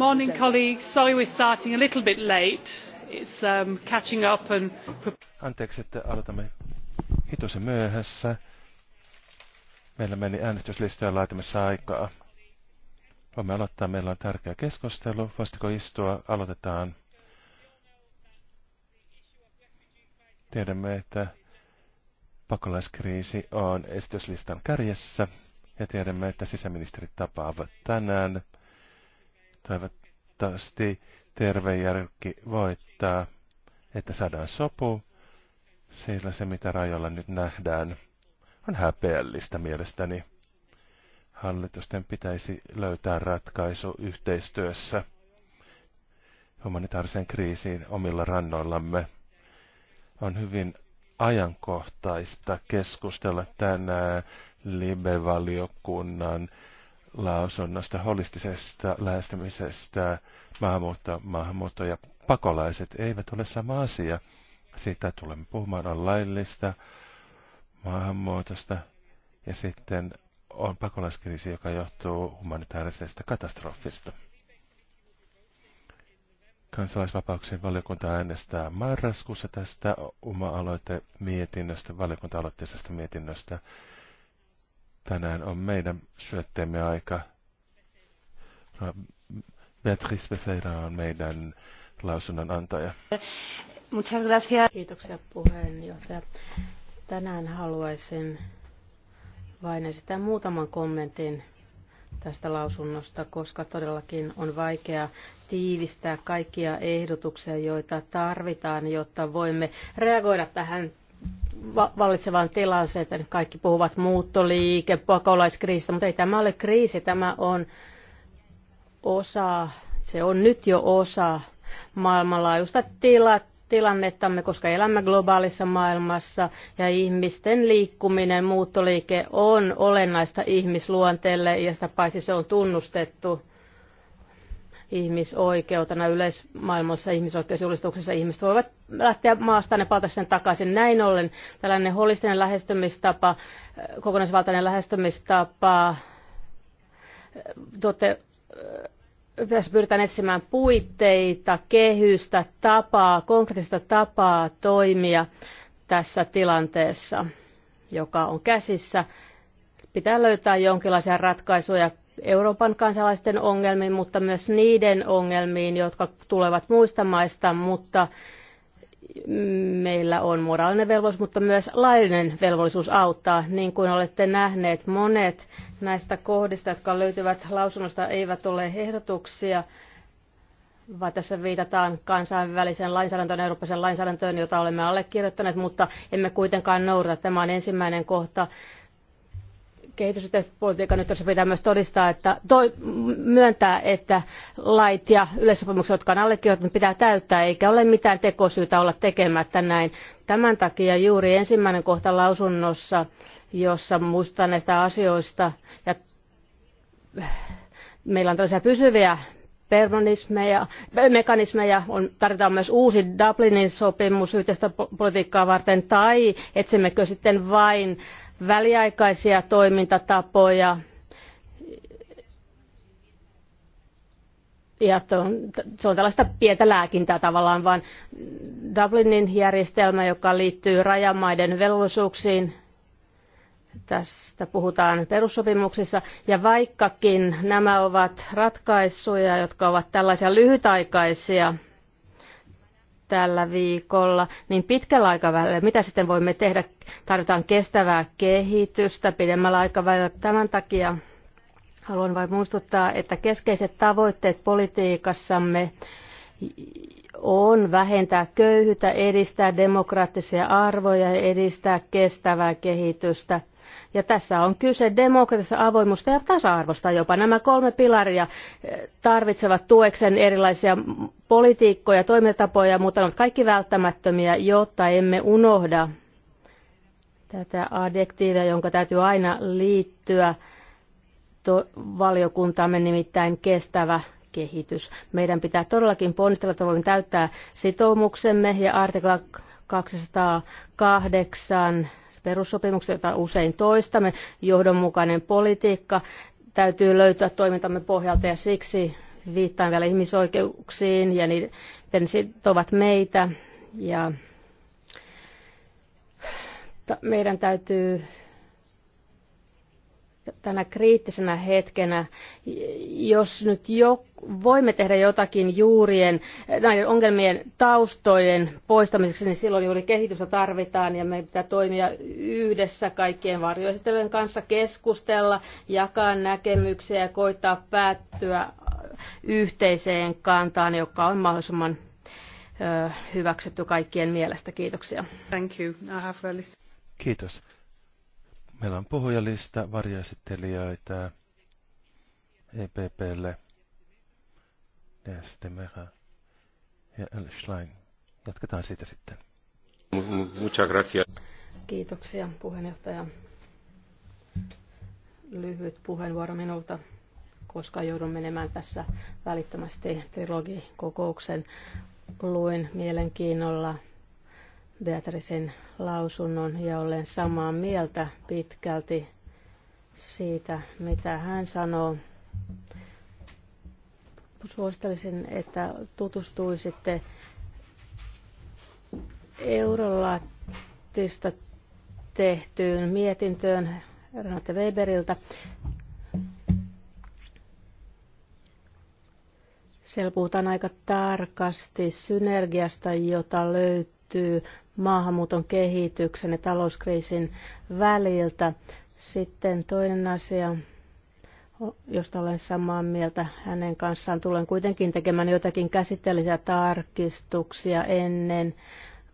Morning colleagues, sorry we're starting a little bit late. It's um, catching up and... Anteeksi, että aloitamme hitosen myöhässä. Meillä meni äänestyslistojen laitamissa aikaa. Voimme aloittaa. Meillä on tärkeä keskustelu. Voisitko istua? Aloitetaan. Tiedämme, että pakolaiskriisi on esityslistan kärjessä ja tiedämme, että sisäministerit tapaavat tänään. Toivottavasti terve järki voittaa, että saadaan sopu, sillä se mitä rajoilla nyt nähdään on häpeällistä mielestäni. Hallitusten pitäisi löytää ratkaisu yhteistyössä humanitaariseen kriisiin omilla rannoillamme. On hyvin ajankohtaista keskustella tänään Libe-valiokunnan lausunnosta, holistisesta lähestymisestä, maahanmuutto, maahanmuutto ja pakolaiset eivät ole sama asia. Siitä tulemme puhumaan on laillista maahanmuutosta ja sitten on pakolaiskriisi, joka johtuu humanitaarisesta katastrofista. Kansalaisvapauksien valiokunta äänestää marraskuussa tästä oma-aloite mietinnöstä, valiokunta-aloitteisesta mietinnöstä. Tänään on meidän syötteemme aika. Beatrice Becerra on meidän lausunnon antaja. Muchas gracias. Kiitoksia puheenjohtaja. Tänään haluaisin vain esittää muutaman kommentin tästä lausunnosta, koska todellakin on vaikea tiivistää kaikkia ehdotuksia, joita tarvitaan, jotta voimme reagoida tähän vallitsevaan tilanteeseen. Kaikki puhuvat muuttoliike, pakolaiskriisistä, mutta ei tämä ole kriisi, tämä on osa, se on nyt jo osa maailmanlaajuista tilat, tilannettamme, koska elämme globaalissa maailmassa ja ihmisten liikkuminen, muuttoliike on olennaista ihmisluonteelle ja sitä paitsi se on tunnustettu ihmisoikeutena yleismaailmassa ihmisoikeusjulistuksessa ihmiset voivat lähteä maasta ja palata sen takaisin. Näin ollen tällainen holistinen lähestymistapa, eh, kokonaisvaltainen lähestymistapa, eh, tote, eh, tässä pyritään etsimään puitteita, kehystä, tapaa, konkreettista tapaa toimia tässä tilanteessa, joka on käsissä. Pitää löytää jonkinlaisia ratkaisuja Euroopan kansalaisten ongelmiin, mutta myös niiden ongelmiin, jotka tulevat muista maista, mutta meillä on moraalinen velvollisuus, mutta myös laillinen velvollisuus auttaa. Niin kuin olette nähneet, monet näistä kohdista, jotka löytyvät lausunnosta, eivät ole ehdotuksia, vaan tässä viitataan kansainväliseen lainsäädäntöön, eurooppalaisen lainsäädäntöön, jota olemme allekirjoittaneet, mutta emme kuitenkaan noudata. Tämä on ensimmäinen kohta kehitysyhteistyöpolitiikan yhteydessä pitää myös todistaa, että myöntää, että lait ja yleissopimukset, jotka on allekirjoitettu, pitää täyttää, eikä ole mitään tekosyytä olla tekemättä näin. Tämän takia juuri ensimmäinen kohta lausunnossa, jossa muistetaan näistä asioista, ja meillä on tällaisia pysyviä mekanismeja, on, tarvitaan myös uusi Dublinin sopimus yhteistä politiikkaa varten, tai etsimmekö sitten vain väliaikaisia toimintatapoja, ja se on tällaista pientä lääkintää tavallaan, vaan Dublinin järjestelmä, joka liittyy rajamaiden velvollisuuksiin, tästä puhutaan perussopimuksissa, ja vaikkakin nämä ovat ratkaisuja, jotka ovat tällaisia lyhytaikaisia, tällä viikolla, niin pitkällä aikavälillä, mitä sitten voimme tehdä, tarvitaan kestävää kehitystä pidemmällä aikavälillä. Tämän takia haluan vain muistuttaa, että keskeiset tavoitteet politiikassamme on vähentää köyhyyttä, edistää demokraattisia arvoja ja edistää kestävää kehitystä. Ja tässä on kyse demokratiassa avoimusta ja tasa-arvosta jopa. Nämä kolme pilaria eh, tarvitsevat tueksen erilaisia politiikkoja, toimintatapoja, mutta ne ovat kaikki välttämättömiä, jotta emme unohda tätä adjektiivia, jonka täytyy aina liittyä to- nimittäin kestävä kehitys. Meidän pitää todellakin ponnistella, että voimme täyttää sitoumuksemme ja artikla 208 perussopimukset, joita usein toistamme, johdonmukainen politiikka, täytyy löytyä toimintamme pohjalta ja siksi viittaan vielä ihmisoikeuksiin ja niiden sitovat meitä. Ja meidän täytyy tänä kriittisenä hetkenä, jos nyt jo voimme tehdä jotakin juurien, näiden ongelmien taustojen poistamiseksi, niin silloin juuri kehitystä tarvitaan ja meidän pitää toimia yhdessä kaikkien varjoesittelyjen kanssa, keskustella, jakaa näkemyksiä ja koittaa päättyä yhteiseen kantaan, joka on mahdollisimman hyväksytty kaikkien mielestä. Kiitoksia. Thank you. I have Kiitos. Meillä on puhujalista varjoesittelijöitä EPPlle. Destemera ja L. Schlein. Jatketaan siitä sitten. Kiitoksia puheenjohtaja. Lyhyt puheenvuoro minulta, koska joudun menemään tässä välittömästi trilogikokouksen. Luin mielenkiinnolla Beatrisin lausunnon ja olen samaa mieltä pitkälti siitä, mitä hän sanoo. Suosittelisin, että tutustuisitte Eurolattista tehtyyn mietintöön Renate Weberiltä. Siellä puhutaan aika tarkasti synergiasta, jota löytyy liittyy maahanmuuton kehityksen ja talouskriisin väliltä. Sitten toinen asia, josta olen samaa mieltä hänen kanssaan, tulen kuitenkin tekemään jotakin käsitteellisiä tarkistuksia ennen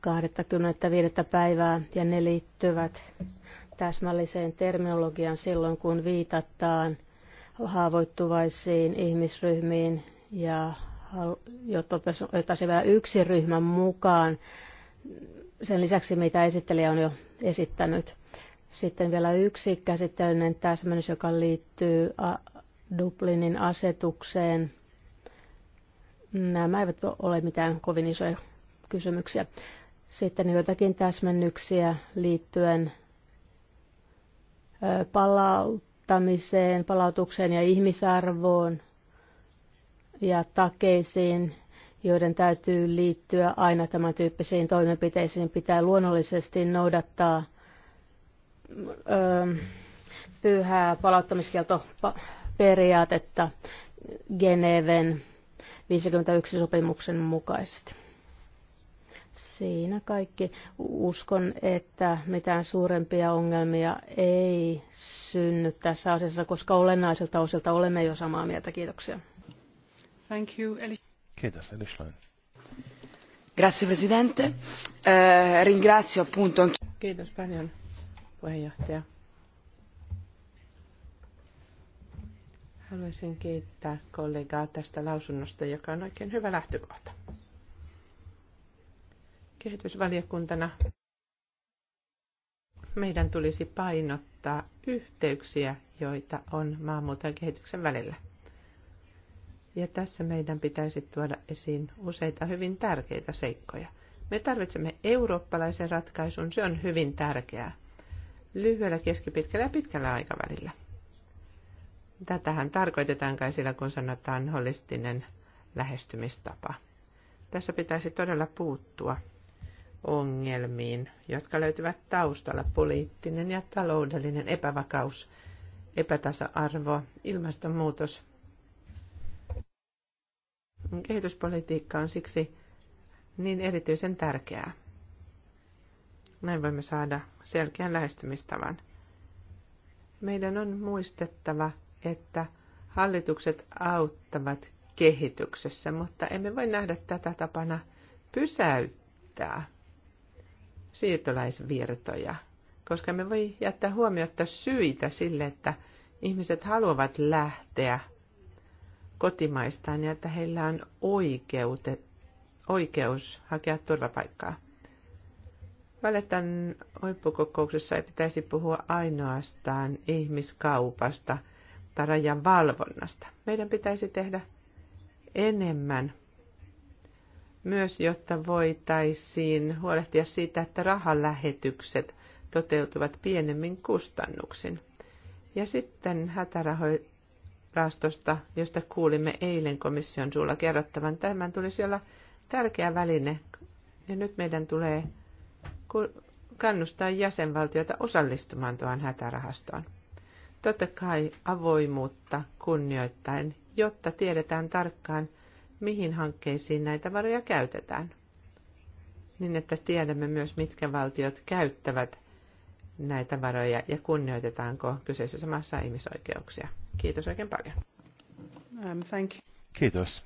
25. päivää, ja ne liittyvät täsmälliseen terminologiaan silloin, kun viitataan haavoittuvaisiin ihmisryhmiin ja jotta otettaisiin vielä yksi ryhmä mukaan sen lisäksi, mitä esittelijä on jo esittänyt. Sitten vielä yksi käsitteellinen täsmennys, joka liittyy Dublinin asetukseen. Nämä eivät ole mitään kovin isoja kysymyksiä. Sitten joitakin täsmennyksiä liittyen palauttamiseen, palautukseen ja ihmisarvoon ja takeisiin joiden täytyy liittyä aina tämän tyyppisiin toimenpiteisiin, pitää luonnollisesti noudattaa ö, ähm, pyhää palauttamiskieltoperiaatetta Geneven 51 sopimuksen mukaisesti. Siinä kaikki. Uskon, että mitään suurempia ongelmia ei synny tässä asiassa, koska olennaisilta osilta olemme jo samaa mieltä. Kiitoksia. Thank you. Eli... Kiitos, Eli Presidente. Eh, Kiitos Haluaisin kiittää kollegaa tästä lausunnosta, joka on oikein hyvä lähtökohta. Kehitysvaliokuntana meidän tulisi painottaa yhteyksiä, joita on maahanmuuton ja kehityksen välillä. Ja tässä meidän pitäisi tuoda esiin useita hyvin tärkeitä seikkoja. Me tarvitsemme eurooppalaisen ratkaisun, se on hyvin tärkeää. Lyhyellä, keskipitkällä ja pitkällä aikavälillä. Tätähän tarkoitetaan kai sillä, kun sanotaan holistinen lähestymistapa. Tässä pitäisi todella puuttua ongelmiin, jotka löytyvät taustalla poliittinen ja taloudellinen epävakaus, epätasa-arvo, ilmastonmuutos, Kehityspolitiikka on siksi niin erityisen tärkeää. Näin voimme saada selkeän lähestymistavan. Meidän on muistettava, että hallitukset auttavat kehityksessä, mutta emme voi nähdä tätä tapana pysäyttää siirtolaisvirtoja, koska me voi jättää huomiota syitä sille, että ihmiset haluavat lähteä kotimaistaan ja että heillä on oikeute, oikeus hakea turvapaikkaa. Valetan huippukokouksessa ei pitäisi puhua ainoastaan ihmiskaupasta tai rajan valvonnasta. Meidän pitäisi tehdä enemmän myös, jotta voitaisiin huolehtia siitä, että rahalähetykset toteutuvat pienemmin kustannuksin. Ja sitten hätärahoitus rahastosta, josta kuulimme eilen komission suulla kerrottavan. Tämän tulisi olla tärkeä väline, ja nyt meidän tulee kannustaa jäsenvaltioita osallistumaan tuohon hätärahastoon. Totta kai avoimuutta kunnioittain, jotta tiedetään tarkkaan, mihin hankkeisiin näitä varoja käytetään. Niin, että tiedämme myös, mitkä valtiot käyttävät näitä varoja ja kunnioitetaanko kyseisessä maassa ihmisoikeuksia. Kiitos oikein paljon. Um, thank you. Kiitos.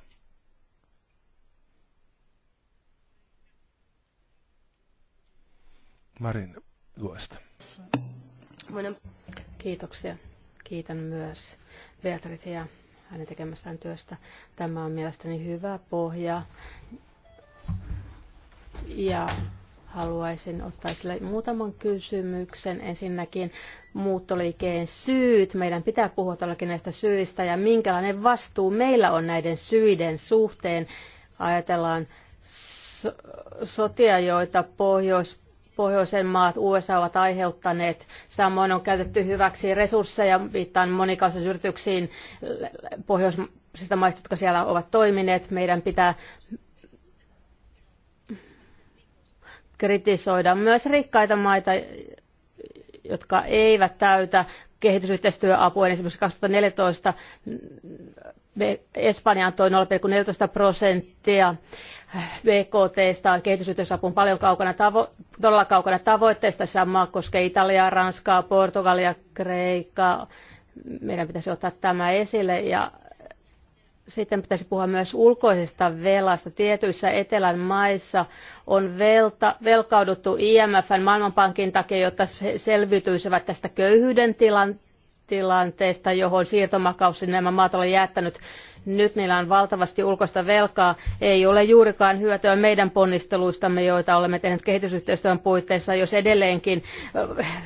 Marin Luosta. Kiitoksia. Kiitän myös ja hänen tekemästään työstä. Tämä on mielestäni hyvä pohja ja haluaisin ottaa sille muutaman kysymyksen. Ensinnäkin muuttoliikkeen syyt. Meidän pitää puhua tälläkin näistä syistä ja minkälainen vastuu meillä on näiden syiden suhteen. Ajatellaan so- sotia, joita Pohjois- pohjoisen maat USA ovat aiheuttaneet. Samoin on käytetty hyväksi resursseja, viittaan monikansallisyrityksiin pohjoisista maista, jotka siellä ovat toimineet. Meidän pitää kritisoida myös rikkaita maita, jotka eivät täytä kehitysyhteistyöapua. Esimerkiksi 2014 Espanja antoi 0,14 prosenttia BKTstä kehitysyhteistyöapu on paljon kaukana tavo- todella kaukana tavoitteista. Sama koskee Italiaa, Ranskaa, Portugalia, Kreikkaa. Meidän pitäisi ottaa tämä esille ja sitten pitäisi puhua myös ulkoisesta velasta. Tietyissä etelän maissa on velta, velkauduttu IMFn maailmanpankin takia, jotta selviytyisivät tästä köyhyyden tilan, tilanteesta, johon siirtomakausi nämä maat ovat jättänyt. Nyt niillä on valtavasti ulkoista velkaa. Ei ole juurikaan hyötyä meidän ponnisteluistamme, joita olemme tehneet kehitysyhteistyön puitteissa, jos edelleenkin äh,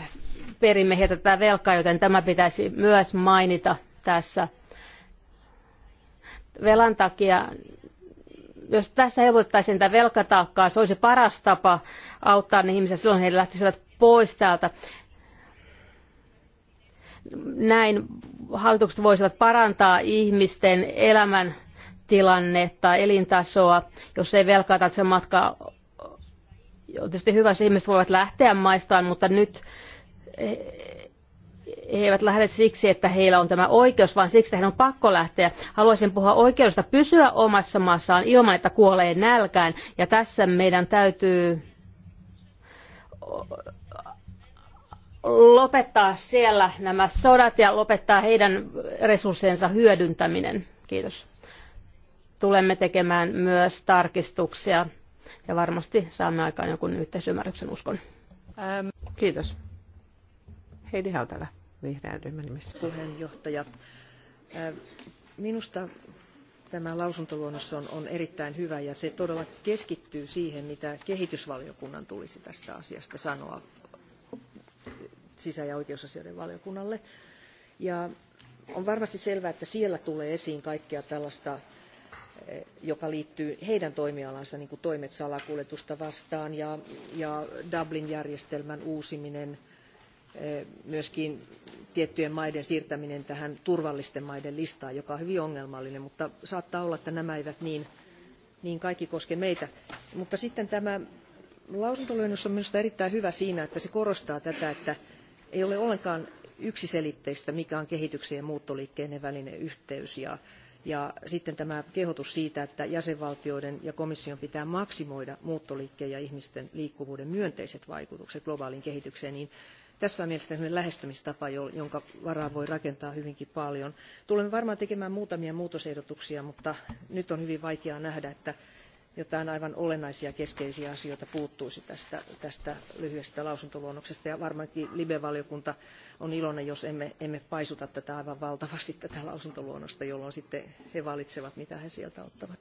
perimme heiltä tätä velkaa, joten tämä pitäisi myös mainita tässä velan takia, jos tässä helpottaisiin tätä velkataakkaa, se olisi paras tapa auttaa ne ihmisiä, silloin he lähtisivät pois täältä. Näin hallitukset voisivat parantaa ihmisten elämän tilannetta, elintasoa, jos ei velkaa tarvitse matkaa. On tietysti hyvä, jos ihmiset voivat lähteä maistaan, mutta nyt he eivät lähde siksi, että heillä on tämä oikeus, vaan siksi, että heidän on pakko lähteä. Haluaisin puhua oikeudesta pysyä omassa maassaan ilman, että kuolee nälkään. Ja tässä meidän täytyy lopettaa siellä nämä sodat ja lopettaa heidän resurssiensa hyödyntäminen. Kiitos. Tulemme tekemään myös tarkistuksia ja varmasti saamme aikaan jonkun yhteisymmärryksen, uskon. Ähm. Kiitos. Heidi Hautala, vihreän ryhmän nimessä. Puheenjohtaja, äh, minusta tämä lausuntoluonnos on, on erittäin hyvä ja se todella keskittyy siihen, mitä kehitysvaliokunnan tulisi tästä asiasta sanoa sisä- ja oikeusasioiden valiokunnalle. Ja on varmasti selvää, että siellä tulee esiin kaikkea tällaista äh, joka liittyy heidän toimialansa, niin kuin toimet salakuljetusta vastaan ja, ja Dublin-järjestelmän uusiminen – Eh, myöskin tiettyjen maiden siirtäminen tähän turvallisten maiden listaan, joka on hyvin ongelmallinen, mutta saattaa olla, että nämä eivät niin, niin kaikki koske meitä. Mutta sitten tämä lausuntoluennos on minusta erittäin hyvä siinä, että se korostaa tätä, että ei ole ollenkaan yksiselitteistä, mikä on kehityksen ja muuttoliikkeiden välinen yhteys. Ja, ja sitten tämä kehotus siitä, että jäsenvaltioiden ja komission pitää maksimoida muuttoliikkeen ja ihmisten liikkuvuuden myönteiset vaikutukset globaaliin kehitykseen, niin tässä on mielestäni lähestymistapa jonka varaan voi rakentaa hyvinkin paljon. tulemme varmaan tekemään muutamia muutosehdotuksia mutta nyt on hyvin vaikea nähdä että jotain aivan olennaisia keskeisiä asioita puuttuisi tästä, tästä lyhyestä lausuntoluonnoksesta ja varmaankin libe valiokunta on iloinen jos emme, emme paisuta tätä aivan valtavasti tätä lausuntoluonnosta jolloin sitten he valitsevat mitä he sieltä ottavat.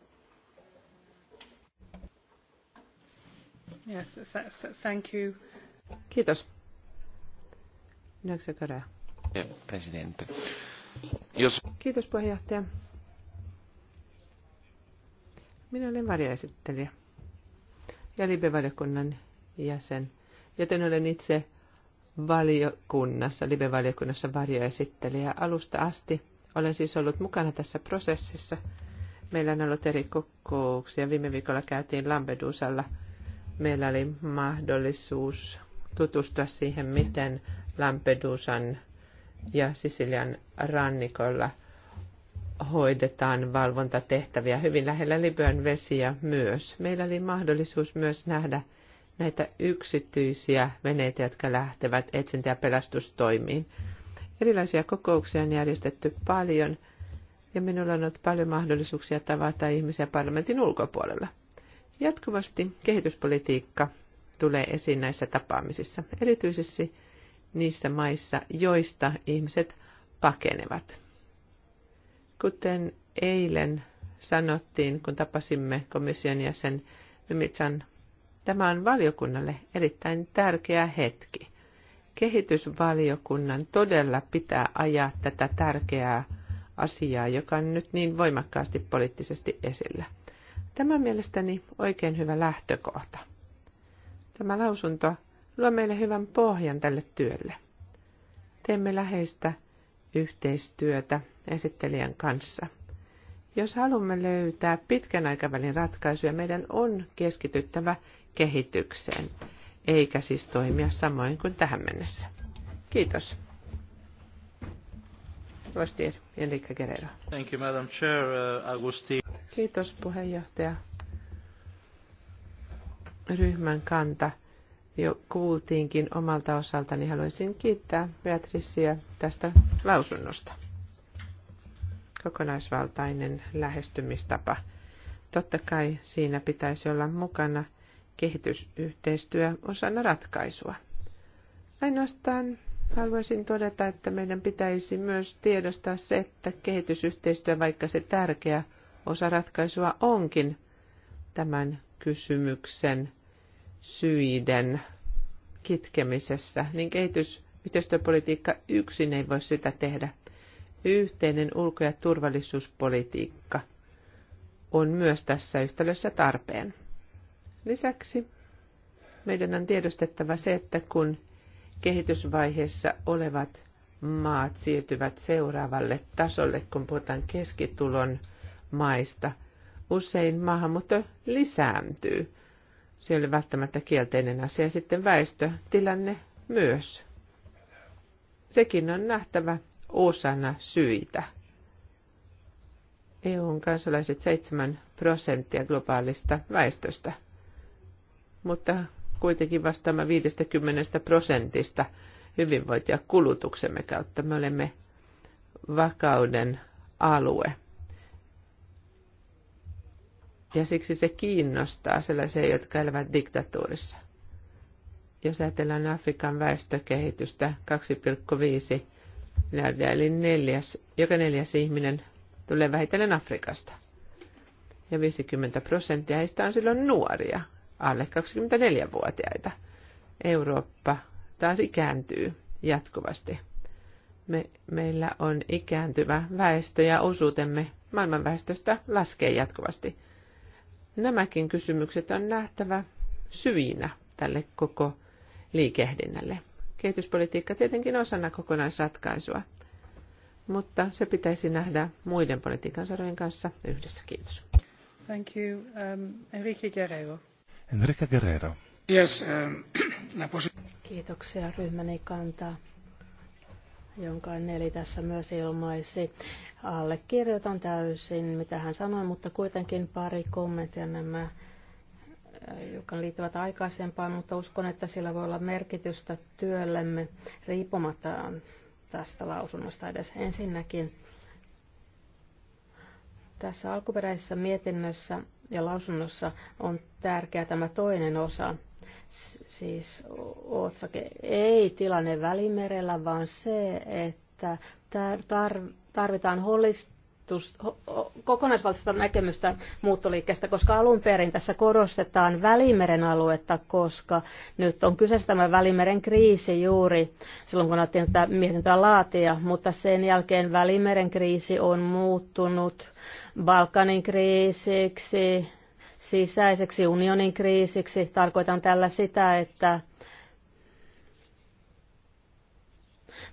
Yes, thank you. Kiitos. Eh, Jos... Kiitos puheenjohtaja. Minä olen varjoesittelijä ja libevaliokunnan jäsen, joten olen itse valiokunnassa, libevaliokunnassa varjoesittelijä alusta asti. Olen siis ollut mukana tässä prosessissa. Meillä on ollut eri kokouksia. Viime viikolla käytiin Lampedusalla. Meillä oli mahdollisuus tutustua siihen, miten Lampedusan ja Sisilian rannikolla hoidetaan valvontatehtäviä hyvin lähellä Libyan vesiä myös. Meillä oli mahdollisuus myös nähdä näitä yksityisiä veneitä, jotka lähtevät etsintä- ja pelastustoimiin. Erilaisia kokouksia on järjestetty paljon ja minulla on ollut paljon mahdollisuuksia tavata ihmisiä parlamentin ulkopuolella. Jatkuvasti kehityspolitiikka tulee esiin näissä tapaamisissa, erityisesti niissä maissa, joista ihmiset pakenevat. Kuten eilen sanottiin, kun tapasimme komission jäsen Mimitsan, tämä on valiokunnalle erittäin tärkeä hetki. Kehitysvaliokunnan todella pitää ajaa tätä tärkeää asiaa, joka on nyt niin voimakkaasti poliittisesti esillä. Tämä on mielestäni oikein hyvä lähtökohta. Tämä lausunto luo meille hyvän pohjan tälle työlle. Teemme läheistä yhteistyötä esittelijän kanssa. Jos haluamme löytää pitkän aikavälin ratkaisuja, meidän on keskityttävä kehitykseen, eikä siis toimia samoin kuin tähän mennessä. Kiitos. Vastier, Enrique Guerrero. Thank you, Madam Chair, uh, Agusti. Kiitos puheenjohtaja. Ryhmän kanta – jo kuultiinkin omalta osaltani. Haluaisin kiittää Beatricia tästä lausunnosta. Kokonaisvaltainen lähestymistapa. Totta kai siinä pitäisi olla mukana kehitysyhteistyö osana ratkaisua. Ainoastaan haluaisin todeta, että meidän pitäisi myös tiedostaa se, että kehitysyhteistyö, vaikka se tärkeä osa ratkaisua onkin tämän kysymyksen syiden kitkemisessä, niin kehitysyhteistyöpolitiikka yksin ei voi sitä tehdä. Yhteinen ulko- ja turvallisuuspolitiikka on myös tässä yhtälössä tarpeen. Lisäksi meidän on tiedostettava se, että kun kehitysvaiheessa olevat maat siirtyvät seuraavalle tasolle, kun puhutaan keskitulon maista, usein maahanmuutto lisääntyy se oli välttämättä kielteinen asia. Sitten väestötilanne myös. Sekin on nähtävä osana syitä. EUn kansalaiset 7 prosenttia globaalista väestöstä, mutta kuitenkin vastaamme 50 prosentista hyvinvointia kulutuksemme kautta. Me olemme vakauden alue. Ja siksi se kiinnostaa sellaisia, jotka elävät diktatuurissa. Jos ajatellaan Afrikan väestökehitystä 2,5 miljardia, eli neljäs, joka neljäs ihminen tulee vähitellen Afrikasta. Ja 50 prosenttia heistä on silloin nuoria, alle 24-vuotiaita. Eurooppa taas ikääntyy jatkuvasti. Me, meillä on ikääntyvä väestö ja osuutemme maailman väestöstä laskee jatkuvasti – Nämäkin kysymykset on nähtävä syinä tälle koko liikehdinnälle. Kehityspolitiikka tietenkin osana kokonaisratkaisua, mutta se pitäisi nähdä muiden politiikan sarojen kanssa yhdessä. Kiitos. Thank you. Um, Enrique Guerrero. Enrique Guerrero. Yes, um, Kiitoksia ryhmäni kantaa jonka Neli tässä myös ilmaisi. Allekirjoitan täysin, mitä hän sanoi, mutta kuitenkin pari kommenttia nämä, äh, jotka liittyvät aikaisempaan, mutta uskon, että sillä voi olla merkitystä työllemme riippumatta tästä lausunnosta edes. Ensinnäkin tässä alkuperäisessä mietinnössä ja lausunnossa on tärkeä tämä toinen osa, siis otsake ei tilanne välimerellä, vaan se, että tarvitaan holist kokonaisvaltaista näkemystä muuttoliikkeestä, koska alun perin tässä korostetaan Välimeren aluetta, koska nyt on kyseessä tämä Välimeren kriisi juuri silloin, kun alettiin tätä mietintöä laatia, mutta sen jälkeen Välimeren kriisi on muuttunut Balkanin kriisiksi, sisäiseksi unionin kriisiksi. Tarkoitan tällä sitä, että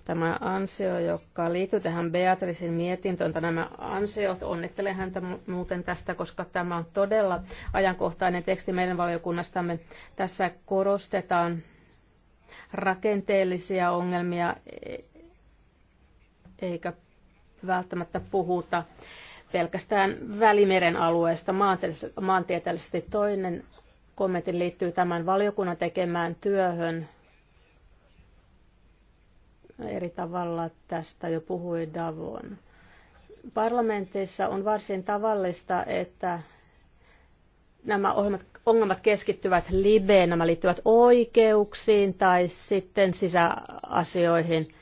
tämä ansio, joka liittyy tähän Beatrisin mietintöön, nämä ansiot, onnittelen häntä muuten tästä, koska tämä on todella ajankohtainen teksti meidän valiokunnastamme. Tässä korostetaan rakenteellisia ongelmia e-, eikä välttämättä puhuta pelkästään Välimeren alueesta maantieteellisesti. Toinen kommentti liittyy tämän valiokunnan tekemään työhön. Eri tavalla tästä jo puhui Davon. Parlamenteissa on varsin tavallista, että nämä ohjelmat, ongelmat keskittyvät libeen, nämä liittyvät oikeuksiin tai sitten sisäasioihin –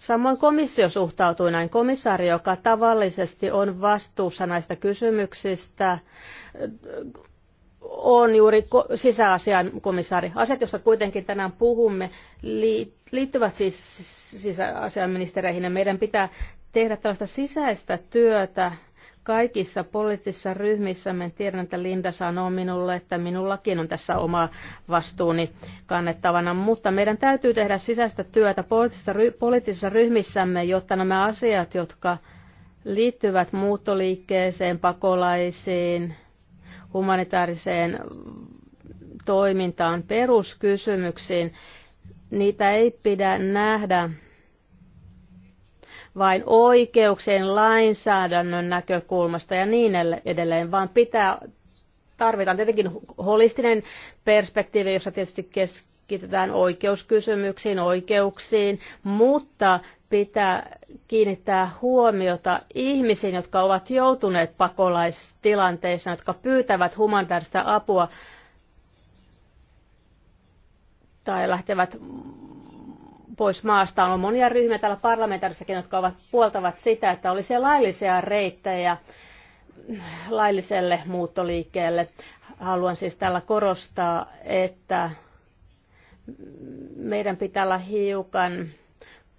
Samoin komissio suhtautui näin. Komissaari, joka tavallisesti on vastuussa näistä kysymyksistä, on juuri sisäasian komissaari. Asiat, joista kuitenkin tänään puhumme, liittyvät siis sisäasiaministereihin ja meidän pitää tehdä tällaista sisäistä työtä Kaikissa poliittisissa ryhmissä, mä tiedän, että Linda sanoo minulle, että minullakin on tässä oma vastuuni kannettavana, mutta meidän täytyy tehdä sisäistä työtä poliittisissa, ry- poliittisissa ryhmissämme, jotta nämä asiat, jotka liittyvät muuttoliikkeeseen, pakolaisiin, humanitaariseen toimintaan, peruskysymyksiin, niitä ei pidä nähdä vain oikeuksien lainsäädännön näkökulmasta ja niin edelleen, vaan pitää, tarvitaan tietenkin holistinen perspektiivi, jossa tietysti keskitytään oikeuskysymyksiin, oikeuksiin, mutta pitää kiinnittää huomiota ihmisiin, jotka ovat joutuneet pakolaistilanteissa, jotka pyytävät humanitaarista apua tai lähtevät pois maasta. On monia ryhmiä täällä parlamentaarissakin, jotka ovat, puoltavat sitä, että olisi laillisia reittejä lailliselle muuttoliikkeelle. Haluan siis tällä korostaa, että meidän pitää olla hiukan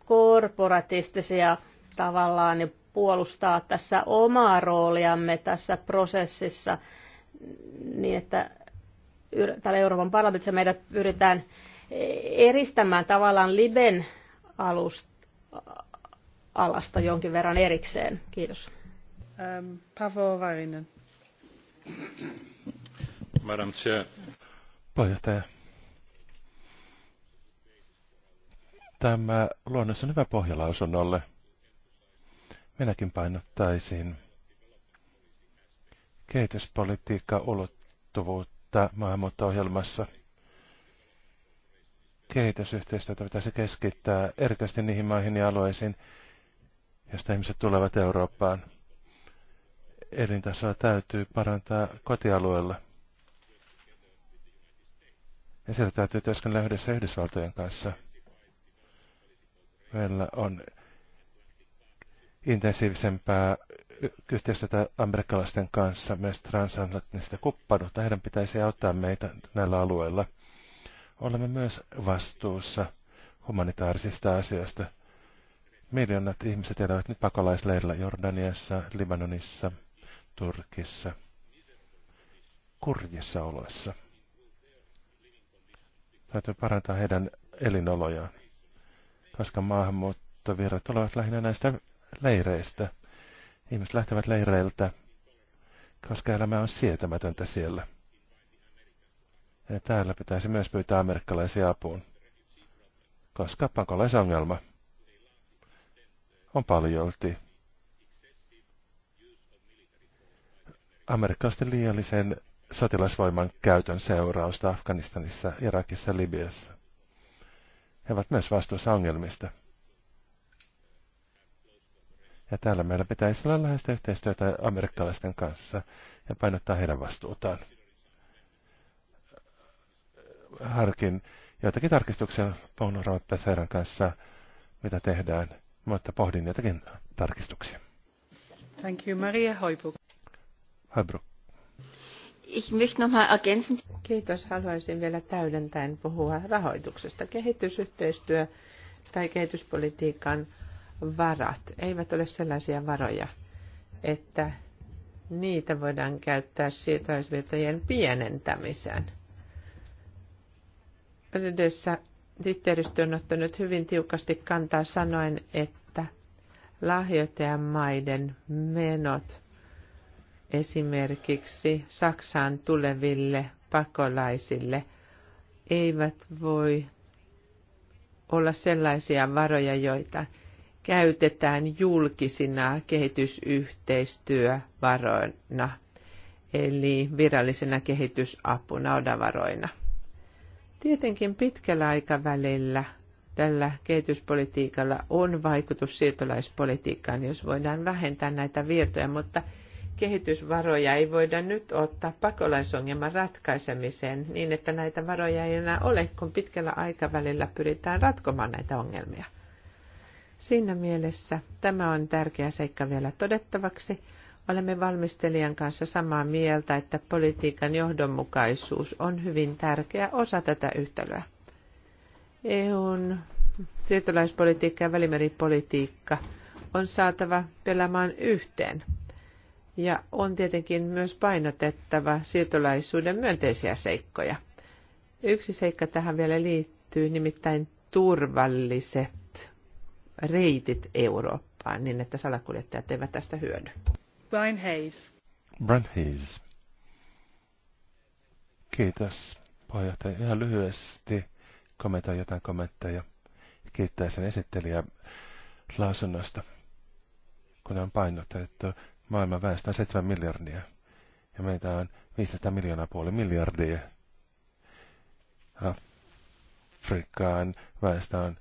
korporatistisia tavallaan ja puolustaa tässä omaa rooliamme tässä prosessissa niin, että täällä Euroopan parlamentissa meidät pyritään eristämään tavallaan Liben alusta, alasta jonkin verran erikseen. Kiitos. Ähm, Pavo Varinen. Madam Chair. Puheenjohtaja. Tämä luonnos on hyvä pohjalausunnolle. Minäkin painottaisin kehityspolitiikka ulottuvuutta maahanmuutto-ohjelmassa – kehitysyhteistyötä pitäisi keskittää erityisesti niihin maihin ja alueisiin, josta ihmiset tulevat Eurooppaan. Elintasoa täytyy parantaa kotialueella. Ja siellä täytyy työskennellä yhdessä Yhdysvaltojen kanssa. Meillä on intensiivisempää yhteistyötä amerikkalaisten kanssa, myös transatlanttista kuppanuutta. Heidän pitäisi auttaa meitä näillä alueilla – olemme myös vastuussa humanitaarisista asioista. Miljoonat ihmiset elävät nyt pakolaisleirillä Jordaniassa, Libanonissa, Turkissa, kurjissa oloissa. Täytyy parantaa heidän elinolojaan, koska maahanmuuttovirrat tulevat lähinnä näistä leireistä. Ihmiset lähtevät leireiltä, koska elämä on sietämätöntä siellä. Ja täällä pitäisi myös pyytää amerikkalaisia apuun, koska pakolaisongelma on paljolti amerikkalaisten liiallisen sotilasvoiman käytön seurausta Afganistanissa, Irakissa ja Libiassa. He ovat myös vastuussa ongelmista. Ja täällä meillä pitäisi olla läheistä yhteistyötä amerikkalaisten kanssa ja painottaa heidän vastuutaan harkin joitakin tarkistuksia Pauno Roittaferan kanssa, mitä tehdään, mutta pohdin jotakin tarkistuksia. Thank you, Maria Hoibuk. Hoibuk. Ich möchte noch mal ergänzen. Kiitos. Haluaisin vielä täydentäen puhua rahoituksesta. Kehitysyhteistyö tai kehityspolitiikan varat eivät ole sellaisia varoja, että niitä voidaan käyttää siirtoisvirtojen pienentämiseen – edessä sihteeristö on ottanut hyvin tiukasti kantaa sanoen, että maiden menot esimerkiksi Saksaan tuleville pakolaisille eivät voi olla sellaisia varoja, joita käytetään julkisina kehitysyhteistyövaroina, eli virallisena kehitysapuna, odavaroina. Tietenkin pitkällä aikavälillä tällä kehityspolitiikalla on vaikutus siirtolaispolitiikkaan, jos voidaan vähentää näitä virtoja, mutta kehitysvaroja ei voida nyt ottaa pakolaisongelman ratkaisemiseen niin, että näitä varoja ei enää ole, kun pitkällä aikavälillä pyritään ratkomaan näitä ongelmia. Siinä mielessä tämä on tärkeä seikka vielä todettavaksi. Olemme valmistelijan kanssa samaa mieltä, että politiikan johdonmukaisuus on hyvin tärkeä osa tätä yhtälöä. EUn siirtolaispolitiikka ja välimeripolitiikka on saatava pelaamaan yhteen. Ja on tietenkin myös painotettava siirtolaisuuden myönteisiä seikkoja. Yksi seikka tähän vielä liittyy, nimittäin turvalliset reitit Eurooppaan, niin että salakuljettajat eivät tästä hyödy. Brian Hayes. Brian Hayes. Kiitos puheenjohtaja. Ihan lyhyesti kommentoin jotain kommentteja. Kiittää sen esittelijä lausunnosta, kun on painottanut, maailman väestö on 7 miljardia ja meitä on 500 miljoonaa puoli miljardia. Afrikan väestö on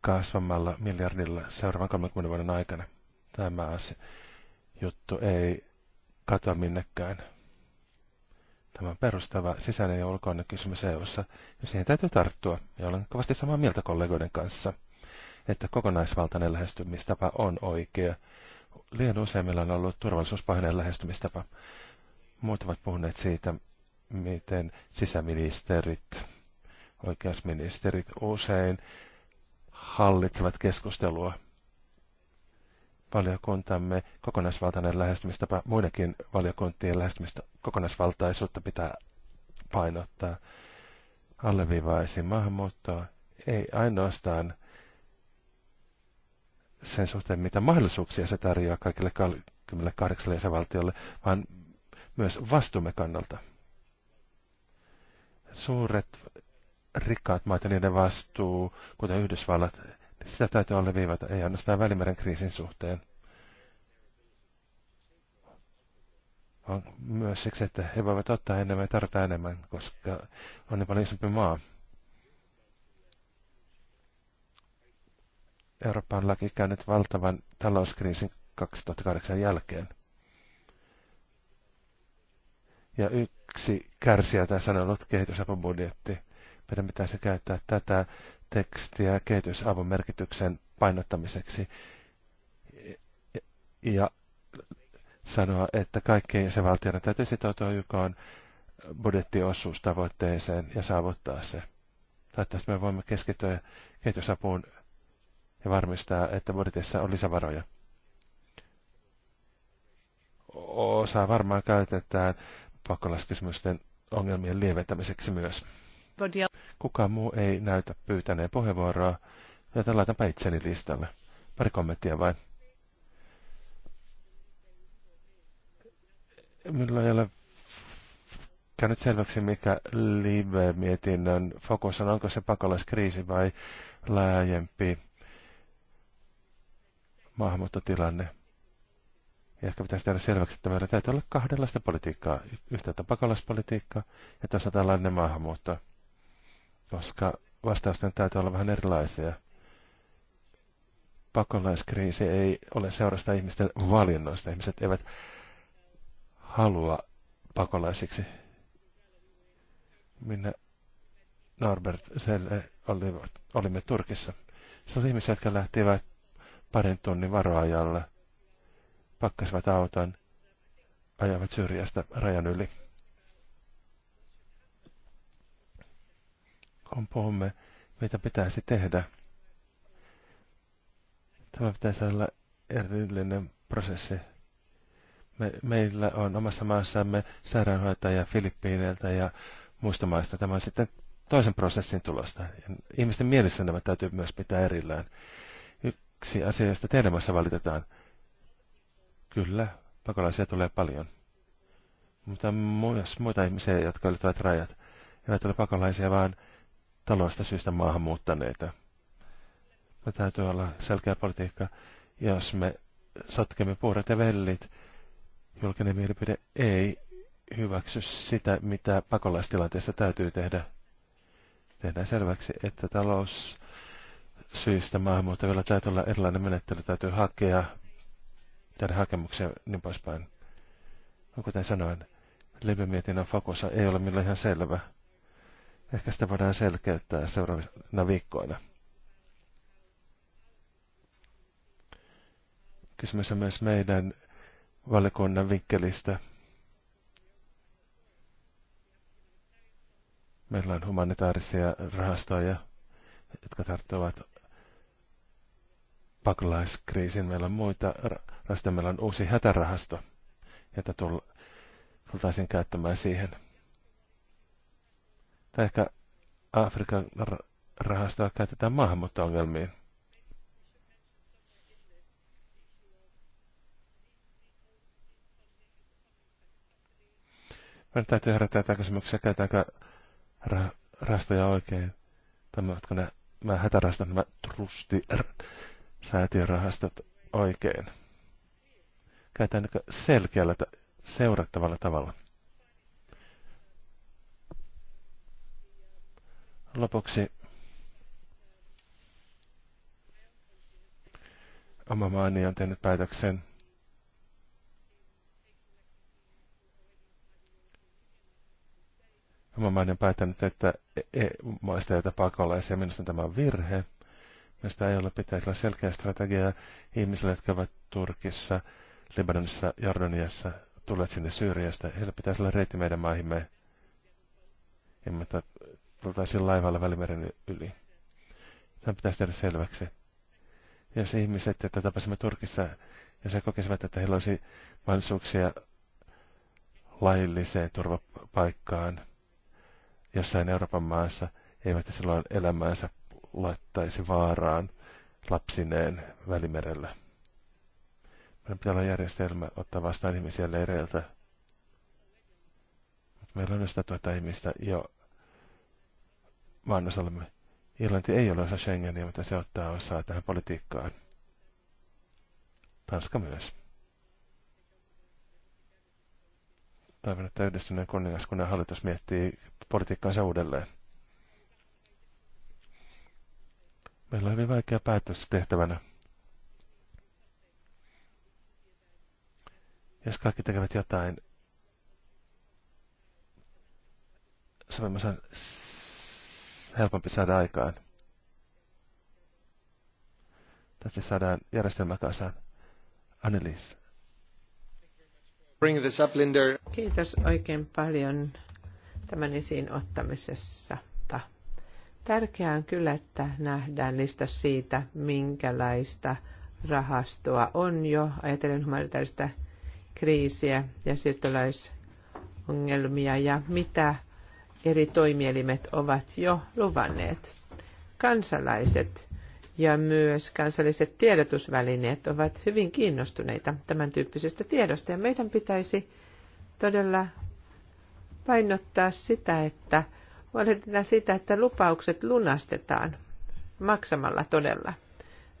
kasvamalla miljardilla seuraavan 30 vuoden aikana. Tämä asia juttu ei katoa minnekään. Tämä on perustava sisäinen ja ulkoinen kysymys EU:ssa ja siihen täytyy tarttua, ja olen kovasti samaa mieltä kollegoiden kanssa, että kokonaisvaltainen lähestymistapa on oikea. Liian useimmilla on ollut turvallisuuspohjainen lähestymistapa. Muut ovat puhuneet siitä, miten sisäministerit, oikeusministerit usein hallitsevat keskustelua valiokuntamme kokonaisvaltainen lähestymistapa, muidenkin valiokuntien lähestymistä kokonaisvaltaisuutta pitää painottaa. Alleviivaisin maahanmuuttoa ei ainoastaan sen suhteen, mitä mahdollisuuksia se tarjoaa kaikille 28 jäsenvaltiolle, vaan myös vastuumme kannalta. Suuret rikkaat maat ja niiden vastuu, kuten Yhdysvallat, sitä täytyy alleviivata, ei ainoastaan Välimeren kriisin suhteen. vaan myös siksi, että he voivat ottaa enemmän ja tarvita enemmän, koska on niin paljon isompi maa. Eurooppa on laki käynyt valtavan talouskriisin 2008 jälkeen. Ja yksi kärsijä tässä on ollut kehitysapubudjetti. Meidän pitäisi käyttää tätä tekstiä kehitysavun merkityksen painottamiseksi ja sanoa, että kaikkien jäsenvaltioiden täytyy sitoutua YK budjettiosuustavoitteeseen ja saavuttaa se. Toivottavasti me voimme keskittyä kehitysapuun ja varmistaa, että budjetissa on lisävaroja. Osa varmaan käytetään pakolaiskysymysten ongelmien lieventämiseksi myös. Kukaan muu ei näytä pyytäneen puheenvuoroa, joten laitanpa itseni listalle. Pari kommenttia vain. Minulla ei ole käynyt selväksi, mikä live mietinnön fokus on. Onko se pakolaiskriisi vai laajempi maahanmuuttotilanne? Ja ehkä pitäisi tehdä selväksi, että meillä täytyy olla kahdenlaista politiikkaa. Yhtäältä pakolaispolitiikkaa ja toisaalta tällainen maahanmuuttoa koska vastausten täytyy olla vähän erilaisia. Pakolaiskriisi ei ole seurasta ihmisten valinnoista. Ihmiset eivät halua pakolaisiksi. Minne Norbert Selle oli olimme Turkissa. Se oli ihmisiä, jotka lähtivät parin tunnin varoajalla, pakkasivat auton, ajavat syrjästä rajan yli. On puhumme, mitä pitäisi tehdä. Tämä pitäisi olla erillinen prosessi. Me, meillä on omassa maassamme sairaanhoitaja Filippiineiltä ja muista maista. Tämä on sitten toisen prosessin tulosta. Ihmisten mielessä nämä täytyy myös pitää erillään. Yksi asia, josta teidän maassa valitetaan. Kyllä, pakolaisia tulee paljon. Mutta myös muita ihmisiä, jotka ylittävät rajat. Eivät ole pakolaisia, vaan taloista syistä maahanmuuttaneita. Me täytyy olla selkeä politiikka, jos me sotkemme puurat ja vellit. Julkinen mielipide ei hyväksy sitä, mitä pakolaistilanteessa täytyy tehdä. Tehdään selväksi, että talous syistä maahanmuuttajilla täytyy olla erilainen menettely, täytyy hakea, tehdä hakemuksia niin poispäin. No, kuten sanoin, Libyan fokus ei ole millään ihan selvä. Ehkä sitä voidaan selkeyttää seuraavina viikkoina. Kysymys on myös meidän valikunnan vinkkelistä. Meillä on humanitaarisia rahastoja, jotka tarttuvat pakolaiskriisin. Meillä on muita rahastoja. Meillä on uusi hätärahasto, jota tultaisiin käyttämään siihen – tai ehkä Afrikan rahastoa käytetään maahanmuutto-ongelmiin. Meidän täytyy herättää tätä kysymyksiä, käytetäänkö ra- rahastoja oikein, tai ovatko nämä, hätärahastot, nämä trusti-säätiörahastot oikein. Käytetäänkö selkeällä seurattavalla tavalla. Lopuksi oma maani on tehnyt päätöksen Oma maani on päättänyt, että EU-maista ei pakolaisia. Minusta tämä on virhe. Minusta ei ole pitäisi olla selkeä strategia ihmisille, jotka ovat Turkissa, Libanonissa, Jordaniassa, tulleet sinne Syyriasta. Heillä pitäisi olla reitti meidän maihimme. mutta tultaisiin laivalla Välimeren yli. Tämä pitäisi tehdä selväksi. Jos ihmiset, että tapasimme Turkissa, ja se kokisivat, että heillä olisi mahdollisuuksia lailliseen turvapaikkaan jossain Euroopan maassa, eivät he silloin elämäänsä laittaisi vaaraan lapsineen välimerellä. Meidän pitää olla järjestelmä ottaa vastaan ihmisiä leireiltä. Mutta meillä on 100 000 ihmistä jo vaannos olemme. Irlanti ei ole osa Schengeniä, mutta se ottaa osaa tähän politiikkaan. Tanska myös. Toivon, että yhdistyneen kuningaskunnan hallitus miettii politiikkaansa uudelleen. Meillä on hyvin vaikea päätös tehtävänä. Jos kaikki tekevät jotain, sovimme helpompi saada aikaan. Tästä saadaan järjestelmä kasaan. Annelies. Bring this up, Linder. Kiitos oikein paljon tämän esiin ottamisessa. Tärkeää on kyllä, että nähdään lista siitä, minkälaista rahastoa on jo. Ajatellen humanitaarista kriisiä ja siirtolaisongelmia ja mitä eri toimielimet ovat jo luvanneet. Kansalaiset ja myös kansalliset tiedotusvälineet ovat hyvin kiinnostuneita tämän tyyppisestä tiedosta ja meidän pitäisi todella painottaa sitä, että huolehditaan sitä, että lupaukset lunastetaan maksamalla todella.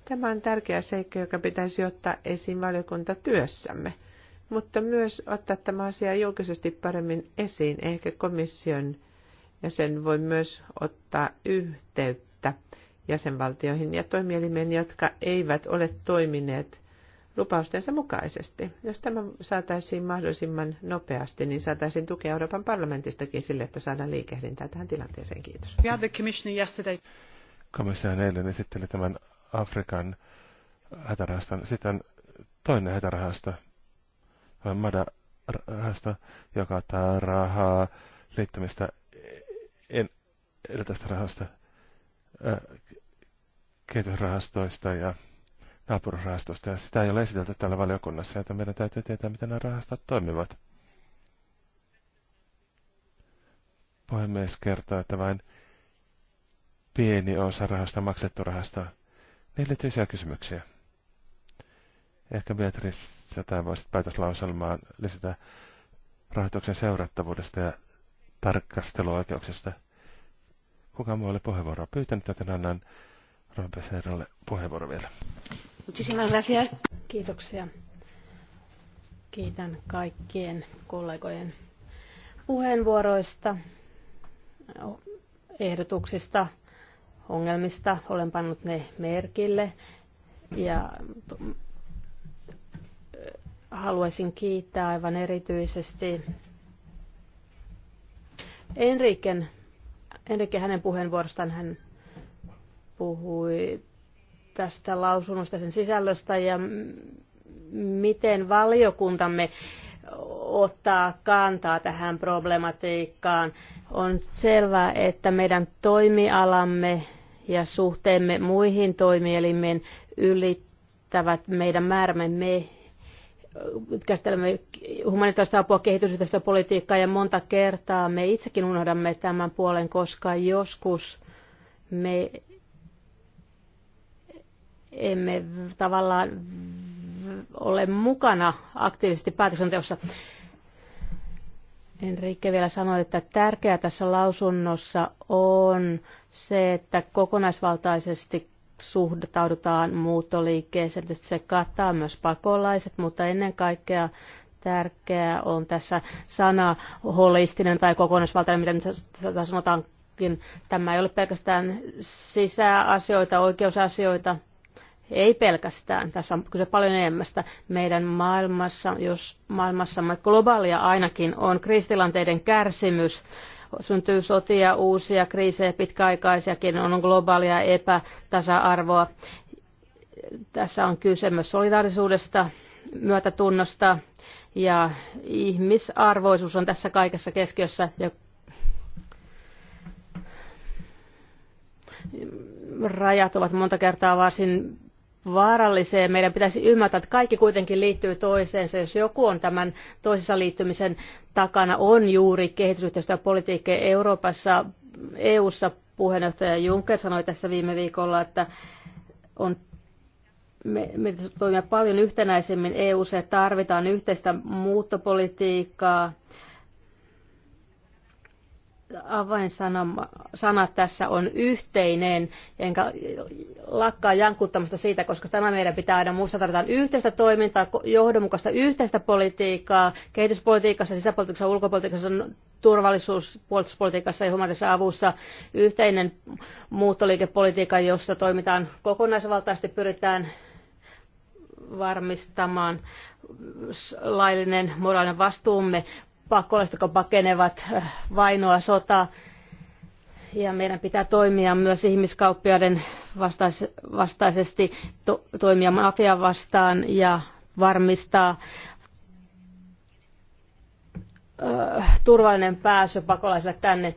Tämä on tärkeä seikka, joka pitäisi ottaa esiin valiokuntatyössämme, mutta myös ottaa tämä asia julkisesti paremmin esiin, ehkä komission ja sen voi myös ottaa yhteyttä jäsenvaltioihin ja toimielimiin, jotka eivät ole toimineet lupaustensa mukaisesti. Jos tämä saataisiin mahdollisimman nopeasti, niin saataisiin tukea Euroopan parlamentistakin sille, että saadaan liikehdintää tähän tilanteeseen. Kiitos. Komissaan eilen esitteli tämän Afrikan hätärahaston. Sitten toinen hätärahasto, tämä MADA-rahasta, joka ottaa rahaa liittymistä en, en tästä rahasta, kehitysrahastoista ja naapurirahastoista. Ja sitä ei ole esitelty täällä valiokunnassa, että meidän täytyy tietää, miten nämä rahastot toimivat. Puhemies kertoo, että vain pieni osa rahasta maksettu rahasta. Niille liittyy kysymyksiä. Ehkä Beatrice, jotain voisit päätöslauselmaan lisätä rahoituksen seurattavuudesta ja tarkasteluoikeuksista. Kuka muu oli puheenvuoroa pyytänyt, joten annan Robeserralle puheenvuoro vielä. Kiitoksia. Kiitän kaikkien kollegojen puheenvuoroista, ehdotuksista, ongelmista. Olen pannut ne merkille ja haluaisin kiittää aivan erityisesti Enriken, Enriken hänen puheenvuorostaan hän puhui tästä lausunnosta, sen sisällöstä ja miten valiokuntamme ottaa kantaa tähän problematiikkaan. On selvää, että meidän toimialamme ja suhteemme muihin toimielimiin ylittävät meidän määrämme. Me käsittelemme humanitaarista apua, kehitysyhteistyöpolitiikkaa ja monta kertaa me itsekin unohdamme tämän puolen, koska joskus me emme tavallaan ole mukana aktiivisesti päätöksenteossa. Enrique vielä sanoi, että tärkeää tässä lausunnossa on se, että kokonaisvaltaisesti suhtaudutaan muuttoliikkeeseen. Tietysti se kattaa myös pakolaiset, mutta ennen kaikkea tärkeää on tässä sana holistinen tai kokonaisvaltainen, miten tässä sanotaankin. Tämä ei ole pelkästään sisäasioita, oikeusasioita, ei pelkästään. Tässä on kyse paljon enemmästä. Meidän maailmassa, jos maailmassamme globaalia ainakin, on kristilanteiden kärsimys syntyy sotia, uusia kriisejä, pitkäaikaisiakin, on globaalia epätasa-arvoa. Tässä on kyse myös solidaarisuudesta, myötätunnosta ja ihmisarvoisuus on tässä kaikessa keskiössä. Ja rajat ovat monta kertaa varsin vaaralliseen. Meidän pitäisi ymmärtää, että kaikki kuitenkin liittyy toiseensa. Jos joku on tämän toisessa liittymisen takana, on juuri kehitysyhteistyöpolitiikka Euroopassa, EU-ssa puheenjohtaja Juncker sanoi tässä viime viikolla, että on me, me toimia paljon yhtenäisemmin EU-ssa ja tarvitaan yhteistä muuttopolitiikkaa, avainsana tässä on yhteinen, enkä lakkaa jankuttamasta siitä, koska tämä meidän pitää aina muistaa. Tarvitaan yhteistä toimintaa, johdonmukaista yhteistä politiikkaa, kehityspolitiikassa, sisäpolitiikassa, ulkopolitiikassa, turvallisuus, puolustuspolitiikassa ja humanitaarisessa avussa yhteinen muuttoliikepolitiikka, jossa toimitaan kokonaisvaltaisesti, pyritään varmistamaan laillinen moraalinen vastuumme pakolaiset, jotka pakenevat äh, vainoa sotaa. Ja meidän pitää toimia myös ihmiskauppiaiden vastais, vastaisesti, to, toimia mafian vastaan ja varmistaa ö, äh, turvallinen pääsy pakolaisille tänne.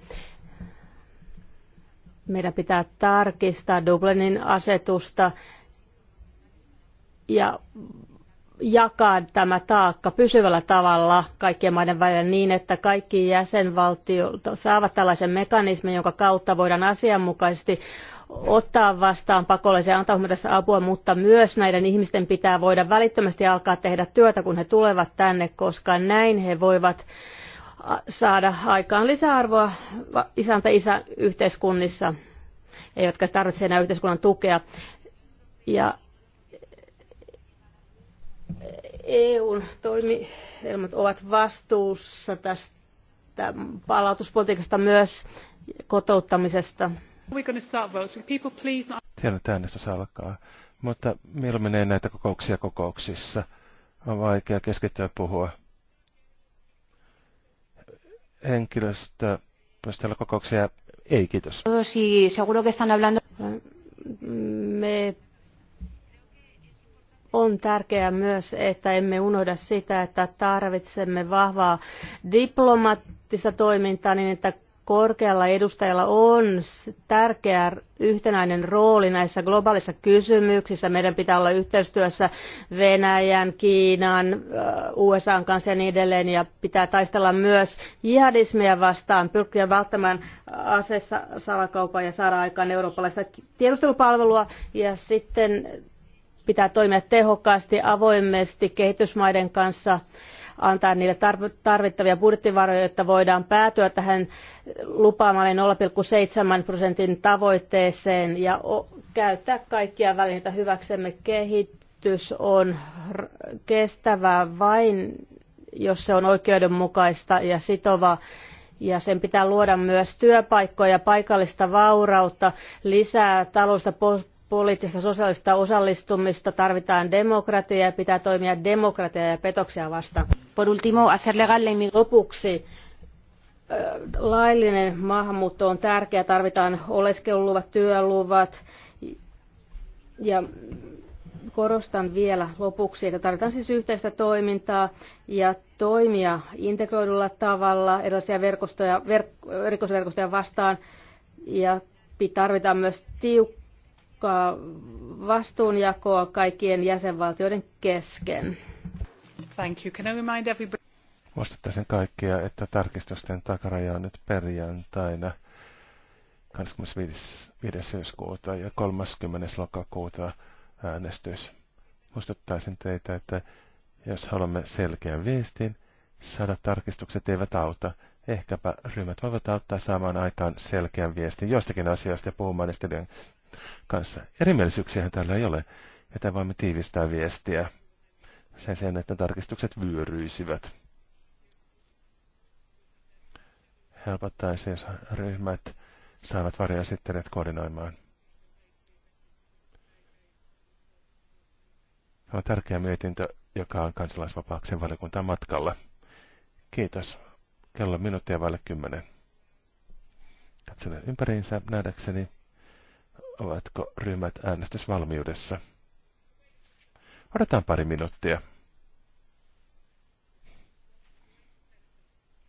Meidän pitää tarkistaa Dublinin asetusta ja jakaa tämä taakka pysyvällä tavalla kaikkien maiden välillä niin, että kaikki jäsenvaltiot saavat tällaisen mekanismin, jonka kautta voidaan asianmukaisesti ottaa vastaan pakolaisia, antaa apua, mutta myös näiden ihmisten pitää voida välittömästi alkaa tehdä työtä, kun he tulevat tänne, koska näin he voivat saada aikaan lisäarvoa isäntä isä yhteiskunnissa, jotka tarvitsevat enää yhteiskunnan tukea. Ja EUn toimielmat ovat vastuussa tästä palautuspolitiikasta myös kotouttamisesta. Tiedän, että äänestys alkaa, mutta mieluummin ei näitä kokouksia kokouksissa. On vaikea keskittyä puhua. Henkilöstö, pystytään kokouksia? Ei, kiitos. Me on tärkeää myös, että emme unohda sitä, että tarvitsemme vahvaa diplomaattista toimintaa niin, että korkealla edustajalla on tärkeä yhtenäinen rooli näissä globaalissa kysymyksissä. Meidän pitää olla yhteistyössä Venäjän, Kiinan, USA kanssa ja niin edelleen. Ja pitää taistella myös jihadismia vastaan, pyrkiä välttämään aseissa salakaupan ja saada aikaan eurooppalaista tiedustelupalvelua. Ja sitten pitää toimia tehokkaasti, avoimesti kehitysmaiden kanssa, antaa niille tarvittavia budjettivaroja, jotta voidaan päätyä tähän lupaamalle 0,7 prosentin tavoitteeseen ja käyttää kaikkia välineitä hyväksemme. Kehitys on kestävää vain, jos se on oikeudenmukaista ja sitovaa ja sen pitää luoda myös työpaikkoja, paikallista vaurautta, lisää taloudellista poliittista sosiaalista osallistumista, tarvitaan demokratiaa ja pitää toimia demokratiaa ja petoksia vastaan. Por último, hacer legal Lopuksi laillinen maahanmuutto on tärkeä, tarvitaan oleskeluluvat, työluvat ja korostan vielä lopuksi, että tarvitaan siis yhteistä toimintaa ja toimia integroidulla tavalla erilaisia verkostoja, verk, rikosverkostoja vastaan ja tarvitaan myös tiukkaa tiukkaa vastuunjakoa kaikkien jäsenvaltioiden kesken. Thank you. Can I remind everybody... Muistuttaisin kaikkia, että tarkistusten takaraja on nyt perjantaina 25. syyskuuta ja 30. lokakuuta äänestys. Muistuttaisin teitä, että jos haluamme selkeän viestin, saada tarkistukset eivät auta. Ehkäpä ryhmät voivat auttaa saamaan aikaan selkeän viestin jostakin asiasta ja puhumaan kanssa. Erimielisyyksiähän täällä ei ole, joten voimme tiivistää viestiä sen sen, että tarkistukset vyöryisivät. Helpottaisiin, jos ryhmät saavat varjoesittelijät koordinoimaan. Tämä on tärkeä mietintö, joka on kansalaisvapaaksen valiokuntaan matkalla. Kiitos. Kello on minuuttia vaille kymmenen. Katselen ympäriinsä nähdäkseni. Ovatko ryhmät äänestysvalmiudessa? Odotetaan pari minuuttia.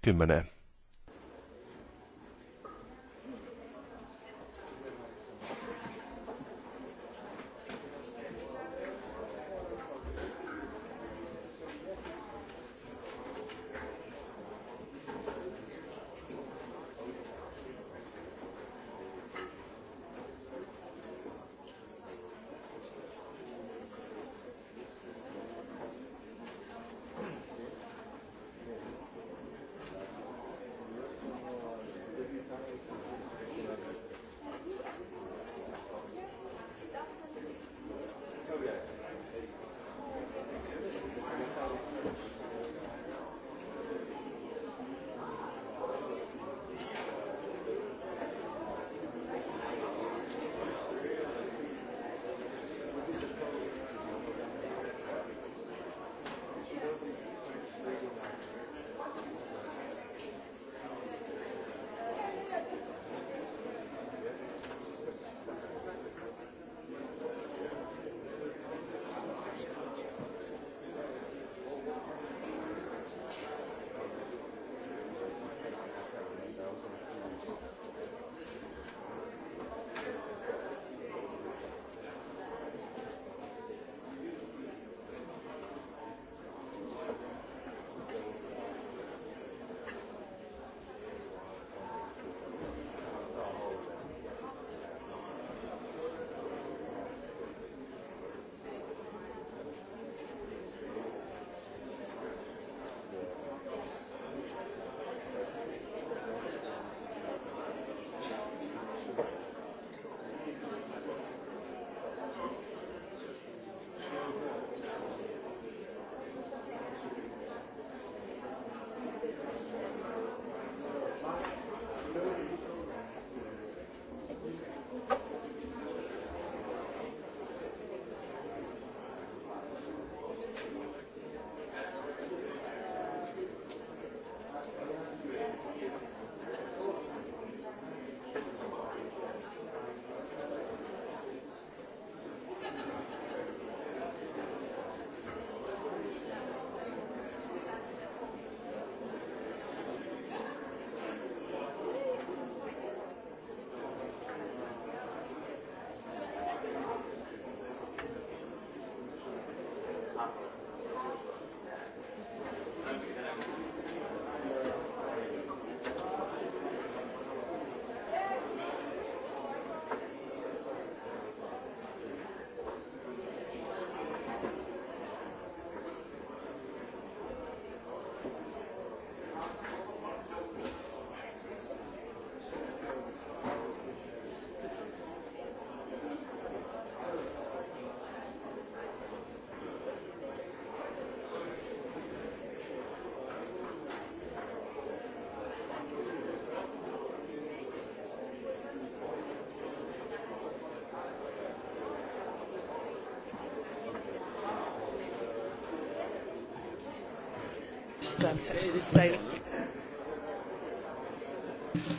Kymmeneen.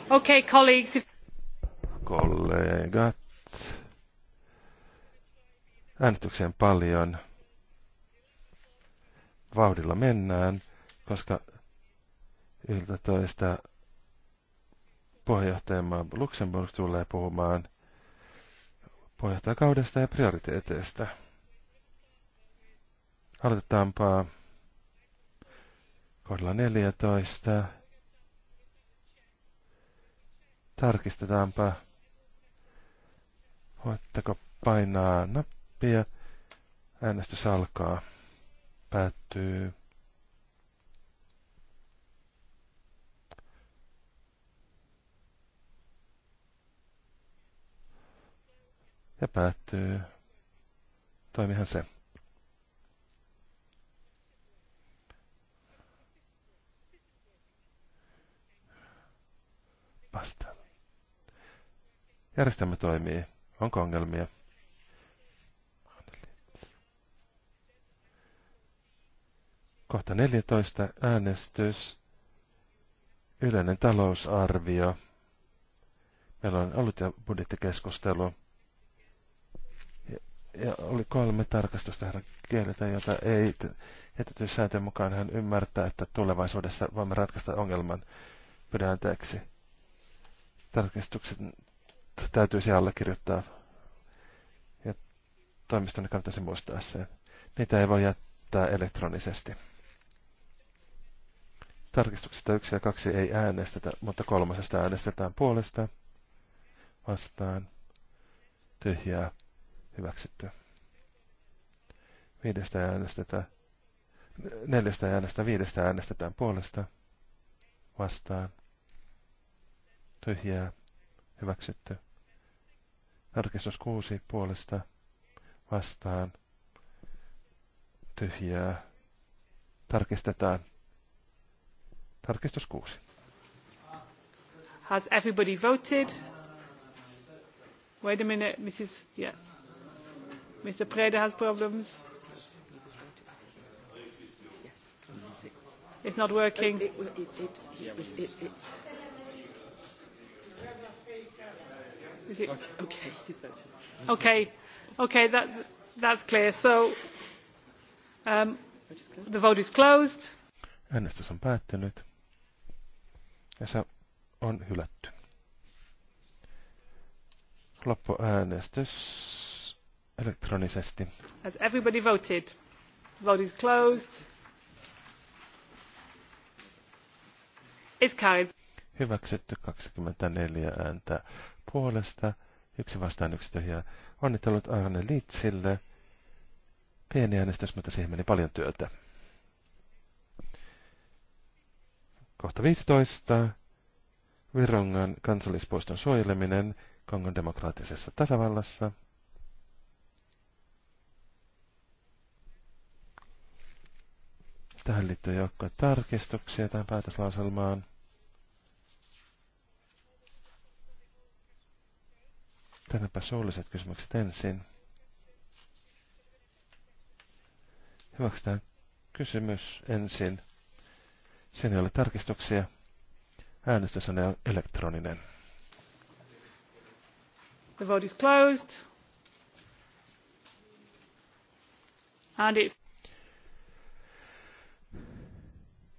Okay, colleagues. Kollegat. Äänestykseen paljon. Vauhdilla mennään, koska 11 puheenjohtajamaa Luxemburg tulee puhumaan puheenjohtajakaudesta ja prioriteeteista. Aloitetaanpa Kohdalla 14. Tarkistetaanpa. Voitteko painaa nappia? Äänestys alkaa. Päättyy. Ja päättyy. Toimihan se. vastaan. Järjestelmä toimii. Onko ongelmia? Kohta 14 äänestys. Yleinen talousarvio. Meillä on ollut ja budjettikeskustelu. Ja, ja oli kolme tarkastusta herran kieltä, jota ei jätetty sääntöjen mukaan. Hän ymmärtää, että tulevaisuudessa voimme ratkaista ongelman. Pyydän anteeksi tarkistukset täytyisi allekirjoittaa. Ja toimiston kannattaisi muistaa sen. Niitä ei voi jättää elektronisesti. Tarkistuksesta yksi ja kaksi ei äänestetä, mutta kolmasesta äänestetään puolesta, vastaan, tyhjää, hyväksytty. Viidestä äänestetä, neljästä äänestä, viidestä äänestetään puolesta, vastaan, tyhjää, hyväksytty. Tarkistus kuusi puolesta vastaan, tyhjää, tarkistetaan. Tarkistus kuusi. Has everybody voted? Wait a minute, Mrs. Yeah. Mr. Preda has problems. It's not working. It, it, it, it, it, it, it, it. Is it? Okay. Okay. Okay. That, that's clear. So um, the vote is closed. Äänestys on päättynyt. Ja se on hylätty. Loppuäänestys elektronisesti. Has everybody voted? The vote is closed. It's carried. Hyväksytty 24 ääntä puolesta, yksi vastaan yksi tyhjää. Onnittelut Arne Litsille. Pieni äänestys, mutta siihen meni paljon työtä. Kohta 15. Virongan kansallispuiston suojeleminen Kongon demokraattisessa tasavallassa. Tähän liittyy joukko tarkistuksia tähän päätöslauselmaan. Otetaanpa suulliset kysymykset ensin. Hyväksytään kysymys ensin. Sen ei ole tarkistuksia. Äänestys on elektroninen. The vote is closed. And it's...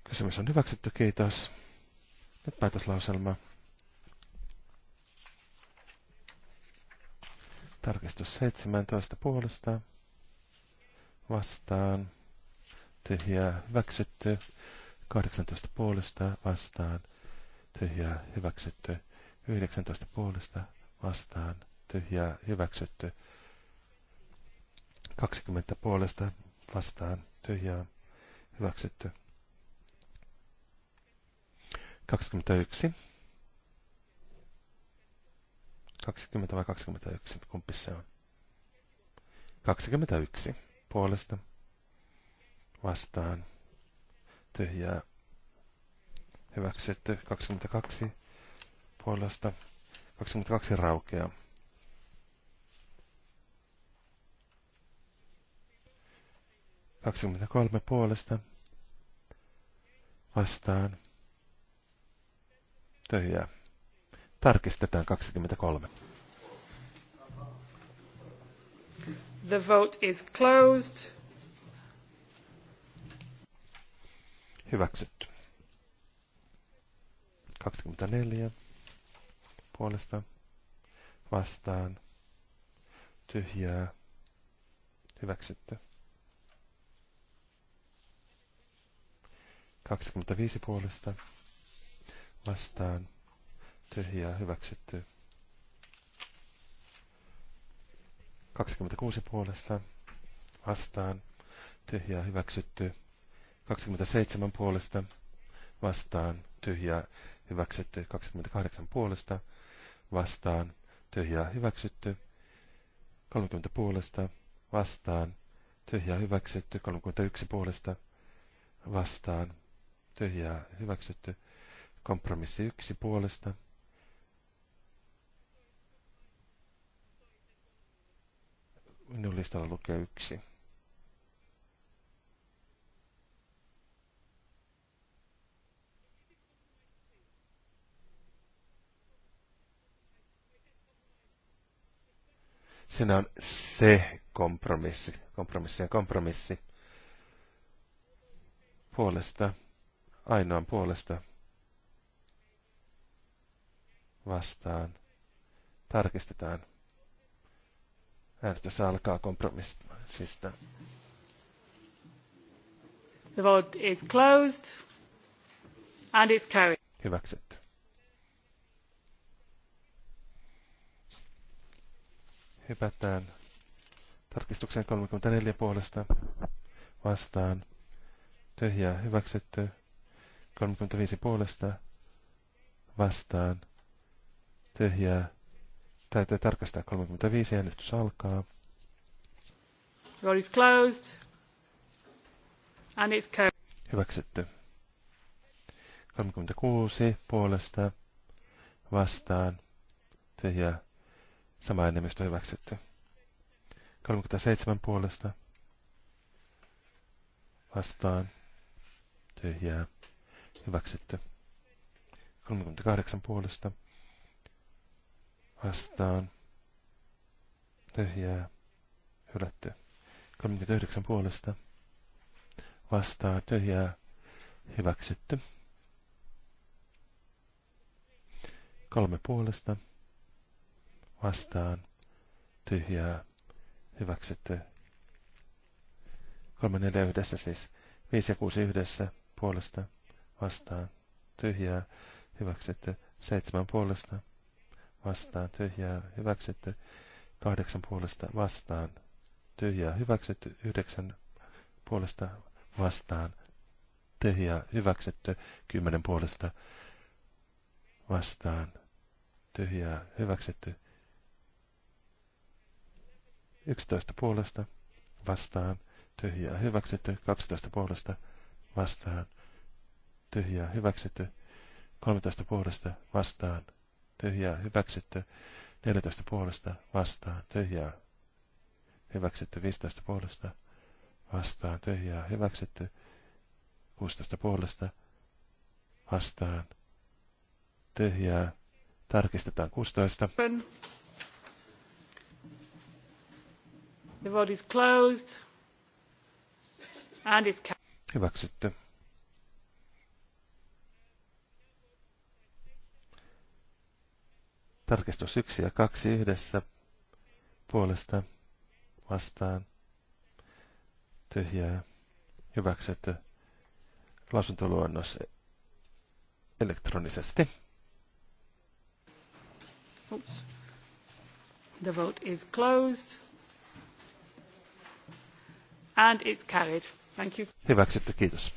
Kysymys on hyväksytty, kiitos. Nyt päätöslauselma. Tarkistus 17 puolesta. Vastaan. Tyhjää hyväksytty. 18 puolesta vastaan. Tyhjää hyväksytty. 19 puolesta vastaan. Tyhjää hyväksytty. 20 puolesta vastaan. Tyhjää hyväksytty. 21 20 vai 21? Kumpi se on? 21 puolesta vastaan tyhjää hyväksytty 22 puolesta 22 raukeaa. kolme puolesta vastaan tyhjää. Tarkistetaan 23. The vote is closed. Hyväksytty. 24 puolesta vastaan tyhjää hyväksytty. 25 puolesta vastaan tyhjää hyväksytty. 26 puolesta vastaan tyhjää hyväksytty. 27 puolesta vastaan tyhjää hyväksytty. 28 puolesta vastaan tyhjää hyväksytty. 30 puolesta vastaan tyhjää hyväksytty. 31 puolesta vastaan tyhjää hyväksytty. Kompromissi 1 puolesta Minun listalla lukee yksi. Siinä on se kompromissi, ja kompromissi. Puolesta, ainoan puolesta. Vastaan. Tarkistetaan. Äänestys alkaa kompromissista. The vote is closed and it's carried. Hyväksytty. Hypätään tarkistukseen 34 puolesta vastaan. Tyhjää hyväksytty. 35 puolesta vastaan. Tyhjää Täytyy tarkastaa 35 äänestys alkaa. Vote is closed. And it's carried. Hyväksytty. 36 puolesta vastaan tyhjää sama enemmistö hyväksytty. 37 puolesta vastaan tyhjää hyväksytty. 38 puolesta vastaan tyhjää hylätty. 39 puolesta vastaan tyhjää hyväksytty. Kolme puolesta vastaan tyhjää hyväksytty. Kolme neljä yhdessä siis. Viisi ja kuusi yhdessä puolesta vastaan tyhjää hyväksytty. Seitsemän puolesta vastaan, tyhjää hyväksytty. Kahdeksan puolesta vastaan, tyhjää hyväksytty. Yhdeksän puolesta vastaan, tyhjää hyväksytty. Kymmenen puolesta vastaan, tyhjää hyväksytty. Yksitoista puolesta vastaan, tyhjää hyväksytty. Kaksitoista puolesta vastaan, tyhjää hyväksytty. 13 puolesta vastaan, tyhjää, hyväksytty. 14 puolesta, vastaan, tyhjää, hyväksytty. 15 puolesta, vastaan, tyhjää, hyväksytty. 16 puolesta, vastaan, tyhjää, tarkistetaan 16. The vote is closed. And it's Hyväksytty. Tarkistus 1 ja 2 yhdessä puolesta vastaan tyhjää hyväksytty lausuntoluonnos elektronisesti. Oops. The vote is closed. And it's carried. Thank you. Hyväksytty, kiitos.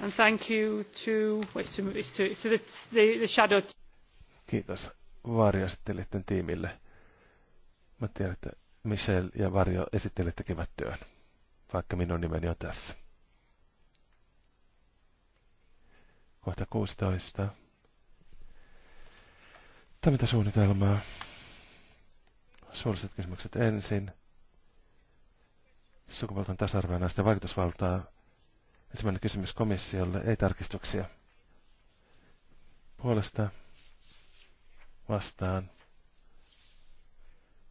And thank you to, well, it's to, it's to, it's to the, the, the shadow. Kiitos esittelijöiden tiimille. Mä tiedän, että Michelle ja Varjo esittelijät tekevät työn, vaikka minun nimeni on tässä. Kohta 16. suunnitelmaa? Suulliset kysymykset ensin. Sukupuolten tasa-arvoa naisten vaikutusvaltaa. Ensimmäinen kysymys komissiolle, ei tarkistuksia. Puolesta vastaan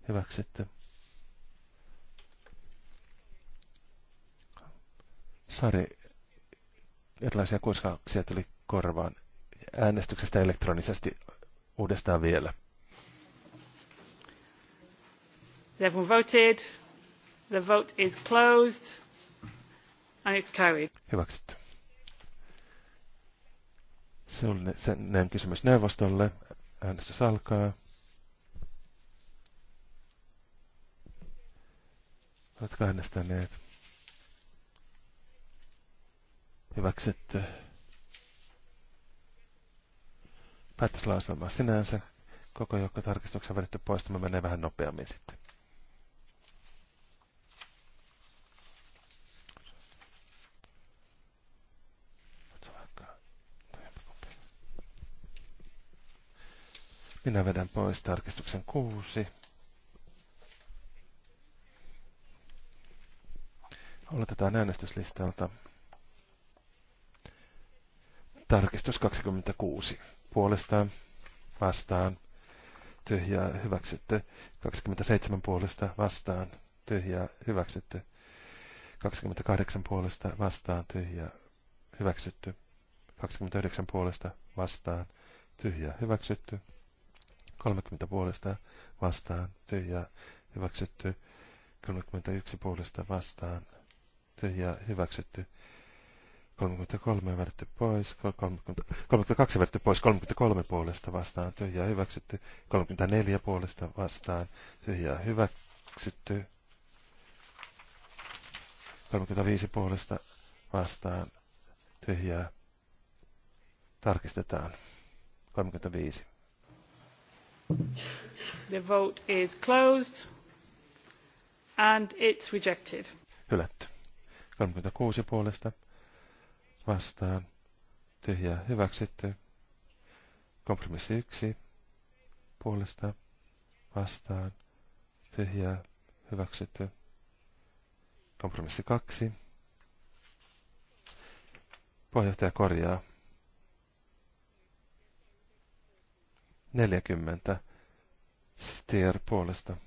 hyväksytty. Sari, erilaisia kuiskauksia tuli korvaan äänestyksestä elektronisesti uudestaan vielä. Everyone voted. The vote is closed. And it's carried. Hyväksytty. Se on sen kysymys neuvostolle. Äänestys alkaa. Oletko äänestäneet? Hyväksytty. Päätöslauselma sinänsä. Koko joukko tarkistuksen vedetty pois, tämä menee vähän nopeammin sitten. Minä vedän pois tarkistuksen kuusi. Oletetaan äänestyslistalta. Tarkistus 26. Puolesta vastaan tyhjää hyväksytty. 27 puolesta vastaan tyhjää hyväksytty. 28 puolesta vastaan tyhjää hyväksytty. 29 puolesta vastaan tyhjää hyväksytty. 30 puolesta vastaan, tyhjä hyväksytty. 31 puolesta vastaan, tyhjä hyväksytty. 33 vertty pois, 30, 32 vertty pois, 33 puolesta vastaan, tyhjä hyväksytty, 34 puolesta vastaan, tyhjä hyväksytty, 35 puolesta vastaan, tyhjää tarkistetaan, 35. The vote is closed. And it's rejected. Hylätty. 36 puolesta vastaan. tyhjä hyväksytty. Kompromissi 1 puolesta vastaan. tyhjä hyväksytty. Kompromissi 2. Puheenjohtaja korjaa. 40. Stier puolesta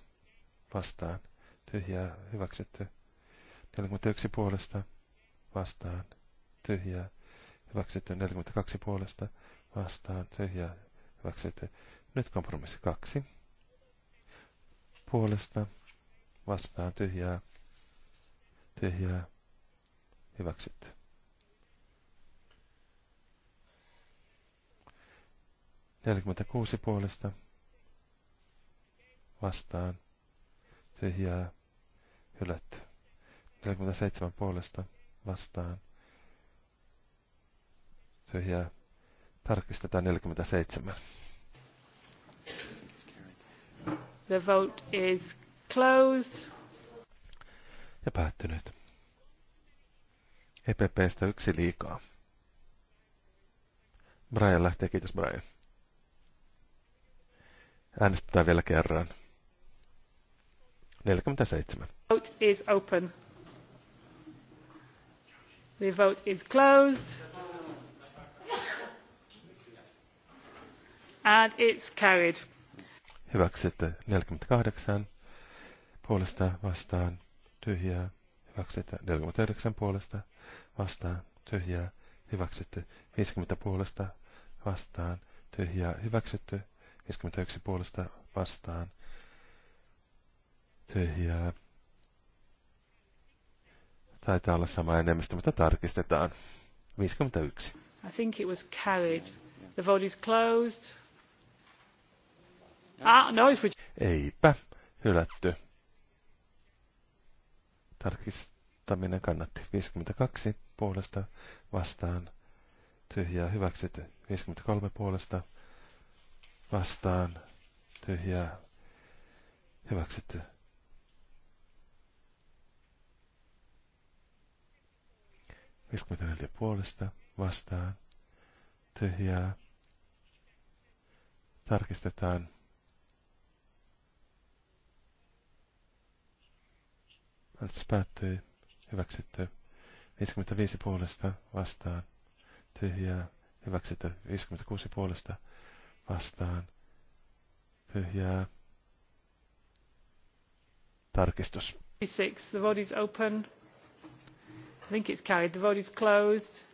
vastaan. Tyhjää hyväksytty. 41 puolesta vastaan. Tyhjää hyväksytty. 42 puolesta vastaan. Tyhjää hyväksytty. Nyt kompromissi 2. Puolesta vastaan tyhjää. Tyhjää hyväksytty. 46 puolesta vastaan tyhjää hylätty. 47 puolesta vastaan tyhjää. Tarkistetaan 47. The vote is closed. Ja päättynyt. EPPstä yksi liikaa. Brian lähtee. Kiitos Brian. Äänestetään vielä kerran. 47. Vote is open. The vote is closed. And it's carried. Hyväksytty 48 puolesta vastaan tyhjää. Hyväksytty 49 puolesta vastaan tyhjää. Hyväksytty 50 puolesta vastaan tyhjää. Hyväksytty 51 puolesta vastaan. Tyhjää. Taitaa olla sama enemmistö, mutta tarkistetaan. 51. I think it was carried. The vote is closed. Ah, no, it's Eipä. Hylätty. Tarkistaminen kannatti. 52 puolesta vastaan. Tyhjää hyväksytty. 53 puolesta vastaan tyhjää hyväksytty. Viisikymmentäneljä puolesta vastaan tyhjää. Tarkistetaan. Äänestys päättyy. Hyväksytty. 55 puolesta vastaan. Tyhjää. Hyväksytty. 56 puolesta vastaan tyhjää tarkistus. Six. The vote is open. I think it's carried. The vote is closed.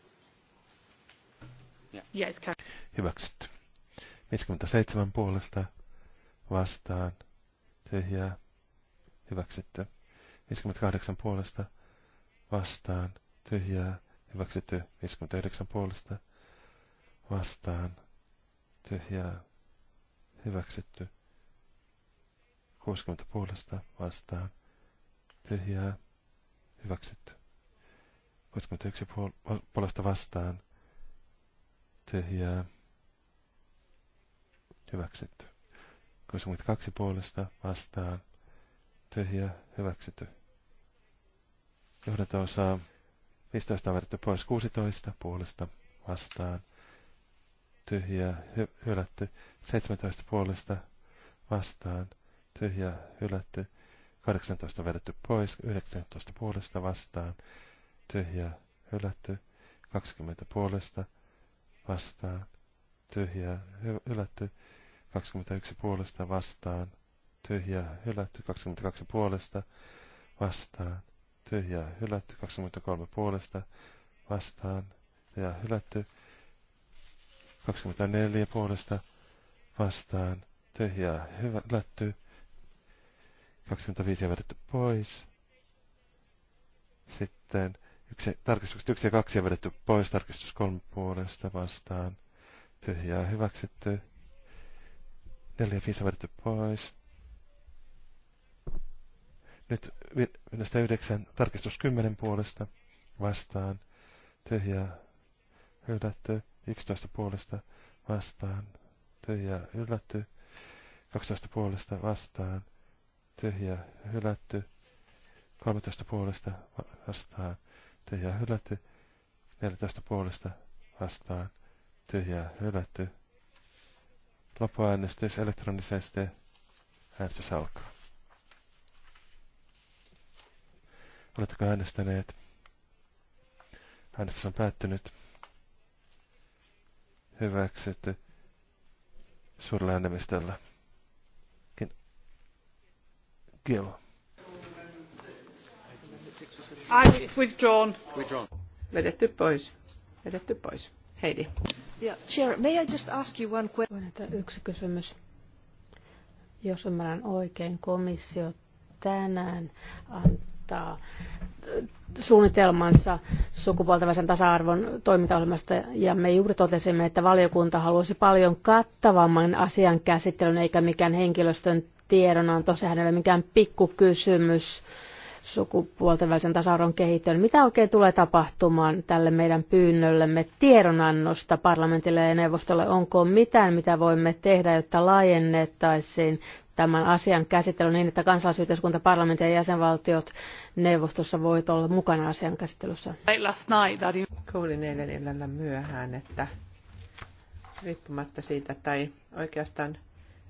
Yeah. Yeah, it's carried. Hyväksytty. 57 puolesta vastaan tyhjää hyväksytty. 58 puolesta vastaan tyhjää hyväksytty. 59 puolesta vastaan tyhjää hyväksytty. 60 puolesta vastaan tyhjää hyväksytty. 61 puolesta vastaan tyhjää hyväksytty. 62 puolesta vastaan tyhjää hyväksytty. Johdata osaa 15 on pois 16 puolesta vastaan tyhjää hylätty. 17 puolesta vastaan tyhjää hylätty. 18 vedetty pois. 19 puolesta vastaan tyhjää hylätty. 20 puolesta vastaan tyhjää hylätty. 21 puolesta vastaan tyhjää hylätty. 22 puolesta vastaan tyhjää hylätty. 23 puolesta vastaan tyhjää hylätty. 24 puolesta vastaan. Tyhjää hyvä lätty. 25 vedetty pois. Sitten yksi, tarkistukset 1 ja 2 vedetty pois. Tarkistus 3 puolesta vastaan. Tyhjää hyväksytty. 4 ja 5 vedetty pois. Nyt mennästä 9 tarkistus 10 puolesta vastaan. Tyhjää hylätty. 11 puolesta vastaan, tyhjä hylätty. 12 puolesta vastaan, tyhjä hylätty. 13 puolesta vastaan, tyhjä hylätty. 14 puolesta vastaan, tyhjä hylätty. Lopuäänestys elektronisesti. Äänestys alkaa. Oletteko äänestäneet? Äänestys on päättynyt hyväksytty suurella enemmistöllä. Kielo. I withdrawn. withdrawn. Vedetty pois. Vedetty pois. Heidi. Yeah, Chair, may I just ask you one question? Yksi kysymys. Jos ymmärrän oikein, komissio tänään ehdottaa suunnitelmansa sukupuolten tasa-arvon toimintaohjelmasta ja me juuri totesimme, että valiokunta haluaisi paljon kattavamman asian käsittelyn eikä mikään henkilöstön tiedonanto. Sehän ei ole mikään pikkukysymys sukupuolten välisen tasa-arvon kehittelyyn. Mitä oikein tulee tapahtumaan tälle meidän pyynnöllemme tiedonannosta parlamentille ja neuvostolle? Onko mitään, mitä voimme tehdä, jotta laajennettaisiin tämän asian käsittely niin, että kansalaisyhteiskunta, parlamentti ja jäsenvaltiot neuvostossa voivat olla mukana asian käsittelyssä. Kuulin eilen illalla myöhään, että riippumatta siitä, tai oikeastaan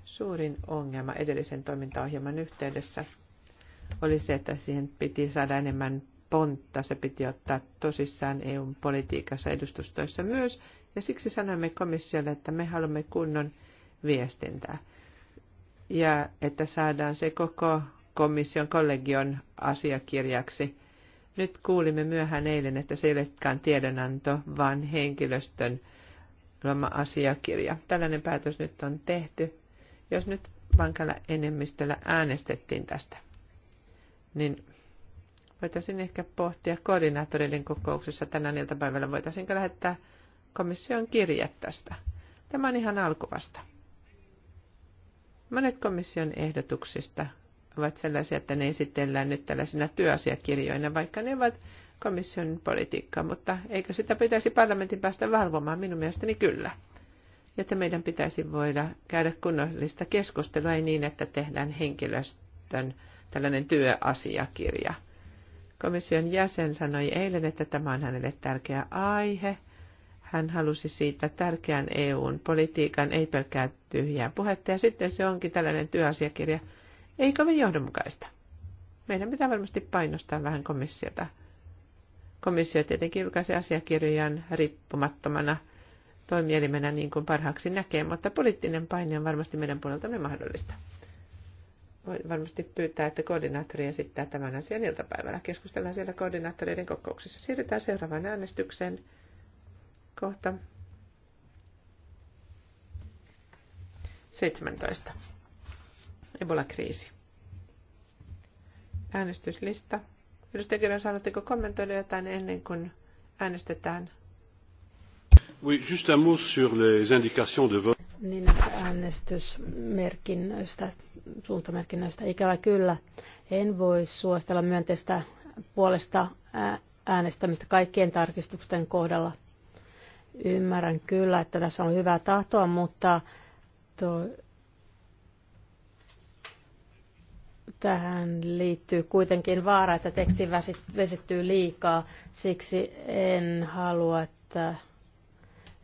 suurin ongelma edellisen toimintaohjelman yhteydessä oli se, että siihen piti saada enemmän pontta, se piti ottaa tosissaan EUn politiikassa edustustoissa myös, ja siksi sanoimme komissiolle, että me haluamme kunnon viestintää ja että saadaan se koko komission kollegion asiakirjaksi. Nyt kuulimme myöhään eilen, että se ei olekaan tiedonanto, vaan henkilöstön loma asiakirja. Tällainen päätös nyt on tehty. Jos nyt vankalla enemmistöllä äänestettiin tästä, niin voitaisiin ehkä pohtia koordinaattoreiden kokouksessa tänään iltapäivällä, voitaisiinko lähettää komission kirje tästä. Tämä on ihan alkuvasta. Monet komission ehdotuksista ovat sellaisia, että ne esitellään nyt tällaisina työasiakirjoina, vaikka ne ovat komission politiikkaa, mutta eikö sitä pitäisi parlamentin päästä valvomaan? Minun mielestäni kyllä. Joten meidän pitäisi voida käydä kunnollista keskustelua, ei niin, että tehdään henkilöstön tällainen työasiakirja. Komission jäsen sanoi eilen, että tämä on hänelle tärkeä aihe. Hän halusi siitä tärkeän EUn politiikan, ei pelkää tyhjää puhetta. Ja sitten se onkin tällainen työasiakirja. Ei kovin johdonmukaista. Meidän pitää varmasti painostaa vähän komissiota. Komissio tietenkin julkaisi asiakirjan riippumattomana toimielimenä niin kuin parhaaksi näkee, mutta poliittinen paine on varmasti meidän puoleltamme mahdollista. Voi varmasti pyytää, että koordinaattori esittää tämän asian iltapäivällä. Keskustellaan siellä koordinaattoreiden kokouksessa. Siirrytään seuraavaan äänestykseen kohta 17. Ebola-kriisi. Äänestyslista. Edustaja Kirjan, saatteko kommentoida jotain ennen kuin äänestetään? Oui, juste un mot sur les indications de vote. Niin näistä äänestysmerkinnöistä, suuntamerkinnöistä, ikävä kyllä. En voi suostella myönteistä puolesta äänestämistä kaikkien tarkistusten kohdalla – Ymmärrän kyllä, että tässä on hyvää tahtoa, mutta to, tähän liittyy kuitenkin vaara, että teksti vesittyy liikaa. Siksi en halua, että,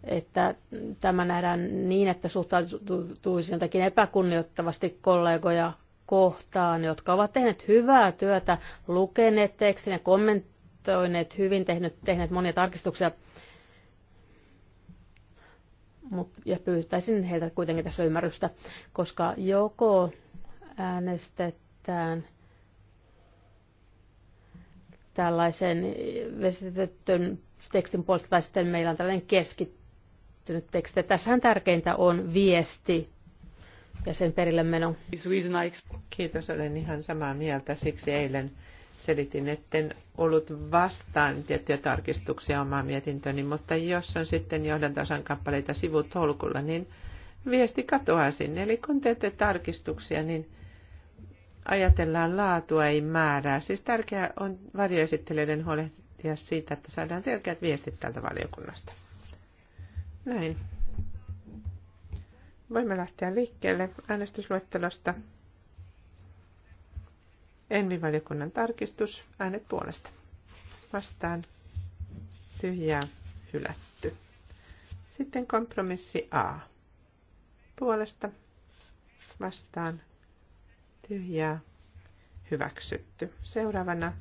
että tämä nähdään niin, että suhtautuisi jotenkin epäkunnioittavasti kollegoja kohtaan, jotka ovat tehneet hyvää työtä, lukeneet tekstin ja kommentoineet hyvin, tehneet, tehneet monia tarkistuksia Mut, ja pyytäisin heiltä kuitenkin tässä ymmärrystä, koska joko äänestetään tällaisen vesitetyn tekstin puolesta, tai sitten meillä on tällainen keskittynyt teksti. Tässähän tärkeintä on viesti ja sen perille meno. Kiitos, olen ihan samaa mieltä. Siksi eilen selitin, etten ollut vastaan tiettyjä tarkistuksia omaa mietintöni, mutta jos on sitten johdantasan kappaleita sivutolkulla, niin viesti katoaa sinne. Eli kun teette tarkistuksia, niin ajatellaan laatua, ei määrää. Siis tärkeää on varjoesittelijöiden huolehtia siitä, että saadaan selkeät viestit tältä valiokunnasta. Näin. Voimme lähteä liikkeelle äänestysluettelosta. Enmi-valiokunnan tarkistus, äänet puolesta. Vastaan tyhjää hylätty. Sitten kompromissi A. Puolesta vastaan tyhjää hyväksytty. Seuraavana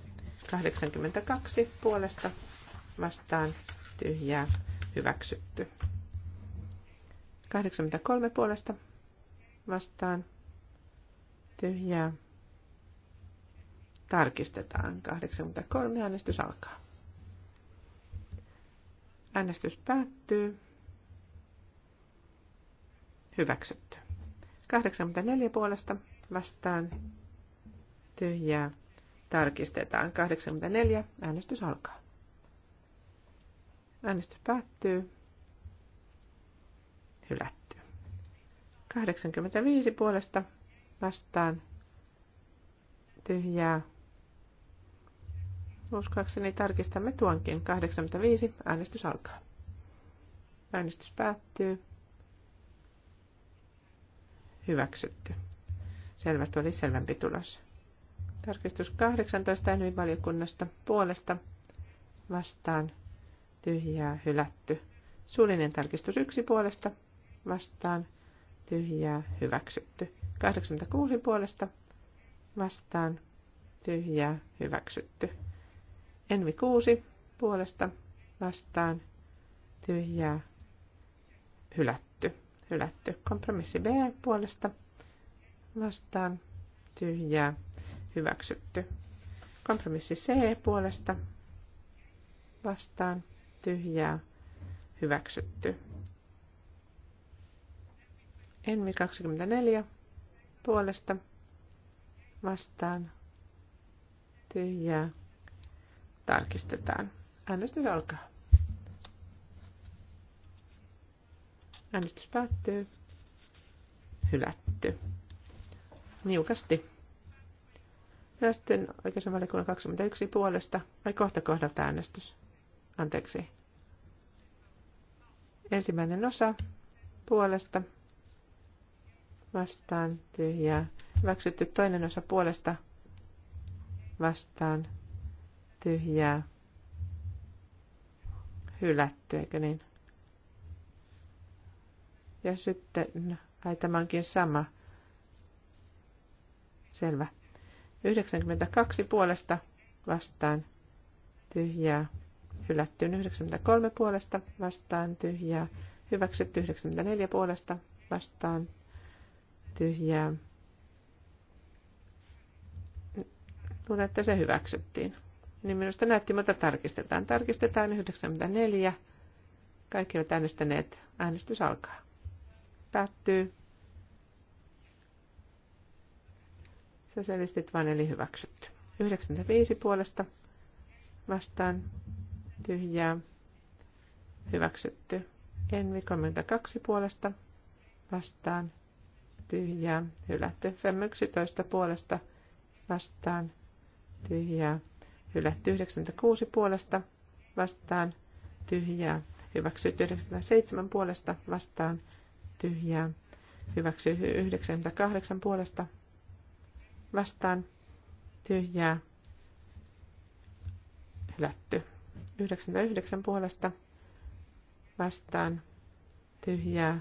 82 puolesta vastaan tyhjää hyväksytty. 83 puolesta vastaan tyhjää Tarkistetaan. 83 äänestys alkaa. Äänestys päättyy. Hyväksytty. 84 puolesta vastaan tyhjää. Tarkistetaan. 84. Äänestys alkaa. Äänestys päättyy. Hylätty. 85 puolesta vastaan tyhjää. Uskoakseni tarkistamme tuonkin. 85. Äänestys alkaa. Äänestys päättyy. Hyväksytty. Selvä, tuo oli selvempi tulos. Tarkistus 18 valiokunnasta puolesta vastaan tyhjää hylätty. Suullinen tarkistus 1 puolesta vastaan tyhjää hyväksytty. 86 puolesta vastaan tyhjää hyväksytty. Envi 6 puolesta vastaan tyhjää hylätty. Hylätty. Kompromissi B puolesta vastaan tyhjää hyväksytty. Kompromissi C puolesta vastaan tyhjää hyväksytty. Envi 24 puolesta vastaan tyhjää tarkistetaan. Äänestys alkaa. Äänestys päättyy. Hylätty. Niukasti. Näisten oikeisen valikunnan 21 puolesta vai kohta kohdalta äänestys. Anteeksi. Ensimmäinen osa puolesta vastaan tyhjää. Hyväksytty toinen osa puolesta vastaan tyhjää, hylätty, eikö niin? Ja sitten, ai tämä onkin sama. Selvä. 92 puolesta vastaan tyhjää, hylätty 93 puolesta vastaan tyhjää, hyväksytty 94 puolesta vastaan tyhjää. Luulen, että se hyväksyttiin niin minusta näytti, mutta tarkistetaan. Tarkistetaan 94. Kaikki ovat äänestäneet. Äänestys alkaa. Päättyy. selistit vain, eli hyväksytty. 95 puolesta vastaan tyhjää hyväksytty. Envi 32 puolesta vastaan tyhjää hylätty. FEM 11 puolesta vastaan tyhjää hylätty 96 puolesta vastaan tyhjää, hyväksytty 97 puolesta vastaan tyhjää, hyväksy 98 puolesta vastaan tyhjää, hylätty 99 puolesta vastaan tyhjää,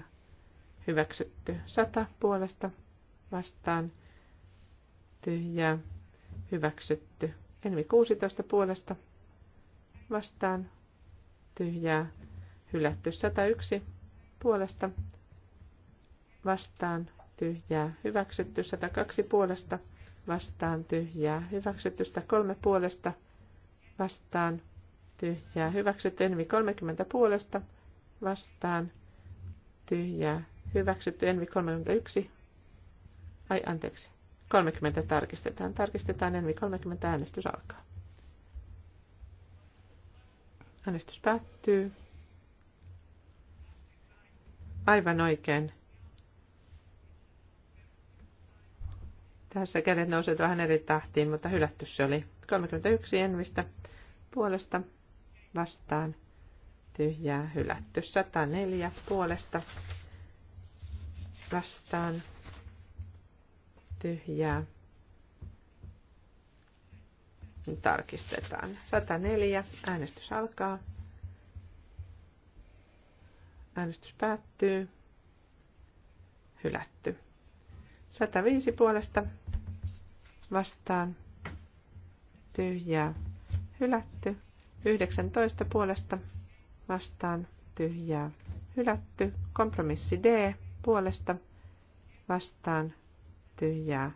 hyväksytty 100 puolesta vastaan tyhjää, hyväksytty Envi 16 puolesta vastaan tyhjää. Hylätty 101 puolesta vastaan tyhjää. Hyväksytty 102 puolesta vastaan tyhjää. Hyväksytty 103 puolesta vastaan tyhjää. Hyväksytty Envi 30 puolesta vastaan tyhjää. Hyväksytty Envi 31. Ai anteeksi. 30 tarkistetaan. Tarkistetaan ennen 30 äänestys alkaa. Äänestys päättyy. Aivan oikein. Tässä kädet nousivat vähän eri tahtiin, mutta hylätty se oli. 31 Envistä puolesta vastaan. Tyhjää hylätty. 104 puolesta vastaan tyhjää. Tarkistetaan. 104. Äänestys alkaa. Äänestys päättyy. Hylätty. 105 puolesta vastaan. Tyhjää. Hylätty. 19 puolesta vastaan. Tyhjää. Hylätty. Kompromissi D puolesta vastaan tyhjää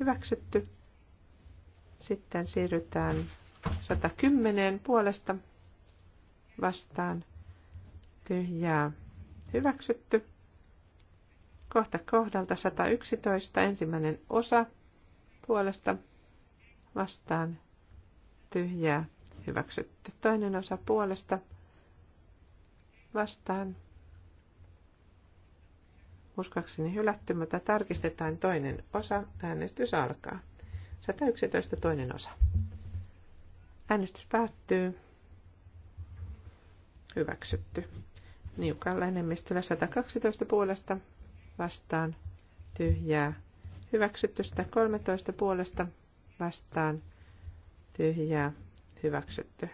hyväksytty. Sitten siirrytään 110 puolesta vastaan tyhjää hyväksytty. Kohta kohdalta 111 ensimmäinen osa puolesta vastaan tyhjää hyväksytty. Toinen osa puolesta vastaan Uskakseni hylätty, mutta tarkistetaan toinen osa. Äänestys alkaa. 111 toinen osa. Äänestys päättyy. Hyväksytty. Niukalla enemmistöllä 112 puolesta vastaan tyhjää. Hyväksytty 113 puolesta vastaan tyhjää. Hyväksytty.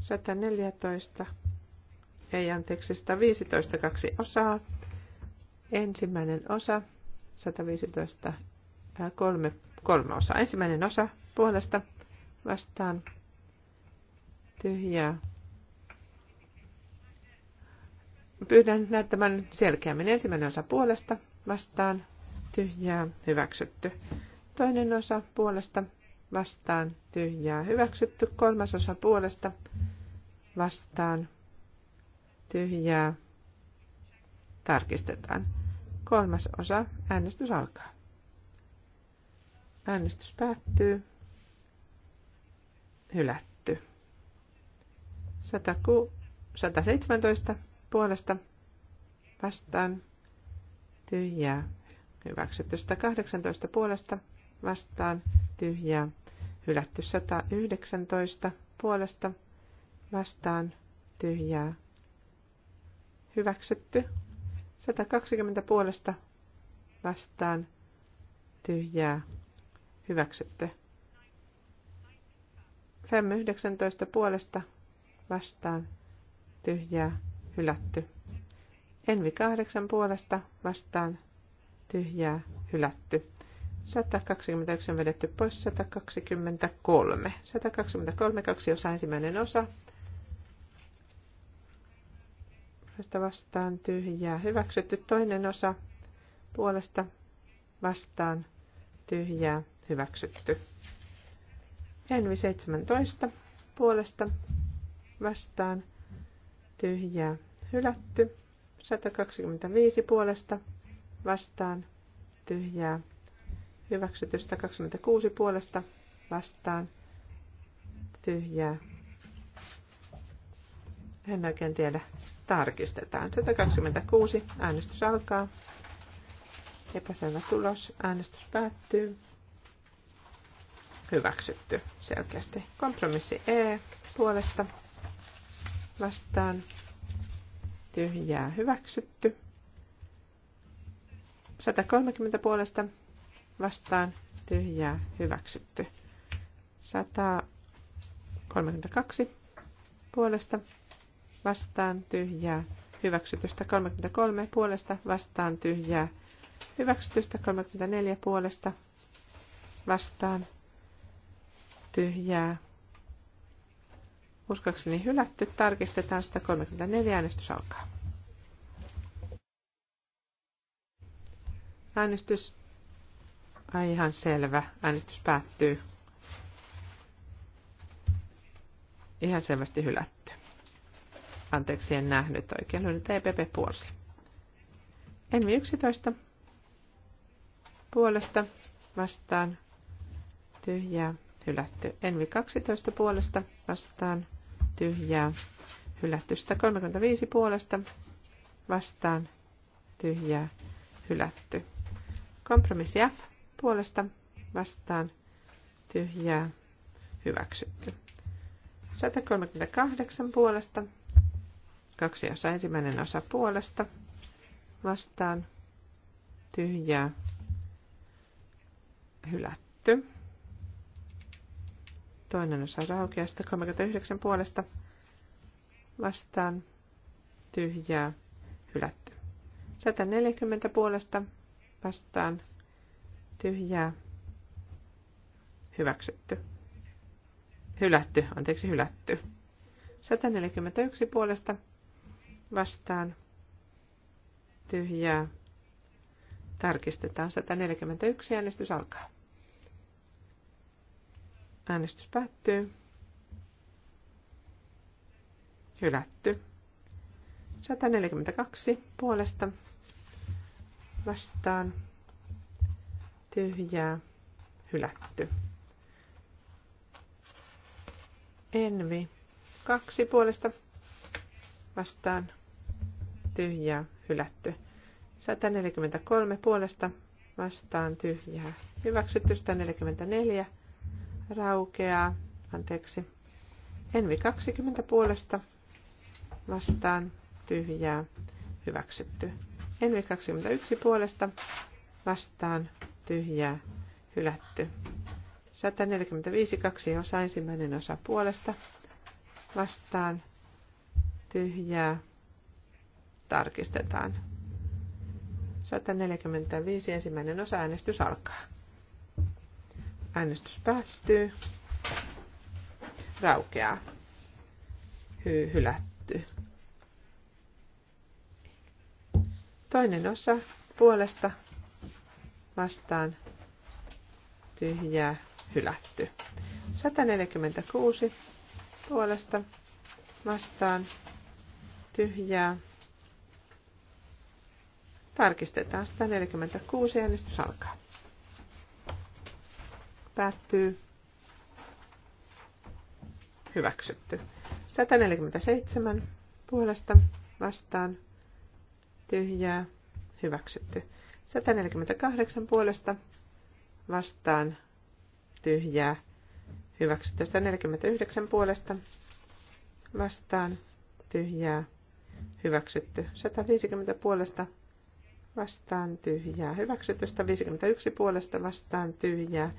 114 ei tekstistä 15 kaksi osaa. Ensimmäinen osa, 115 äh, kolme, kolme osaa. Ensimmäinen osa puolesta vastaan tyhjää. Pyydän näyttämään selkeämmin ensimmäinen osa puolesta vastaan tyhjää hyväksytty. Toinen osa puolesta vastaan tyhjää hyväksytty. Kolmas osa puolesta vastaan tyhjää. Tarkistetaan. Kolmas osa. Äänestys alkaa. Äänestys päättyy. Hylätty. 117 puolesta vastaan. Tyhjää. Hyväksytty 118 puolesta vastaan. Tyhjää. Hylätty 119 puolesta vastaan. Tyhjää hyväksytty. 120 puolesta vastaan tyhjää hyväksytty. Femme 19 puolesta vastaan tyhjää hylätty. Envi 8 puolesta vastaan tyhjää hylätty. 129 vedetty pois 123. 123 kaksi osa ensimmäinen osa puolesta vastaan tyhjää. Hyväksytty toinen osa puolesta vastaan tyhjää. Hyväksytty. Henvi 17 puolesta vastaan tyhjää. Hylätty. 125 puolesta vastaan tyhjää. Hyväksytystä 26 puolesta vastaan tyhjää. En oikein tiedä, tarkistetaan. 126. Äänestys alkaa. Epäselvä tulos. Äänestys päättyy. Hyväksytty selkeästi. Kompromissi E puolesta vastaan. Tyhjää hyväksytty. 130 puolesta vastaan. Tyhjää hyväksytty. 132 puolesta vastaan tyhjää, hyväksytystä 33 puolesta vastaan tyhjää, hyväksytystä 34 puolesta vastaan tyhjää. Uskakseni hylätty, tarkistetaan 134, äänestys alkaa. Äänestys, ai ihan selvä, äänestys päättyy. Ihan selvästi hylätty. Anteeksi, en nähnyt oikein. Luin, TPP e puolsi. Envi 11 puolesta vastaan tyhjää hylätty. Envi 12 puolesta vastaan tyhjää hylätty. 135 puolesta vastaan tyhjää hylätty. Kompromissi F puolesta vastaan tyhjää hyväksytty. 138 puolesta Kaksi osa ensimmäinen osa puolesta vastaan tyhjää hylätty. Toinen osa raukeasta 39 puolesta vastaan tyhjää hylätty. 140 puolesta vastaan tyhjää hyväksytty. Hylätty, anteeksi hylätty. 141 puolesta vastaan tyhjää. Tarkistetaan 141. Äänestys alkaa. Äänestys päättyy. Hylätty. 142 puolesta vastaan tyhjää hylätty. Envi kaksi puolesta vastaan tyhjää hylätty. 143 puolesta vastaan tyhjää hyväksytty. 144 raukeaa, anteeksi. Envi 20 puolesta vastaan tyhjää hyväksytty. Envi 21 puolesta vastaan tyhjää hylätty. 145 kaksi osa ensimmäinen osa puolesta vastaan tyhjää tarkistetaan. 145 ensimmäinen osa äänestys alkaa. Äänestys päättyy. Raukeaa. Hy- hylätty. Toinen osa puolesta vastaan tyhjää hylätty. 146 puolesta vastaan tyhjää. Tarkistetaan 146 äänestys alkaa. Päättyy. Hyväksytty. 147 puolesta vastaan tyhjää. Hyväksytty. 148 puolesta vastaan tyhjää. Hyväksytty. 149 puolesta vastaan tyhjää hyväksytty. 150 puolesta vastaan tyhjää hyväksytty. 151 puolesta vastaan tyhjää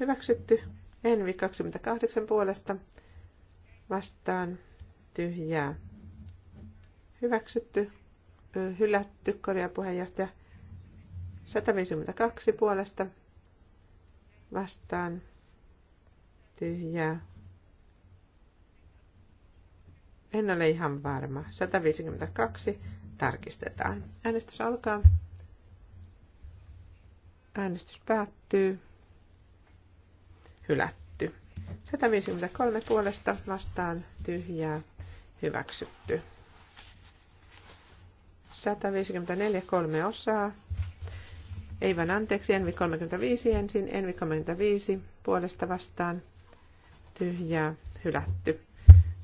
hyväksytty. Envi 28 puolesta vastaan tyhjää hyväksytty. Hylätty puheenjohtaja 152 puolesta vastaan tyhjää en ole ihan varma. 152 tarkistetaan. Äänestys alkaa. Äänestys päättyy. Hylätty. 153 puolesta vastaan tyhjää. Hyväksytty. 154 kolme osaa. Ei vaan anteeksi, Envi 35 ensin, Envi 35 puolesta vastaan, tyhjää, hylätty.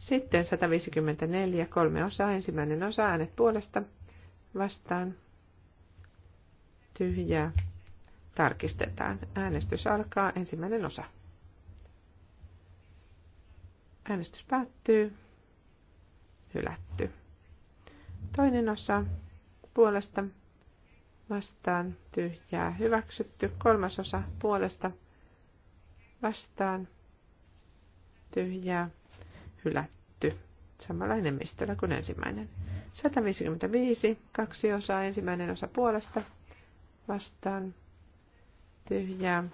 Sitten 154, kolme osaa, ensimmäinen osa, äänet puolesta, vastaan, tyhjää, tarkistetaan. Äänestys alkaa, ensimmäinen osa. Äänestys päättyy, hylätty. Toinen osa, puolesta, vastaan, tyhjää, hyväksytty. Kolmas osa, puolesta, vastaan, tyhjää, hylätty samalla enemmistöllä kuin ensimmäinen. 155, kaksi osaa, ensimmäinen osa puolesta, vastaan, tyhjää.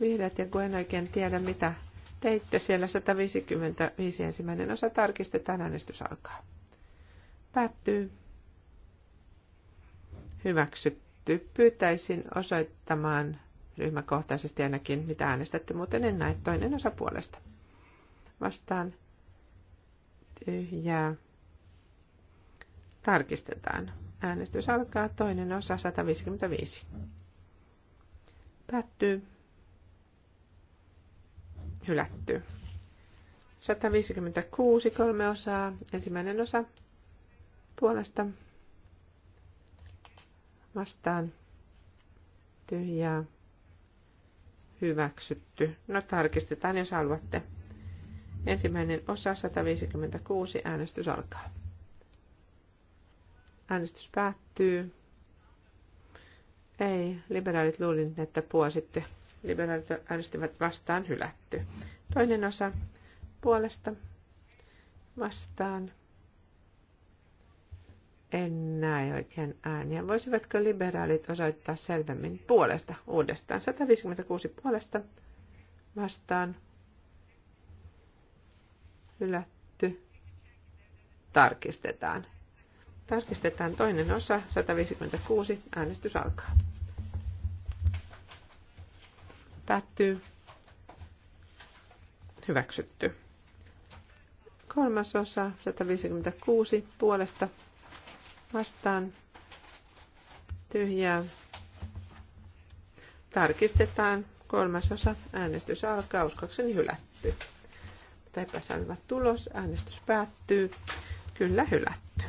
Vihreät ja kun en oikein tiedä, mitä teitte siellä 155 ensimmäinen osa tarkistetaan, äänestys alkaa. Päättyy. Hyväksytty. Pyytäisin osoittamaan ryhmäkohtaisesti ainakin, mitä äänestätte, muuten en näe toinen osa puolesta vastaan tyhjää. Tarkistetaan. Äänestys alkaa toinen osa 155. Päättyy. Hylätty. 156 kolme osaa. Ensimmäinen osa puolesta vastaan tyhjää hyväksytty. No tarkistetaan, jos haluatte. Ensimmäinen osa 156. Äänestys alkaa. Äänestys päättyy. Ei, liberaalit luulin, että puositte. Liberaalit äänestivät vastaan hylätty. Toinen osa puolesta vastaan. En näe oikein ääniä. Voisivatko liberaalit osoittaa selvemmin puolesta uudestaan? 156 puolesta vastaan hylätty. Tarkistetaan. Tarkistetaan toinen osa, 156, äänestys alkaa. Päättyy. Hyväksytty. Kolmas osa, 156, puolesta vastaan. Tyhjää. Tarkistetaan. Kolmas osa, äänestys alkaa, uskokseni hylätty tai epäselvä tulos. Äänestys päättyy. Kyllä hylätty.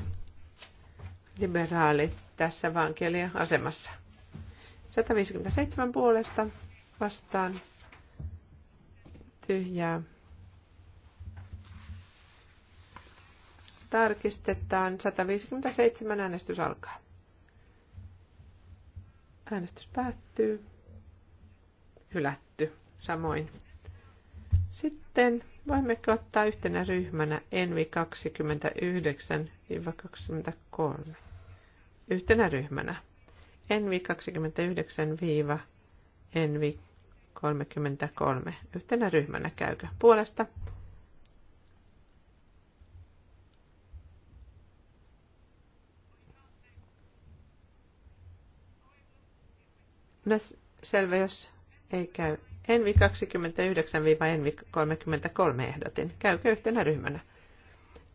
Liberaalit tässä vankilien asemassa. 157 puolesta vastaan tyhjää. Tarkistetaan. 157 äänestys alkaa. Äänestys päättyy. Hylätty. Samoin. Sitten voimme ottaa yhtenä ryhmänä Envi 29-23. Yhtenä ryhmänä Envi 29-Envi 33. Yhtenä ryhmänä käykö puolesta? No selvä, jos ei käy Henvi 29-Henvi 33 ehdotin. Käykö yhtenä ryhmänä?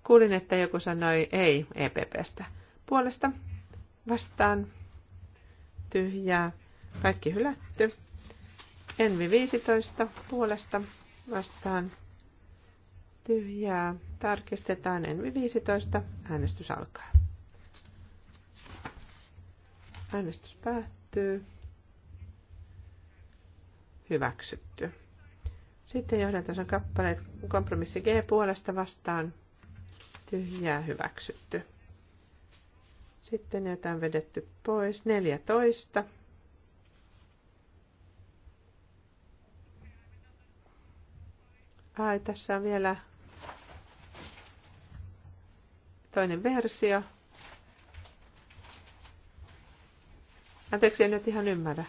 Kuulin, että joku sanoi ei EPPstä. Puolesta vastaan tyhjää. Kaikki hylätty. Envi 15 puolesta vastaan tyhjää. Tarkistetaan Envi 15. Äänestys alkaa. Äänestys päättyy hyväksytty. Sitten tässä kappaleet kompromissi G puolesta vastaan tyhjää hyväksytty. Sitten jotain vedetty pois. 14. Ai, tässä on vielä toinen versio. Anteeksi, en nyt ihan ymmärrä.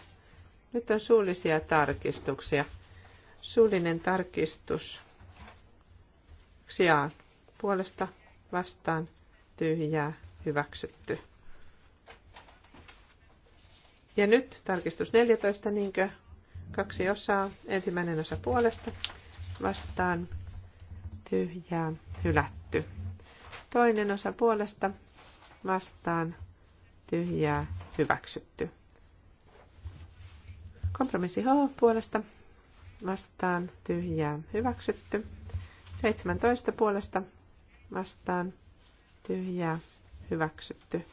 Nyt on suullisia tarkistuksia. Suullinen tarkistus. Sijaan. Puolesta vastaan tyhjää hyväksytty. Ja nyt tarkistus 14, niinkö? Kaksi osaa. Ensimmäinen osa puolesta vastaan tyhjää hylätty. Toinen osa puolesta vastaan tyhjää hyväksytty. Kompromissi H puolesta vastaan tyhjää hyväksytty. 17 puolesta vastaan tyhjää hyväksytty.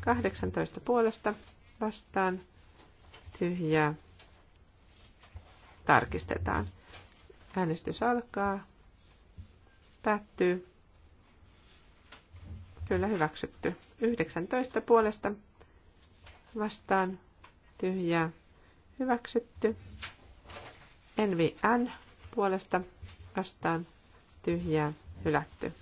18 puolesta vastaan tyhjää tarkistetaan. Äänestys alkaa, päättyy. Kyllä hyväksytty. 19 puolesta vastaan tyhjää Hyväksytty. Envi N puolesta vastaan tyhjää hylätty.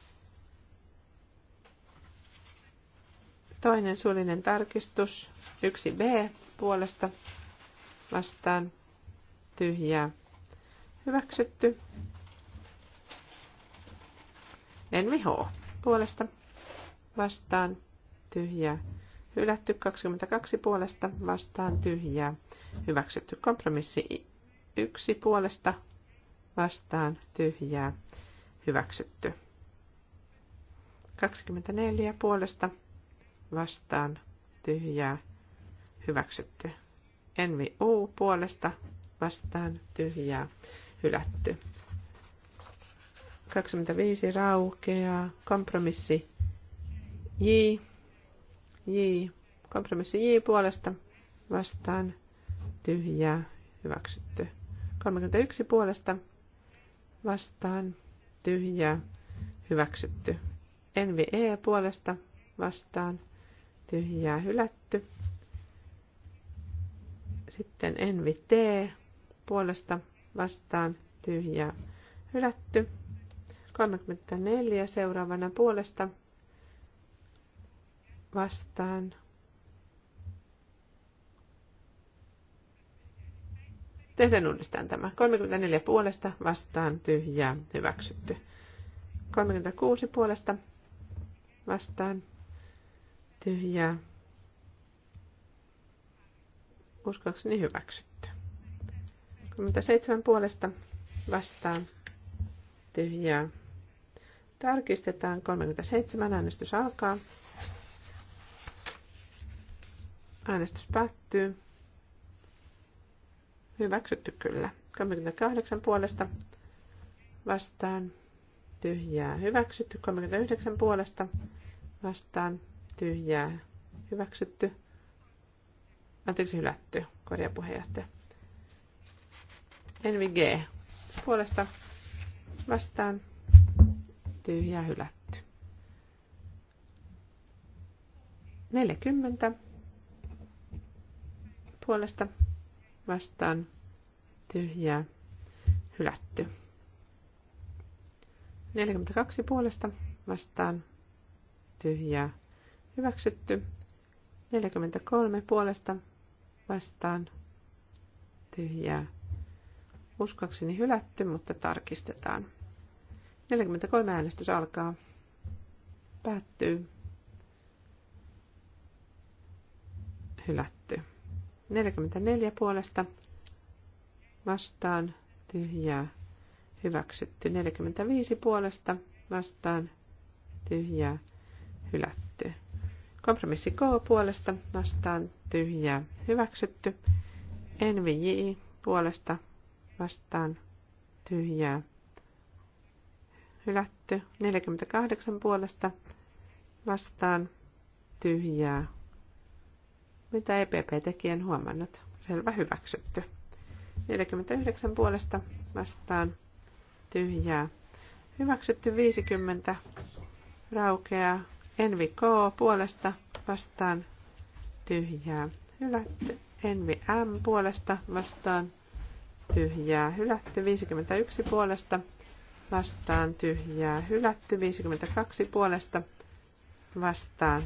Toinen suullinen tarkistus 1b puolesta vastaan tyhjää hyväksytty. Envi H puolesta vastaan tyhjää hylätty 22 puolesta vastaan tyhjää, hyväksytty kompromissi 1 puolesta vastaan tyhjää, hyväksytty. 24 puolesta vastaan tyhjää, hyväksytty. Envi U puolesta vastaan tyhjää, hylätty. 25 raukeaa, kompromissi J J. Kompromissi J puolesta vastaan tyhjää hyväksytty. 31 puolesta vastaan tyhjää hyväksytty. NVE puolesta vastaan tyhjää hylätty. Sitten NVT puolesta vastaan tyhjää hylätty. 34 seuraavana puolesta vastaan. Tehdään uudestaan tämä. 34 puolesta vastaan tyhjää hyväksytty. 36 puolesta vastaan tyhjää. Uskoakseni hyväksytty. 37 puolesta vastaan tyhjää. Tarkistetaan 37 äänestys alkaa. Äänestys päättyy. Hyväksytty kyllä. 38 puolesta vastaan tyhjää hyväksytty. 39 puolesta vastaan tyhjää hyväksytty. Anteeksi hylätty, korjapuheenjohtaja. NVG puolesta vastaan tyhjää hylätty. 40 puolesta vastaan tyhjää hylätty. 42 puolesta vastaan tyhjää hyväksytty. 43 puolesta vastaan tyhjää uskoakseni hylätty, mutta tarkistetaan. 43 äänestys alkaa. Päättyy. Hylätty. 44 puolesta vastaan tyhjää hyväksytty. 45 puolesta vastaan tyhjää hylätty. Kompromissi K puolesta vastaan tyhjää hyväksytty. NVJ puolesta vastaan tyhjää hylätty. 48 puolesta vastaan tyhjää mitä EPP teki, en huomannut. Selvä hyväksytty. 49 puolesta vastaan tyhjää. Hyväksytty 50 raukeaa. Envi K puolesta vastaan tyhjää. Hylätty Envi M puolesta vastaan tyhjää. Hylätty 51 puolesta vastaan tyhjää. Hylätty 52 puolesta vastaan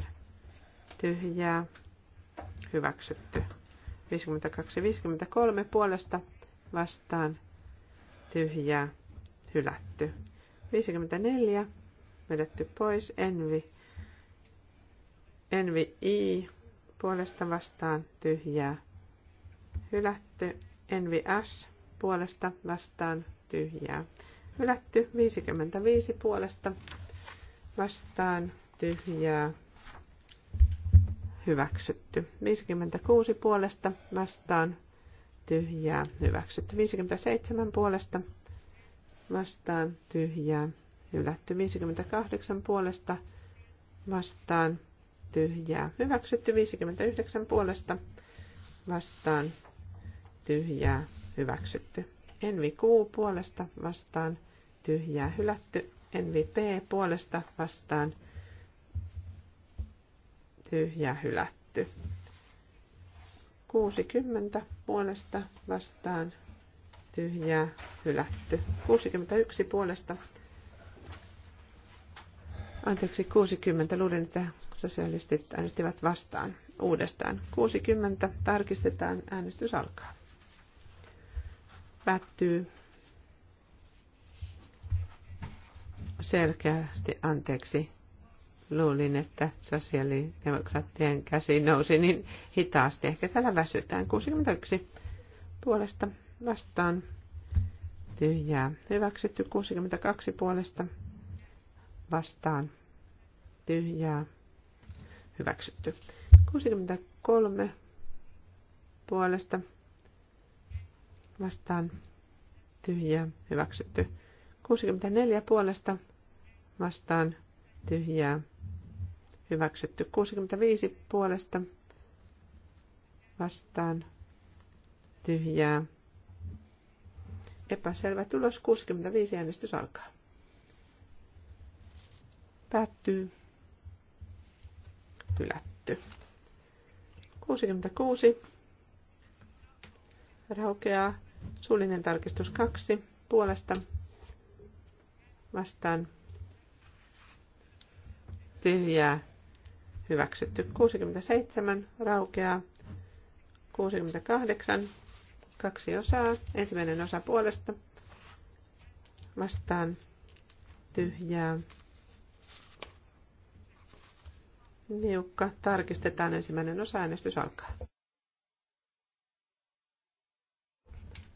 tyhjää hyväksytty. 52-53 puolesta vastaan tyhjää hylätty. 54 vedetty pois. Envi, envi I puolesta vastaan tyhjää hylätty. Envi S puolesta vastaan tyhjää hylätty. 55 puolesta vastaan tyhjää hyväksytty. 56 puolesta vastaan tyhjää hyväksytty. 57 puolesta vastaan tyhjää hylätty. 58 puolesta vastaan tyhjää hyväksytty. 59 puolesta vastaan tyhjää hyväksytty. Envi Q puolesta vastaan tyhjää hylätty. Envi P puolesta vastaan ja hylätty. 60 puolesta vastaan tyhjää hylätty. 61 puolesta. Anteeksi, 60. Luulin, että sosialistit äänestivät vastaan uudestaan. 60. Tarkistetaan. Äänestys alkaa. Päättyy. Selkeästi anteeksi luulin, että sosiaalidemokraattien käsi nousi niin hitaasti. Ehkä täällä väsytään. 61 puolesta vastaan tyhjää. Hyväksytty 62 puolesta vastaan tyhjää. Hyväksytty. 63 puolesta vastaan tyhjää. Hyväksytty. 64 puolesta vastaan tyhjää hyväksytty 65 puolesta vastaan tyhjää. Epäselvä tulos 65 äänestys alkaa. Päättyy. Hylätty. 66. Raukeaa suullinen tarkistus 2 puolesta vastaan tyhjää hyväksytty. 67 raukeaa. 68, kaksi osaa. Ensimmäinen osa puolesta vastaan tyhjää. Niukka. Tarkistetaan ensimmäinen osa. Äänestys alkaa.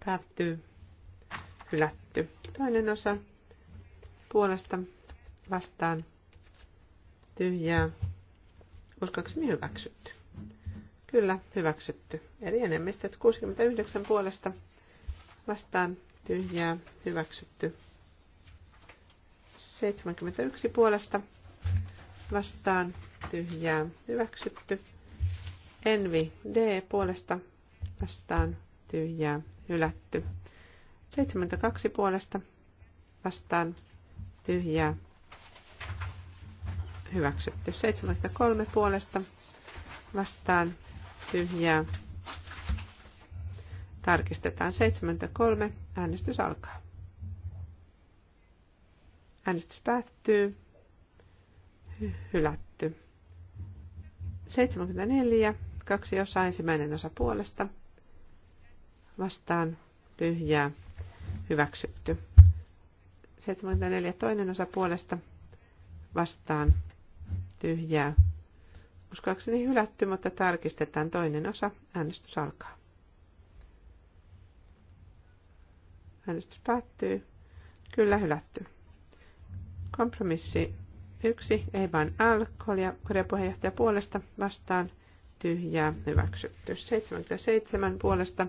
Päättyy. Hylätty. Toinen osa puolesta vastaan tyhjää Uskoakseni hyväksytty. Kyllä, hyväksytty. Eli enemmistöt 69 puolesta vastaan tyhjää hyväksytty. 71 puolesta vastaan tyhjää hyväksytty. Envi D puolesta vastaan tyhjää hylätty. 72 puolesta vastaan tyhjää hyväksytty. 73 puolesta vastaan tyhjää. Tarkistetaan 73. Äänestys alkaa. Äänestys päättyy. Hylätty. 74. Kaksi osaa. Ensimmäinen osa puolesta. Vastaan tyhjää. Hyväksytty. 74. Toinen osa puolesta. Vastaan tyhjää. Uskoakseni hylätty, mutta tarkistetaan toinen osa. Äänestys alkaa. Äänestys päättyy. Kyllä hylätty. Kompromissi yksi, ei vain alkoholia, korjapuheenjohtaja puolesta vastaan, tyhjää, hyväksytty. 77 puolesta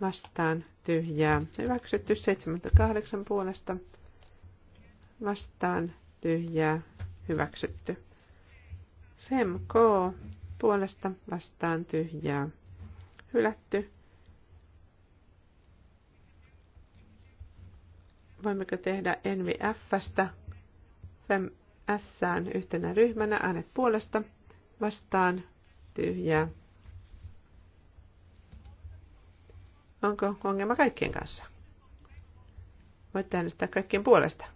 vastaan, tyhjää, hyväksytty. 78 puolesta vastaan, tyhjää, hyväksytty. FemK puolesta vastaan tyhjää hylätty. Voimmeko tehdä Envi Fstä Fem Sään yhtenä ryhmänä äänet puolesta vastaan tyhjää. Onko ongelma kaikkien kanssa? Voitte äänestää kaikkien puolesta.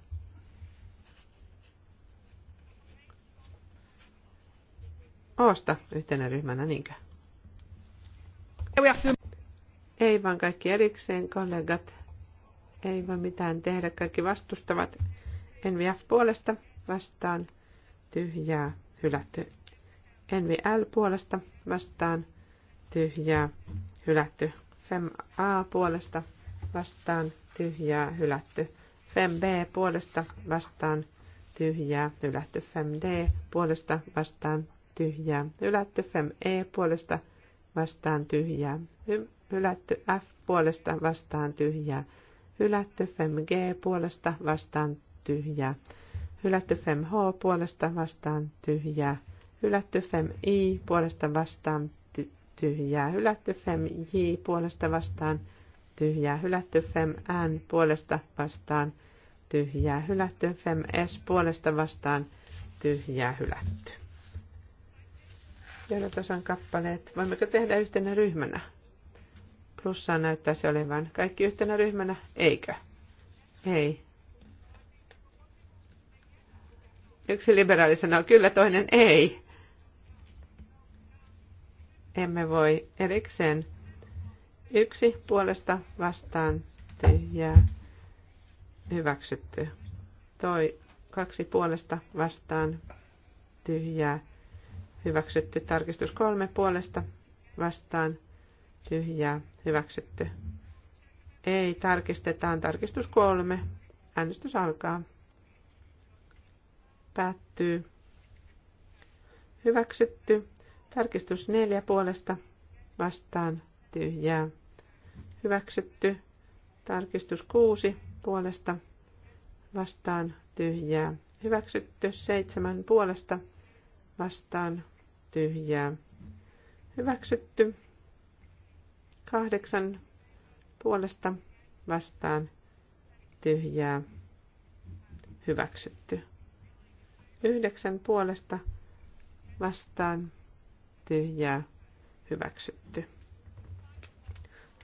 Oosta yhtenä ryhmänä, niinkö? Ei vaan kaikki erikseen, kollegat. Ei voi mitään tehdä, kaikki vastustavat. NVF puolesta vastaan tyhjää hylätty. NVL puolesta vastaan tyhjää hylätty. a puolesta vastaan tyhjää hylätty. b puolesta vastaan tyhjää hylätty. d puolesta vastaan tyhjää, hylätty FEM-E e puolesta vastaan tyhjää, hylätty F puolesta vastaan tyhjää, hylätty FEM-G puolesta vastaan tyhjää, hylätty FEM-H puolesta vastaan tyhjää, hylätty FEM-I e puolesta vastaan tyhjää, hylätty FEM-J puolesta vastaan tyhjää, hylätty FEM-N puolesta vastaan tyhjää, hylätty FEM-S puolesta vastaan tyhjää, hylätty. Johdantosan kappaleet. Voimmeko tehdä yhtenä ryhmänä? Plussaa näyttäisi olevan. Kaikki yhtenä ryhmänä, eikö? Ei. Yksi liberaali sanoo kyllä, toinen ei. Emme voi erikseen. Yksi puolesta vastaan tyhjää hyväksytty. Toi kaksi puolesta vastaan tyhjää Hyväksytty. Tarkistus kolme puolesta vastaan. Tyhjää. Hyväksytty. Ei. Tarkistetaan. Tarkistus kolme. Äänestys alkaa. Päättyy. Hyväksytty. Tarkistus neljä puolesta vastaan. Tyhjää. Hyväksytty. Tarkistus kuusi puolesta vastaan. Tyhjää. Hyväksytty. Seitsemän puolesta vastaan tyhjää hyväksytty. Kahdeksan puolesta vastaan tyhjää hyväksytty. Yhdeksän puolesta vastaan tyhjää hyväksytty.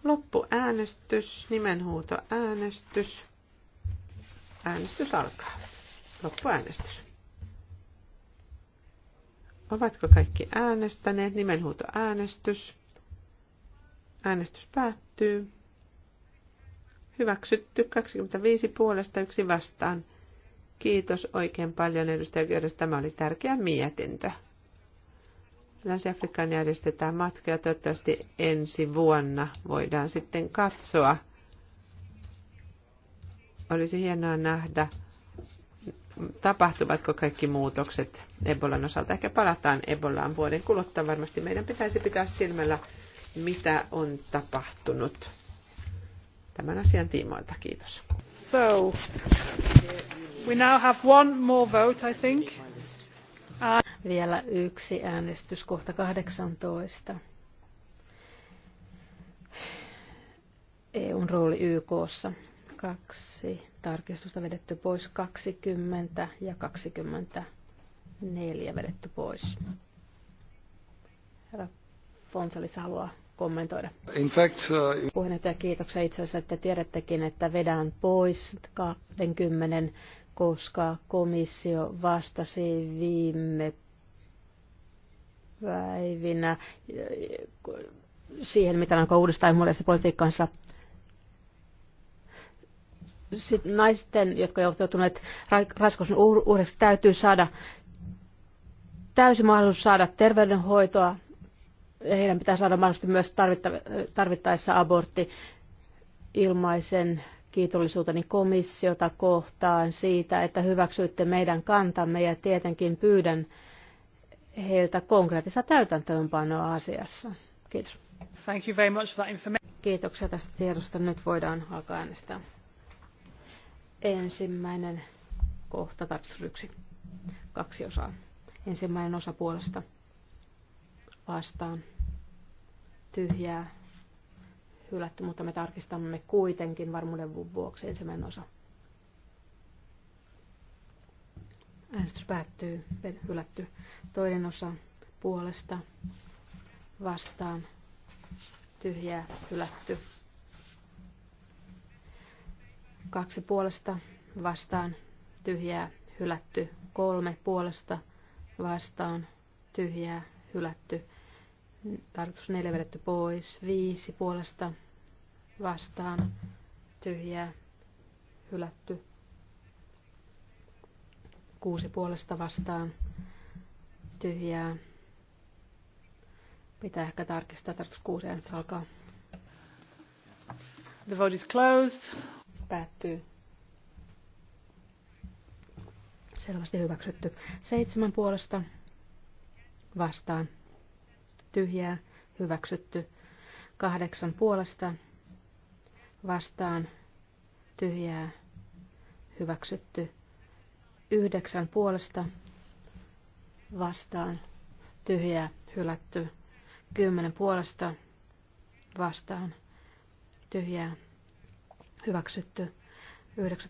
Loppuäänestys, nimenhuutoäänestys. Äänestys alkaa. Loppuäänestys. Ovatko kaikki äänestäneet? Nimenhuuto äänestys. Äänestys päättyy. Hyväksytty 25 puolesta yksi vastaan. Kiitos oikein paljon edustajakirjoitus. Tämä oli tärkeä mietintö. Länsi-Afrikkaan järjestetään matka ja toivottavasti ensi vuonna voidaan sitten katsoa. Olisi hienoa nähdä tapahtuvatko kaikki muutokset Ebolan osalta. Ehkä palataan Ebolaan vuoden kuluttua. Varmasti meidän pitäisi pitää silmällä, mitä on tapahtunut tämän asian tiimoilta. Kiitos. So, we now have one more vote, I think. Uh... Vielä yksi äänestys kohta 18. EUn rooli YKssa kaksi tarkistusta vedetty pois, 20 ja 24 vedetty pois. Herra Fonsalis haluaa kommentoida. In fact, uh... Puheenjohtaja, kiitoksia itse asiassa, että tiedättekin, että vedän pois 20, koska komissio vastasi viime päivinä äh, siihen, mitä alkoi uudestaan muodessa politiikkansa sit naisten, jotka ovat joutuneet raskauden uudeksi, täytyy saada täysi mahdollisuus saada terveydenhoitoa. Heidän pitää saada mahdollisesti myös tarvittaessa abortti ilmaisen kiitollisuuteni komissiota kohtaan siitä, että hyväksyitte meidän kantamme ja tietenkin pyydän heiltä konkreettista täytäntöönpanoa asiassa. Kiitos. Thank you very much for that Kiitoksia tästä tiedosta. Nyt voidaan alkaa äänestää. Ensimmäinen kohta tarkistus yksi. Kaksi osaa. Ensimmäinen osa puolesta vastaan tyhjää hylätty, mutta me tarkistamme kuitenkin varmuuden vuoksi ensimmäinen osa. Äänestys päättyy, hylätty. Toinen osa puolesta vastaan tyhjää hylätty. Kaksi puolesta vastaan tyhjää hylätty. Kolme puolesta vastaan tyhjää hylätty. Tarkoitus neljä vedetty pois. Viisi puolesta vastaan tyhjää hylätty. Kuusi puolesta vastaan tyhjää. Pitää ehkä tarkistaa, tarkoitus kuusi äänestys alkaa. The vote is closed päättyy. Selvästi hyväksytty. Seitsemän puolesta vastaan. Tyhjää hyväksytty. Kahdeksan puolesta vastaan. Tyhjää hyväksytty. Yhdeksän puolesta vastaan. Tyhjää hylätty. Kymmenen puolesta vastaan. Tyhjää hyväksytty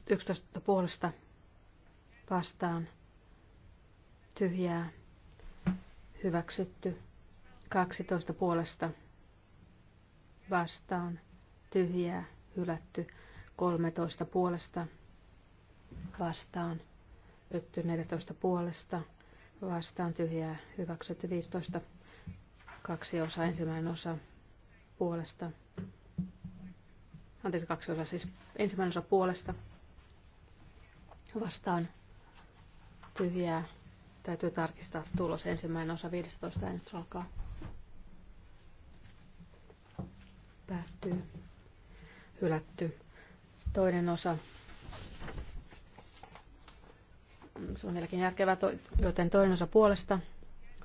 11 puolesta vastaan tyhjää hyväksytty 12 puolesta vastaan tyhjää hylätty 13 puolesta vastaan hylätty 14 puolesta vastaan tyhjää hyväksytty 15 kaksi osa ensimmäinen osa puolesta anteeksi kaksi osaa siis, ensimmäinen osa puolesta vastaan tyhjää. Täytyy tarkistaa tulos. Ensimmäinen osa 15 äänestys alkaa. Päättyy. Hylätty. Toinen osa. Se on vieläkin järkevää, joten toinen osa puolesta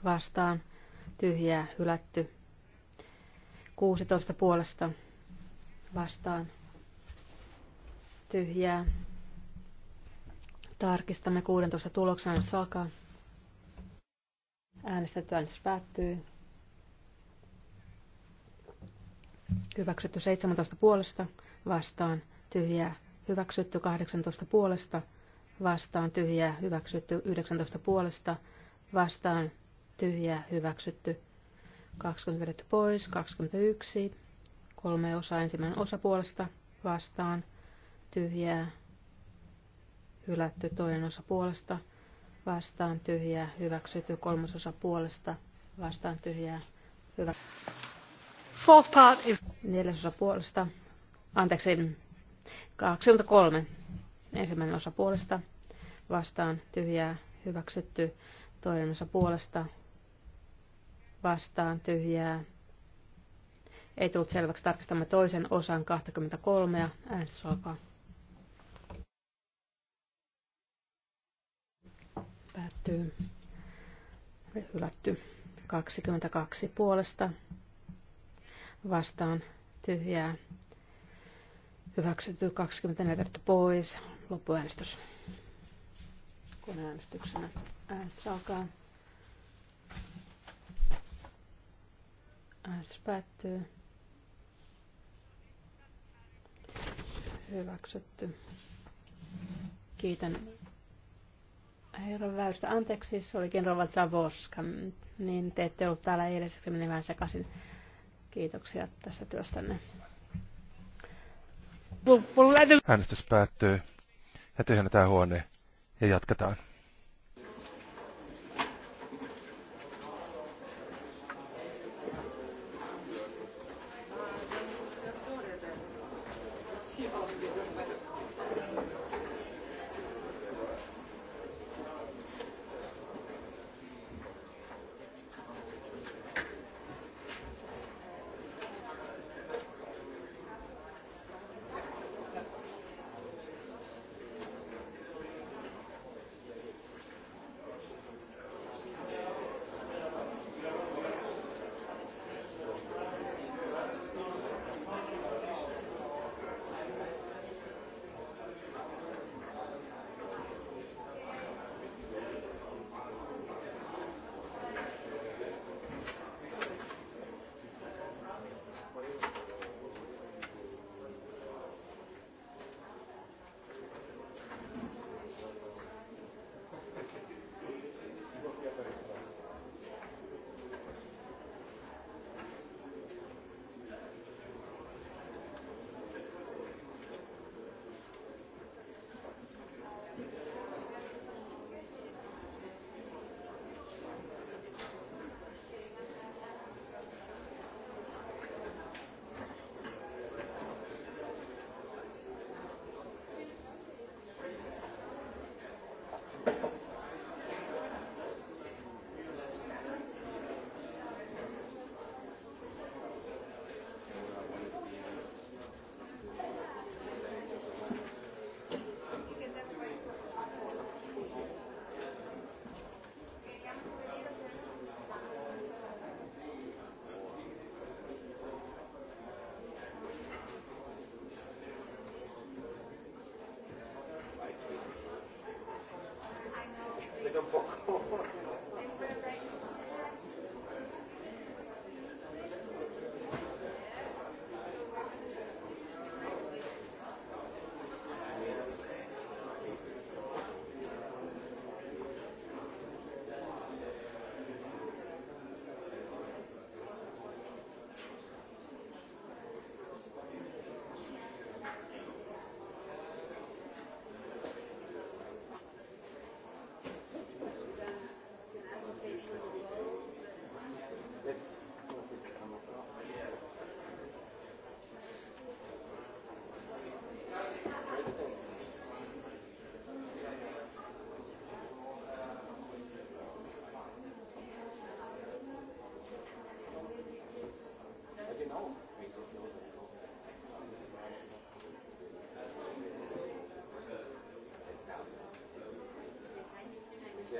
vastaan. Tyhjää, hylätty. 16 puolesta vastaan tyhjää. Tarkistamme 16 tuloksen jos alkaa. Äänestetty äänestys päättyy. Hyväksytty 17 puolesta vastaan tyhjää. Hyväksytty 18 puolesta vastaan tyhjää. Hyväksytty 19 puolesta vastaan tyhjää. Hyväksytty 20 pois 21 Kolme osaa ensimmäinen osa puolesta vastaan tyhjää hylätty. Toinen osa puolesta vastaan tyhjää hyväksytty. Kolmas osa puolesta vastaan tyhjää hyväksytty. Fourth part. Neljäsosa puolesta. Anteeksi, 23. Ensimmäinen osa puolesta vastaan tyhjää hyväksytty. Toinen osa puolesta vastaan tyhjää ei tullut selväksi. Tarkistamme toisen osan 23. Äänestys alkaa. Päättyy. Hylätty. 22 puolesta. Vastaan tyhjää. Hyväksytty 24 pois. Loppuäänestys. Kun äänestyksenä äänestys alkaa. Äänestys päättyy. Hyväksytty. Kiitän herran Väystä. Anteeksi, se olikin Rova Zavoska. Niin te ette ollut täällä eilen, siksi meni vähän sekaisin. Kiitoksia tästä työstänne. Äänestys päättyy ja tyhjennetään huone ja jatketaan.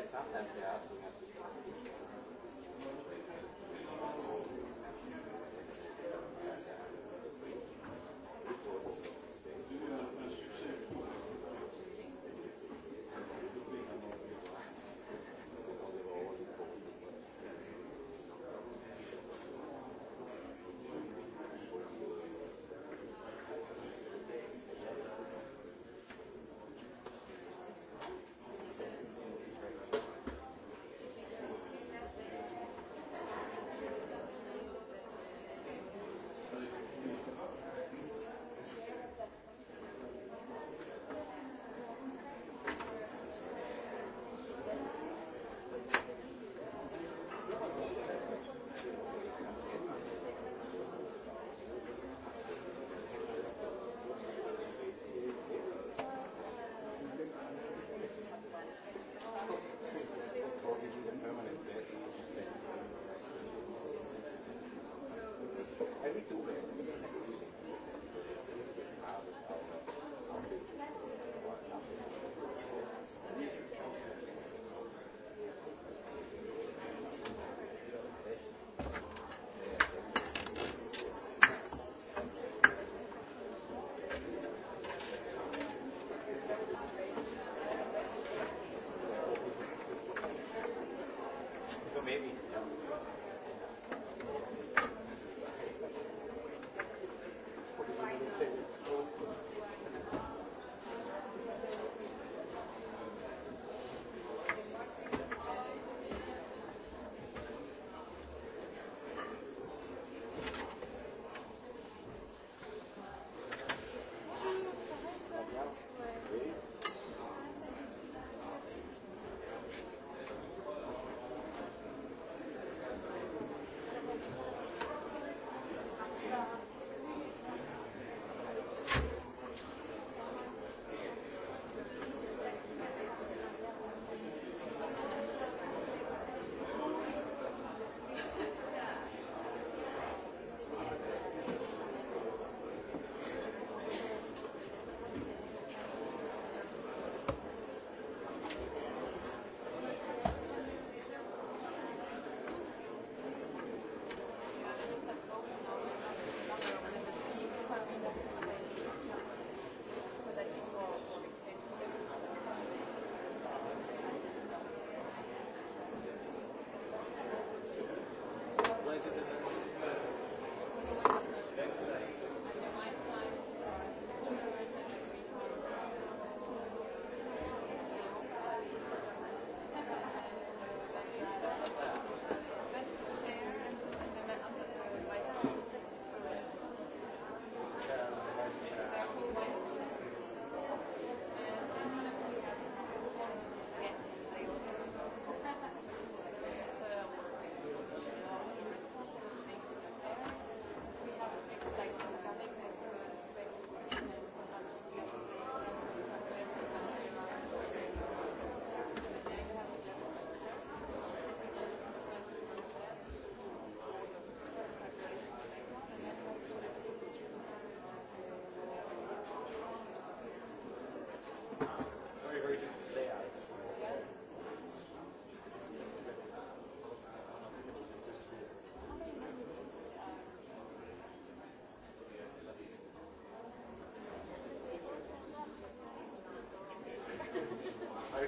sometimes they ask Hay mi tuve.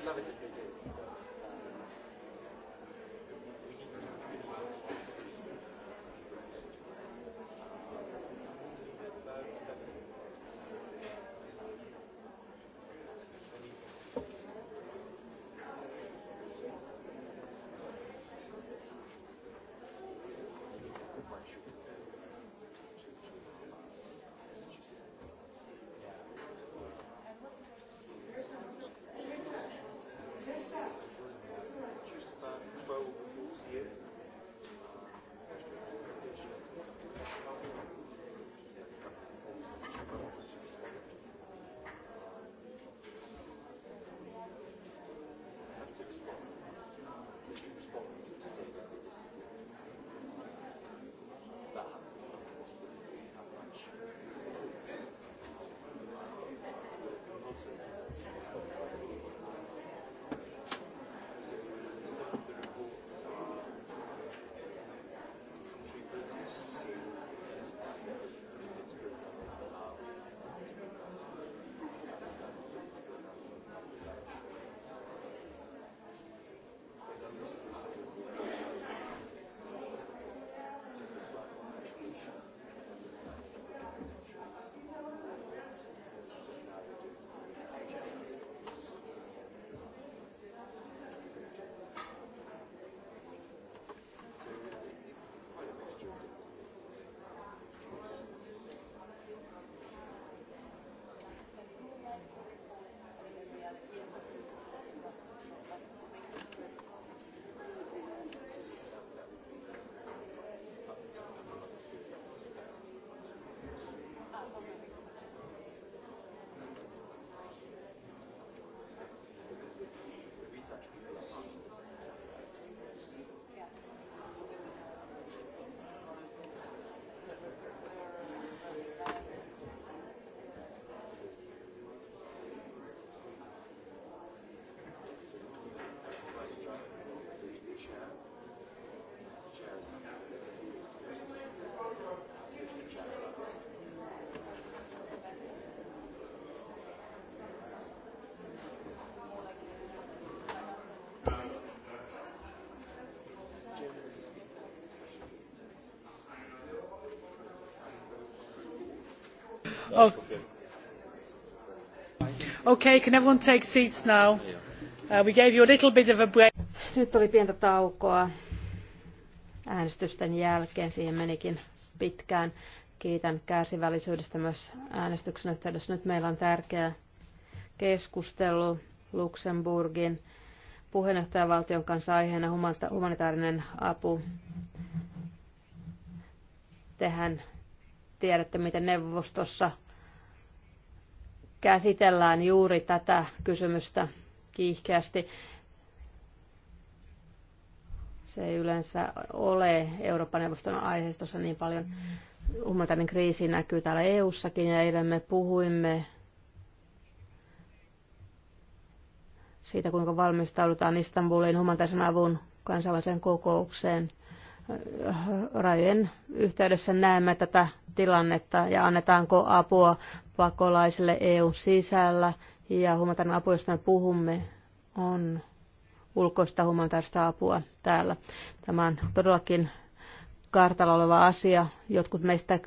love it. Oh. Okay. can everyone take seats now? Uh, we gave you a little bit of a break. Nyt oli pientä taukoa äänestysten jälkeen, siihen menikin pitkään. Kiitän kärsivällisyydestä myös äänestyksen yhteydessä. Nyt meillä on tärkeä keskustelu Luxemburgin puheenjohtajavaltion kanssa aiheena humanitaarinen apu. Tehän tiedätte, miten neuvostossa käsitellään juuri tätä kysymystä kiihkeästi. Se ei yleensä ole Euroopan neuvoston aiheistossa niin paljon. Humanitaarinen kriisi näkyy täällä EU-sakin ja eilen me puhuimme siitä, kuinka valmistaudutaan Istanbulin humanitaarisen avun kansainväliseen kokoukseen – rajojen yhteydessä näemme tätä tilannetta ja annetaanko apua pakolaisille n sisällä. Ja humanitaarinen apu, josta me puhumme, on ulkoista humanitaarista apua täällä. Tämä on todellakin kartalla oleva asia. Jotkut meistä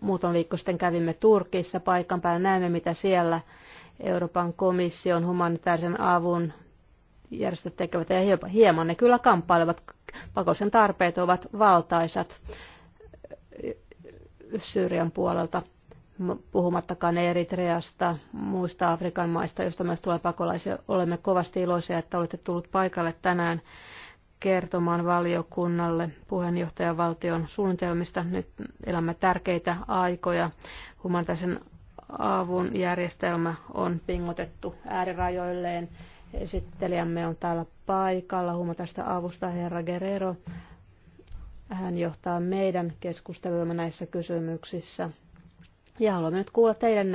muutaman viikko sitten kävimme Turkissa paikan päällä. Näemme, mitä siellä Euroopan komission humanitaarisen avun järjestöt tekevät ja hieman ne kyllä kamppailevat pakollisen tarpeet ovat valtaisat Syyrian puolelta, puhumattakaan Eritreasta, muista Afrikan maista, joista myös tulee pakolaisia. Olemme kovasti iloisia, että olette tullut paikalle tänään kertomaan valiokunnalle puheenjohtajan valtion suunnitelmista. Nyt elämme tärkeitä aikoja. Humanitaisen avun järjestelmä on pingotettu äärirajoilleen Esittelijämme on täällä paikalla humanitaarista avusta herra Guerrero. Hän johtaa meidän keskusteluamme näissä kysymyksissä. Ja haluamme nyt kuulla teidän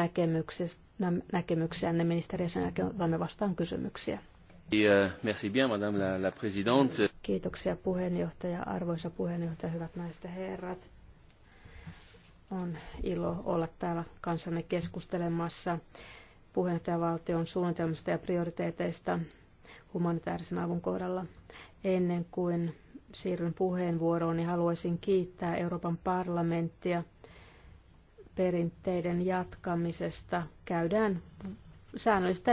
näkemyksiänne ministeriössä, ja sen jälkeen otamme vastaan kysymyksiä. Euh, Kiitoksia puheenjohtaja, arvoisa puheenjohtaja, hyvät naiset ja herrat. On ilo olla täällä kanssanne keskustelemassa puheenjohtajavaltion suunnitelmista ja prioriteeteista humanitaarisen avun kohdalla. Ennen kuin siirryn puheenvuoroon, niin haluaisin kiittää Euroopan parlamenttia perinteiden jatkamisesta. Käydään säännöllistä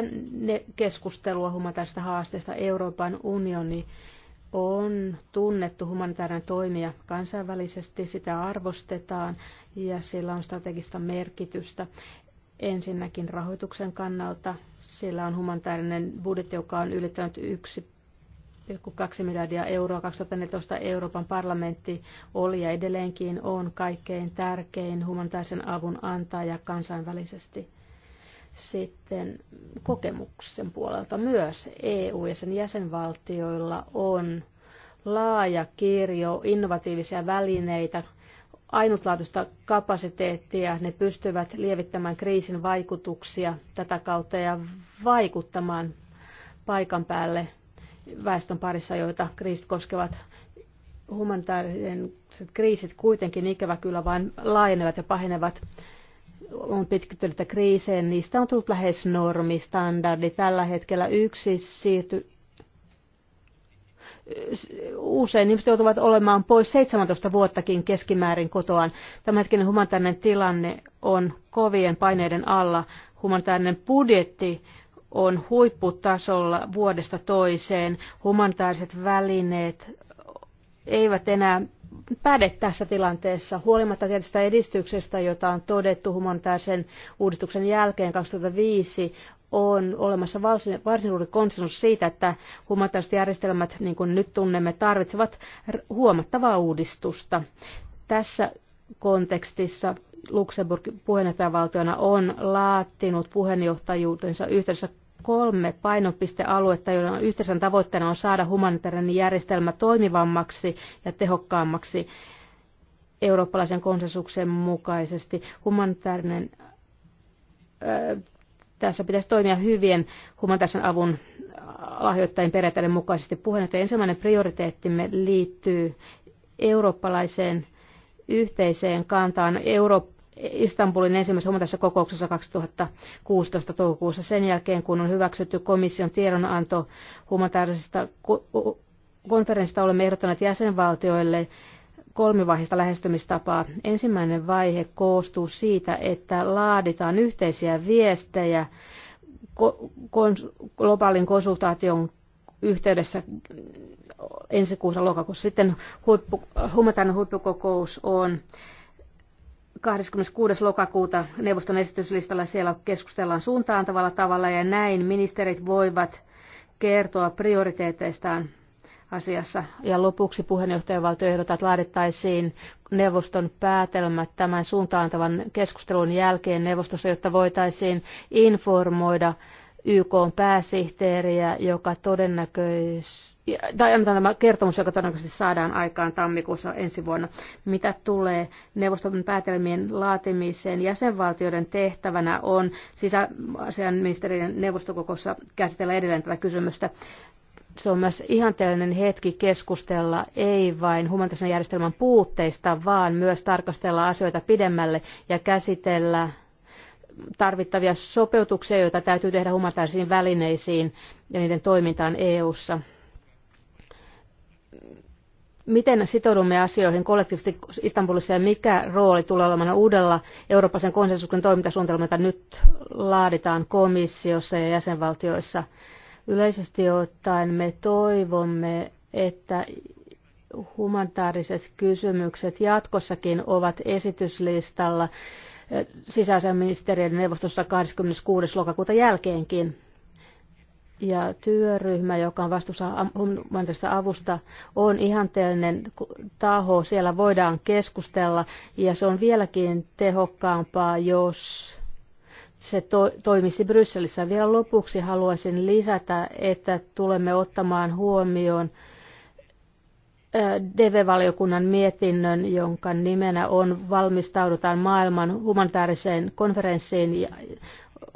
keskustelua humanitaarista haasteista. Euroopan unioni on tunnettu humanitaarinen toimija kansainvälisesti, sitä arvostetaan ja sillä on strategista merkitystä. Ensinnäkin rahoituksen kannalta. Siellä on humanitaarinen budjetti, joka on ylittänyt 1,2 miljardia euroa. 2014 Euroopan parlamentti oli ja edelleenkin on kaikkein tärkein humanitaarisen avun antaja kansainvälisesti sitten kokemuksen puolelta myös EU ja sen jäsenvaltioilla on laaja kirjo innovatiivisia välineitä ainutlaatuista kapasiteettia. Ne pystyvät lievittämään kriisin vaikutuksia tätä kautta ja vaikuttamaan paikan päälle väestön parissa, joita kriisit koskevat. Humanitaariset kriisit kuitenkin ikävä kyllä vain laajenevat ja pahenevat on pitkittynyttä kriiseen, niistä on tullut lähes normi, standardi. Tällä hetkellä yksi siirty, usein ihmiset joutuvat olemaan pois 17 vuottakin keskimäärin kotoaan. Tämänhetkinen humanitaarinen tilanne on kovien paineiden alla. Humanitaarinen budjetti on huipputasolla vuodesta toiseen. Humanitaariset välineet eivät enää päde tässä tilanteessa, huolimatta tietystä edistyksestä, jota on todettu humanitaarisen uudistuksen jälkeen 2005, on olemassa varsin, varsin suuri konsensus siitä, että huomattavasti järjestelmät, niin kuin nyt tunnemme, tarvitsevat huomattavaa uudistusta. Tässä kontekstissa Luxemburg puheenjohtajavaltiona on laatinut puheenjohtajuutensa yhteydessä kolme painopistealuetta, joiden yhteisen tavoitteena on saada humanitaarinen järjestelmä toimivammaksi ja tehokkaammaksi eurooppalaisen konsensuksen mukaisesti. Humanitaarinen tässä pitäisi toimia hyvien humanitaarisen avun lahjoittajien periaatteiden mukaisesti. että ensimmäinen prioriteettimme liittyy eurooppalaiseen yhteiseen kantaan Euro- Istanbulin ensimmäisessä humanitaarisessa kokouksessa 2016 toukokuussa sen jälkeen, kun on hyväksytty komission tiedonanto humanitaarisesta konferenssista olemme ehdottaneet jäsenvaltioille kolmivaiheista lähestymistapaa. Ensimmäinen vaihe koostuu siitä, että laaditaan yhteisiä viestejä globaalin konsultaation yhteydessä ensi kuussa lokakuussa. Sitten huippu, humanitaarinen huippukokous on 26. lokakuuta neuvoston esityslistalla. Siellä keskustellaan suuntaantavalla tavalla ja näin ministerit voivat kertoa prioriteeteistaan asiassa. Ja lopuksi puheenjohtajavaltio ehdottaa, että laadittaisiin neuvoston päätelmät tämän suuntaantavan keskustelun jälkeen neuvostossa, jotta voitaisiin informoida YK pääsihteeriä, joka todennäköisesti tai tämä kertomus, joka todennäköisesti saadaan aikaan tammikuussa ensi vuonna. Mitä tulee neuvoston päätelmien laatimiseen, jäsenvaltioiden tehtävänä on sisäasiainministeriön neuvostokokossa käsitellä edelleen tätä kysymystä se on myös ihanteellinen hetki keskustella ei vain humanitaarisen järjestelmän puutteista, vaan myös tarkastella asioita pidemmälle ja käsitellä tarvittavia sopeutuksia, joita täytyy tehdä humanitaarisiin välineisiin ja niiden toimintaan EU:ssa. Miten sitoudumme asioihin kollektiivisesti Istanbulissa ja mikä rooli tulee olemaan uudella Euroopan konsensuksen toimintasuunnitelmalla, jota nyt laaditaan komissiossa ja jäsenvaltioissa – Yleisesti ottaen me toivomme, että humanitaariset kysymykset jatkossakin ovat esityslistalla sisäisen ministeriön neuvostossa 26. lokakuuta jälkeenkin. Ja työryhmä, joka on vastuussa humanitaarista avusta, on ihanteellinen taho. Siellä voidaan keskustella ja se on vieläkin tehokkaampaa, jos se to, toimisi Brysselissä. Vielä lopuksi haluaisin lisätä, että tulemme ottamaan huomioon DV-valiokunnan mietinnön, jonka nimenä on Valmistaudutaan maailman humanitaariseen konferenssiin ja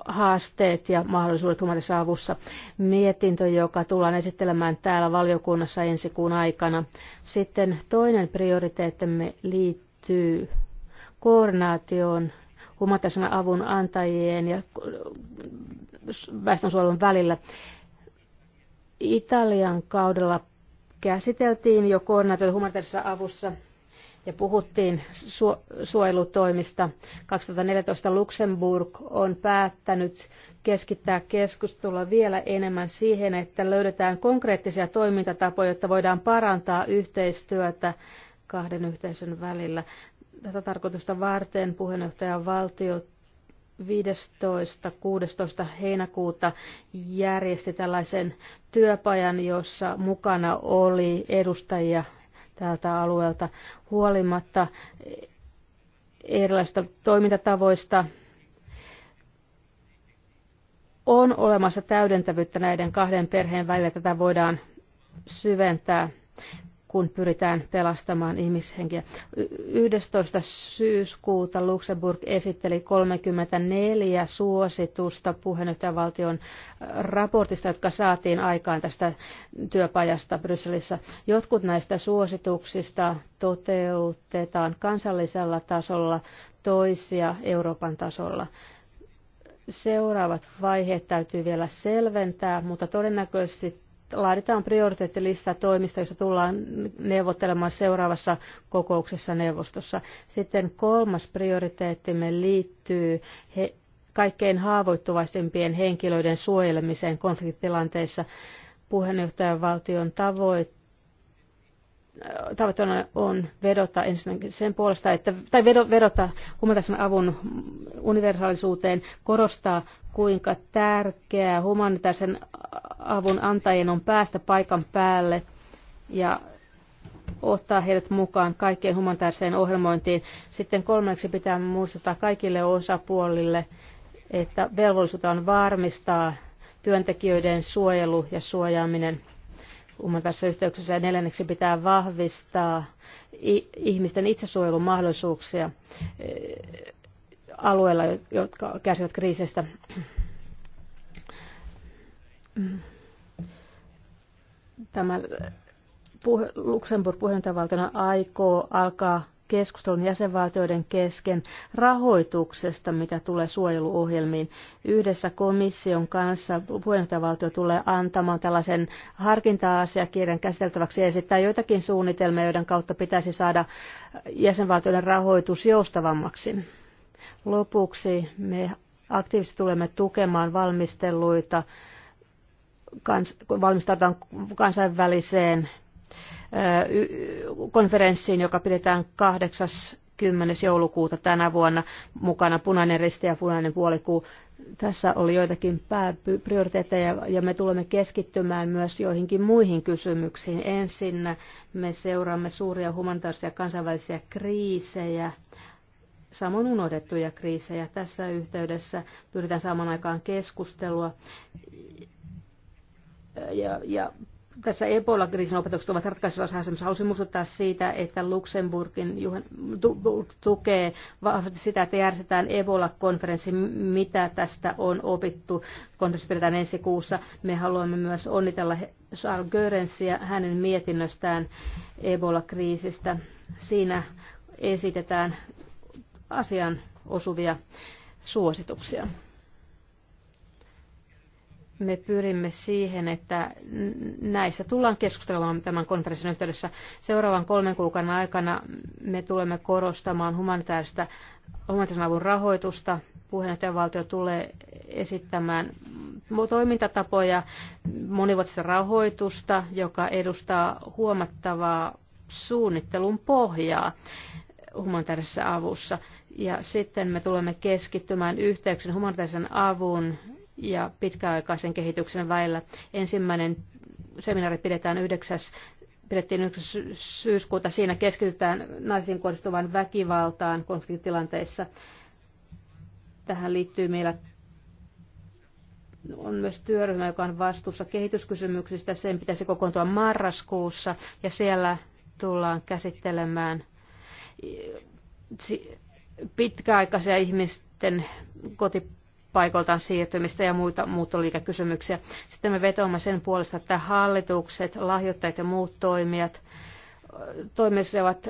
haasteet ja mahdollisuudet humanitaarisessa avussa. Mietintö, joka tullaan esittelemään täällä valiokunnassa ensi kuun aikana. Sitten toinen prioriteettemme liittyy koordinaatioon humanitaarisen avun antajien ja väestönsuojelun välillä. Italian kaudella käsiteltiin jo koordinaatioita humanitaarisessa avussa ja puhuttiin su- suojelutoimista. 2014 Luxemburg on päättänyt keskittää keskustelua vielä enemmän siihen, että löydetään konkreettisia toimintatapoja, jotta voidaan parantaa yhteistyötä kahden yhteisön välillä tätä tarkoitusta varten puheenjohtajan valtio 15-16 heinäkuuta järjesti tällaisen työpajan, jossa mukana oli edustajia tältä alueelta huolimatta erilaisista toimintatavoista. On olemassa täydentävyyttä näiden kahden perheen välillä. Tätä voidaan syventää kun pyritään pelastamaan ihmishenkiä. 11. syyskuuta Luxemburg esitteli 34 suositusta puheenjohtajavaltion raportista, jotka saatiin aikaan tästä työpajasta Brysselissä. Jotkut näistä suosituksista toteutetaan kansallisella tasolla, toisia Euroopan tasolla seuraavat vaiheet täytyy vielä selventää, mutta todennäköisesti laaditaan prioriteettilista toimista, joista tullaan neuvottelemaan seuraavassa kokouksessa neuvostossa. Sitten kolmas prioriteettimme liittyy he, kaikkein haavoittuvaisimpien henkilöiden suojelemiseen konfliktitilanteissa. Puheenjohtajavaltion tavoitteet tavoitteena on vedota ensinnäkin sen puolesta, että, tai vedota humanitaarisen avun universaalisuuteen, korostaa kuinka tärkeää humanitaarisen avun antajien on päästä paikan päälle ja ottaa heidät mukaan kaikkeen humanitaariseen ohjelmointiin. Sitten kolmanneksi pitää muistuttaa kaikille osapuolille, että velvollisuutta on varmistaa työntekijöiden suojelu ja suojaaminen humanitaarisissa yhteyksissä ja neljänneksi pitää vahvistaa ihmisten itsesuojelun mahdollisuuksia eh, alueilla, jotka kärsivät kriisistä. Tämä Luxemburg puheenjohtajavaltiona aikoo alkaa keskustelun jäsenvaltioiden kesken rahoituksesta, mitä tulee suojeluohjelmiin. Yhdessä komission kanssa puheenjohtajavaltio tulee antamaan tällaisen harkinta-asiakirjan käsiteltäväksi ja esittää joitakin suunnitelmia, joiden kautta pitäisi saada jäsenvaltioiden rahoitus joustavammaksi. Lopuksi me aktiivisesti tulemme tukemaan valmisteluita, kans, valmistaudutaan kansainväliseen konferenssiin, joka pidetään 80. joulukuuta tänä vuonna mukana punainen risti ja punainen puolikuu. Tässä oli joitakin pääprioriteetteja ja me tulemme keskittymään myös joihinkin muihin kysymyksiin. Ensin me seuraamme suuria humanitaarisia kansainvälisiä kriisejä, samoin unohdettuja kriisejä. Tässä yhteydessä pyritään saamaan aikaan keskustelua ja, ja tässä Ebola-kriisin opetukset ovat ratkaisevassa asemassa. Haluaisin muistuttaa siitä, että Luxemburgin tukee vahvasti sitä, että järjestetään Ebola-konferenssi, mitä tästä on opittu. Konferenssi pidetään ensi kuussa. Me haluamme myös onnitella Charles Görensia hänen mietinnöstään Ebola-kriisistä. Siinä esitetään asian osuvia suosituksia me pyrimme siihen, että näissä tullaan keskustelemaan tämän konferenssin yhteydessä. Seuraavan kolmen kuukauden aikana me tulemme korostamaan humanitaarista, humanitaarisen avun rahoitusta. Puheenjohtajavaltio tulee esittämään toimintatapoja, monivuotista rahoitusta, joka edustaa huomattavaa suunnittelun pohjaa humanitaarisessa avussa. Ja sitten me tulemme keskittymään yhteyksen humanitaarisen avun ja pitkäaikaisen kehityksen välillä. Ensimmäinen seminaari pidetään 9 pidettiin 9. syyskuuta. Siinä keskitytään naisiin kohdistuvan väkivaltaan konfliktitilanteissa. Tähän liittyy meillä on myös työryhmä, joka on vastuussa kehityskysymyksistä. Sen pitäisi kokoontua marraskuussa ja siellä tullaan käsittelemään pitkäaikaisia ihmisten koti paikoiltaan siirtymistä ja muita muuttoliikekysymyksiä. Sitten me vetoamme sen puolesta, että hallitukset, lahjoittajat ja muut toimijat toimisivat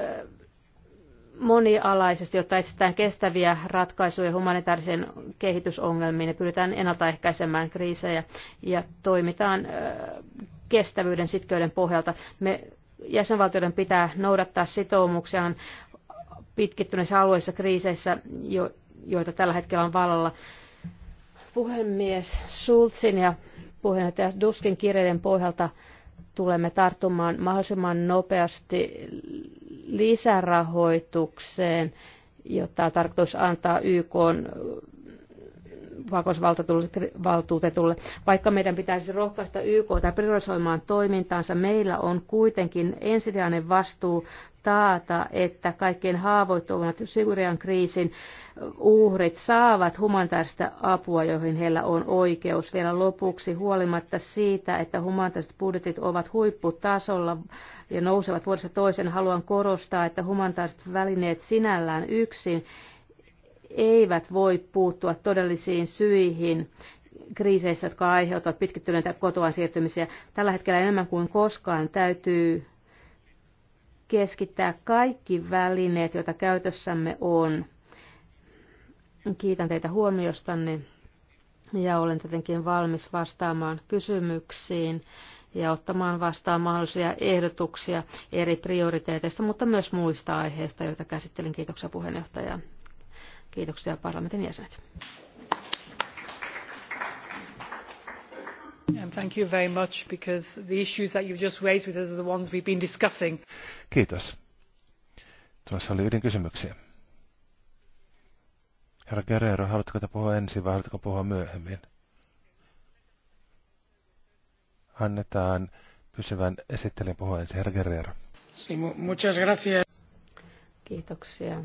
monialaisesti, jotta etsitään kestäviä ratkaisuja humanitaarisiin kehitysongelmiin ja pyritään ennaltaehkäisemään kriisejä ja toimitaan kestävyyden sitkeyden pohjalta. Me jäsenvaltioiden pitää noudattaa sitoumuksiaan pitkittyneissä alueissa kriiseissä, joita tällä hetkellä on vallalla. Puhemies Schulzin ja puheenjohtaja Duskin kirjeiden pohjalta tulemme tarttumaan mahdollisimman nopeasti lisärahoitukseen, jota on tarkoitus antaa YK vakausvaltuutetulle. Vaikka meidän pitäisi rohkaista YK priorisoimaan toimintaansa, meillä on kuitenkin ensisijainen vastuu taata, että kaikkein haavoittuvimmat Syyrian kriisin uhrit saavat humanitaarista apua, joihin heillä on oikeus. Vielä lopuksi huolimatta siitä, että humanitaariset budjetit ovat huipputasolla ja nousevat vuodessa toisen, haluan korostaa, että humanitaariset välineet sinällään yksin eivät voi puuttua todellisiin syihin kriiseissä, jotka aiheuttavat pitkittyneitä kotoa siirtymisiä. Tällä hetkellä enemmän kuin koskaan täytyy keskittää kaikki välineet, joita käytössämme on. Kiitän teitä huomiostanne ja olen tietenkin valmis vastaamaan kysymyksiin ja ottamaan vastaan mahdollisia ehdotuksia eri prioriteeteista, mutta myös muista aiheista, joita käsittelin. Kiitoksia puheenjohtaja. Kiitoksia parlamentin jäsenet. Thank you very much because the issues that you've just raised with us are the ones we've been discussing. Kiitos. Tuossa oli ydinkysymyksiä. Herra Guerrero, haluatteko te puhua ensin vai haluatteko puhua myöhemmin? Annetaan pysyvän esittelijän puhua ensin. Herra Guerrero. Sí, muchas gracias. Kiitoksia,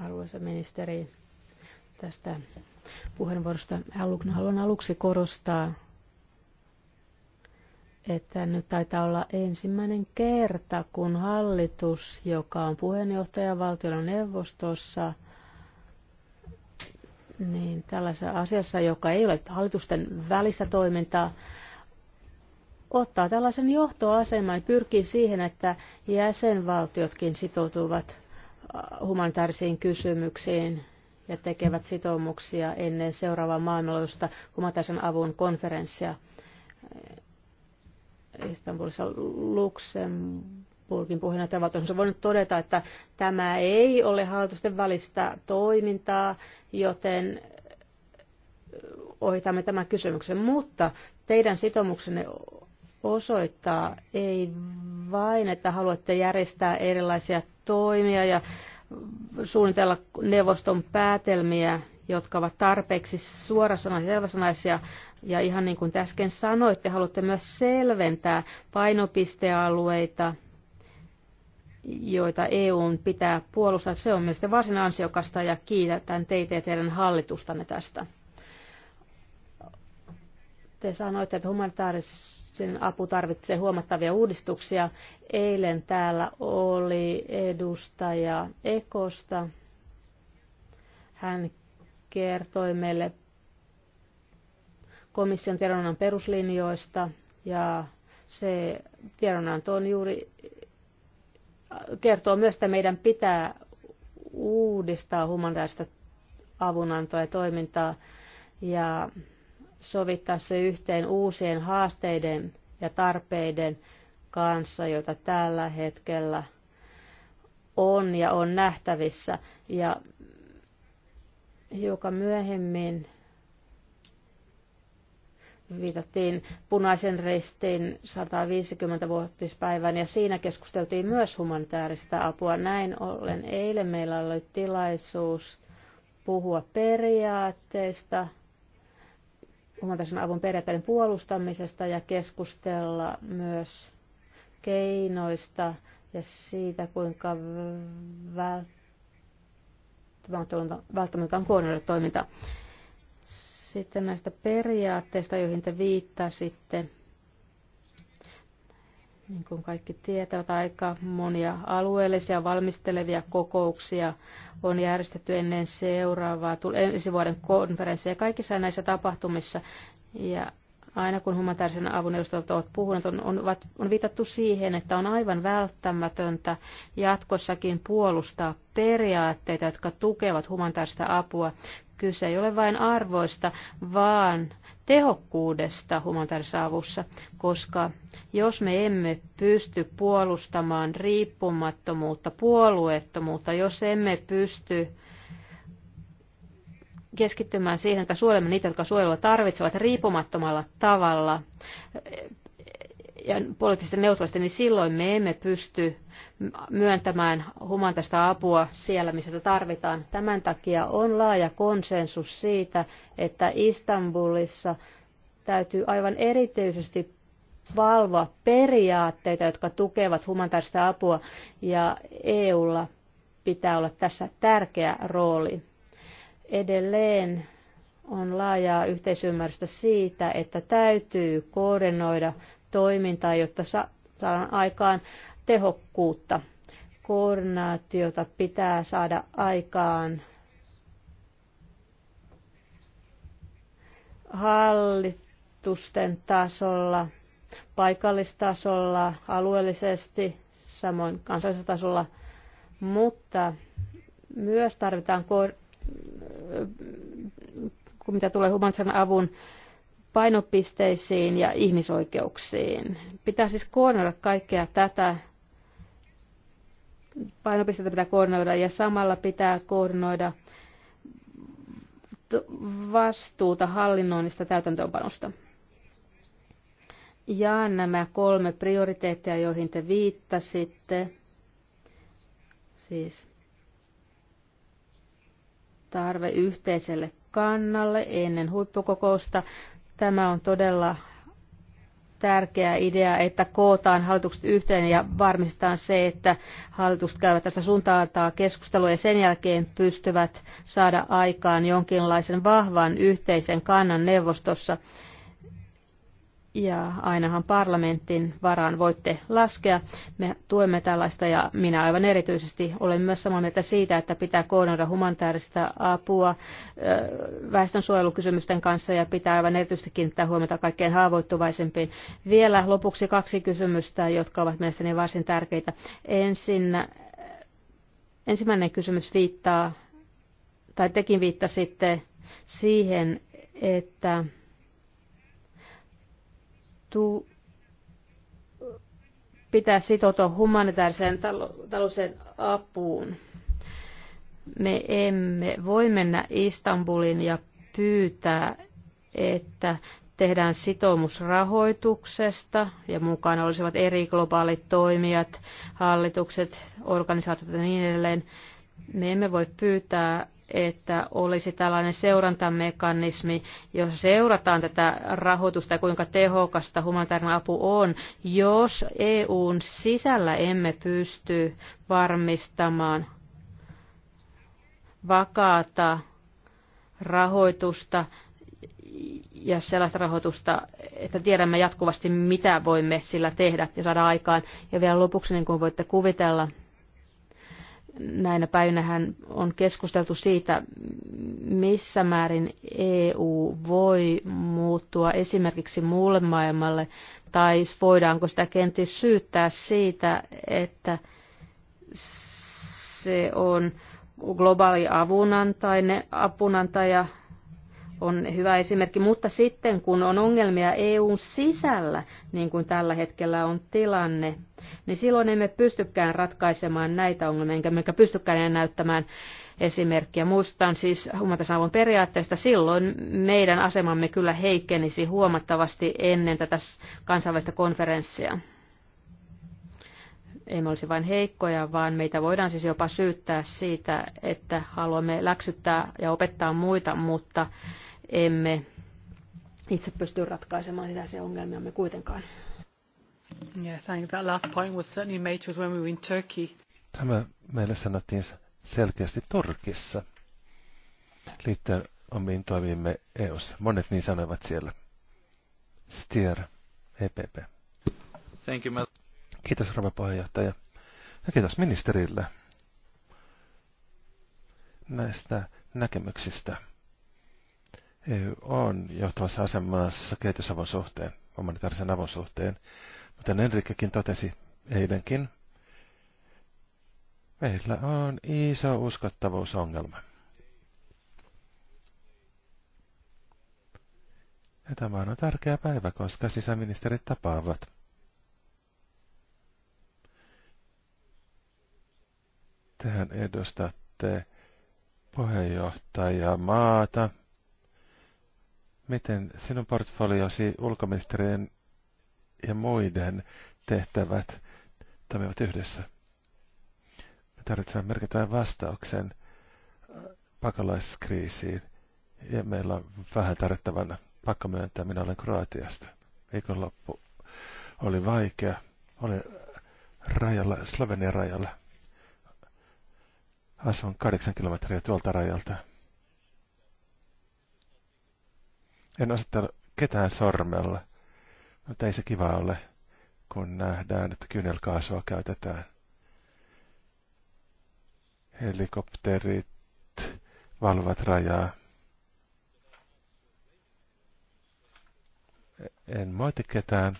arvoisa ministeri tästä puheenvuorosta. Haluan aluksi korostaa, että nyt taitaa olla ensimmäinen kerta, kun hallitus, joka on puheenjohtajavaltion neuvostossa, niin tällaisessa asiassa, joka ei ole hallitusten välissä toimintaa, ottaa tällaisen johtoaseman ja niin pyrkii siihen, että jäsenvaltiotkin sitoutuvat äh, humanitaarisiin kysymyksiin ja tekevät sitoumuksia ennen seuraavaa maailmanlaajuista humanitaarisen avun konferenssia eh, Istanbulissa Luxemburgin puheenjohtajavaltuus on voinut todeta, että tämä ei ole hallitusten välistä toimintaa, joten eh, ohitamme tämän kysymyksen. Mutta teidän sitoumuksenne osoittaa ei vain, että haluatte järjestää erilaisia toimia ja suunnitella neuvoston päätelmiä, jotka ovat tarpeeksi suorasanaisia, selväsanaisia. Ja ihan niin kuin äsken sanoitte, haluatte myös selventää painopistealueita, joita EUn pitää puolustaa. Se on mielestäni varsin ansiokasta ja kiitän teitä ja teidän hallitustanne tästä. Te sanoitte, että humanitaarisen apu tarvitsee huomattavia uudistuksia. Eilen täällä oli edustaja Ekosta. Hän kertoi meille komission tiedonannon peruslinjoista ja se tiedonanto on juuri kertoo myös, että meidän pitää uudistaa humanitaarista avunantoa ja toimintaa ja sovittaa se yhteen uusien haasteiden ja tarpeiden kanssa, joita tällä hetkellä on ja on nähtävissä. Ja joka myöhemmin viitattiin punaisen ristin 150-vuotispäivän ja siinä keskusteltiin myös humanitaarista apua. Näin ollen eilen meillä oli tilaisuus puhua periaatteista, humanitaarisen avun periaatteiden puolustamisesta ja keskustella myös keinoista ja siitä, kuinka välttämättä on koordinoida toiminta. Sitten näistä periaatteista, joihin te viittasitte. Niin kuin kaikki tietävät, aika monia alueellisia valmistelevia kokouksia on järjestetty ennen seuraavaa ensi vuoden konferenssia kaikissa näissä tapahtumissa. Ja aina kun humanitaarisen avun edustajat ovat puhuneet, on, on, on viitattu siihen, että on aivan välttämätöntä jatkossakin puolustaa periaatteita, jotka tukevat humanitaarista apua Kyse ei ole vain arvoista, vaan tehokkuudesta humanitaarisessa avussa, koska jos me emme pysty puolustamaan riippumattomuutta, puolueettomuutta, jos emme pysty keskittymään siihen, että suojelemme niitä, jotka suojelua tarvitsevat riippumattomalla tavalla, ja poliittisesti neutraalisti, niin silloin me emme pysty myöntämään humanitaista apua siellä, missä sitä tarvitaan. Tämän takia on laaja konsensus siitä, että Istanbulissa täytyy aivan erityisesti valvoa periaatteita, jotka tukevat humanitaarista apua, ja EUlla pitää olla tässä tärkeä rooli. Edelleen on laajaa yhteisymmärrystä siitä, että täytyy koordinoida toimintaa, jotta saadaan aikaan tehokkuutta. Koordinaatiota pitää saada aikaan hallitusten tasolla, paikallistasolla, alueellisesti, samoin kansallisella tasolla, mutta myös tarvitaan, kun mitä tulee humanitaarisen avun painopisteisiin ja ihmisoikeuksiin. Pitää siis koordinoida kaikkea tätä. Painopisteitä pitää koordinoida ja samalla pitää koordinoida vastuuta hallinnoinnista täytäntöönpanosta. Jaan nämä kolme prioriteettia, joihin te viittasitte. Siis tarve yhteiselle kannalle ennen huippukokousta, Tämä on todella tärkeä idea, että kootaan hallitukset yhteen ja varmistetaan se, että hallitukset käyvät tästä suuntaaltaa keskustelua ja sen jälkeen pystyvät saada aikaan jonkinlaisen vahvan yhteisen kannan neuvostossa ja ainahan parlamentin varaan voitte laskea. Me tuemme tällaista ja minä aivan erityisesti olen myös samaa mieltä siitä, että pitää koordinoida humanitaarista apua väestönsuojelukysymysten kanssa ja pitää aivan erityisesti kiinnittää huomiota kaikkein haavoittuvaisempiin. Vielä lopuksi kaksi kysymystä, jotka ovat mielestäni varsin tärkeitä. Ensin, ensimmäinen kysymys viittaa, tai tekin viittasitte siihen, että tu- pitää sitoutua humanitaariseen taloudelliseen apuun. Me emme voi mennä Istanbulin ja pyytää, että tehdään sitoumus rahoituksesta ja mukana olisivat eri globaalit toimijat, hallitukset, organisaatiot ja niin edelleen. Me emme voi pyytää, että olisi tällainen seurantamekanismi, jossa seurataan tätä rahoitusta ja kuinka tehokasta humanitaarinen apu on, jos EUn sisällä emme pysty varmistamaan vakaata rahoitusta ja sellaista rahoitusta, että tiedämme jatkuvasti, mitä voimme sillä tehdä ja saada aikaan. Ja vielä lopuksi, niin kuin voitte kuvitella, näinä päivinähän on keskusteltu siitä, missä määrin EU voi muuttua esimerkiksi muulle maailmalle, tai voidaanko sitä kenties syyttää siitä, että se on globaali avunantaja, apunantaja, on hyvä esimerkki, mutta sitten kun on ongelmia EUn sisällä, niin kuin tällä hetkellä on tilanne, niin silloin emme pystykään ratkaisemaan näitä ongelmia, enkä mekä pystykään enää näyttämään esimerkkiä. Muistan siis huumatasavun periaatteesta, silloin meidän asemamme kyllä heikkenisi huomattavasti ennen tätä kansainvälistä konferenssia. Emme olisi vain heikkoja, vaan meitä voidaan siis jopa syyttää siitä, että haluamme läksyttää ja opettaa muita, mutta emme itse pysty ratkaisemaan sisäisiä ongelmiamme kuitenkaan. Yeah, thank you. That last point was certainly made to us when we were in Turkey. Tämä meille sanottiin selkeästi Turkissa liittyen omiin toimiimme EU:ssa. Monet niin sanoivat siellä. Stier, EPP. Thank you, kiitos rouva puheenjohtaja ja kiitos ministerille näistä näkemyksistä. EU on johtavassa asemassa kehitysavun suhteen, humanitaarisen avun suhteen kuten Enrikkekin totesi eilenkin, meillä on iso uskottavuusongelma. Ja tämä on tärkeä päivä, koska sisäministerit tapaavat. Tehän edustatte puheenjohtaja maata. Miten sinun portfoliosi ulkoministerien ja muiden tehtävät toimivat yhdessä. Me tarvitsemme merkittävän vastauksen äh, pakolaiskriisiin ja meillä on vähän tarvittavana Pakko myöntää, minä olen Kroatiasta. Viikonloppu oli vaikea. Oli rajalla, Slovenian rajalla. Asun kahdeksan kilometriä tuolta rajalta. En osoittanut ketään sormella. Mutta ei se kiva ole, kun nähdään, että kyynelkaasua käytetään. Helikopterit valvat rajaa. En moiti ketään,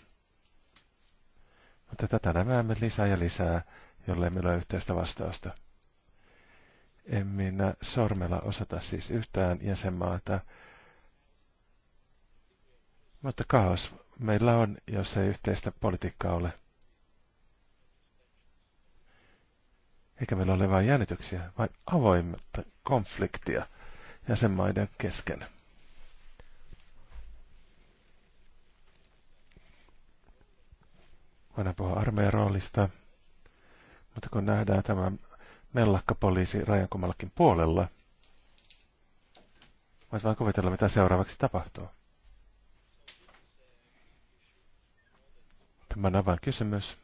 mutta tätä näemme lisää ja lisää, jollei meillä ole yhteistä vastausta. En minä sormella osata siis yhtään jäsenmaata, mutta kaos meillä on, jos ei yhteistä politiikkaa ole. Eikä meillä ole vain jännityksiä, vaan avoimetta konfliktia jäsenmaiden kesken. Voidaan puhua armeijan roolista, mutta kun nähdään tämä mellakkapoliisi rajan puolella, voit vain kuvitella, mitä seuraavaksi tapahtuu. Tämä on kysymys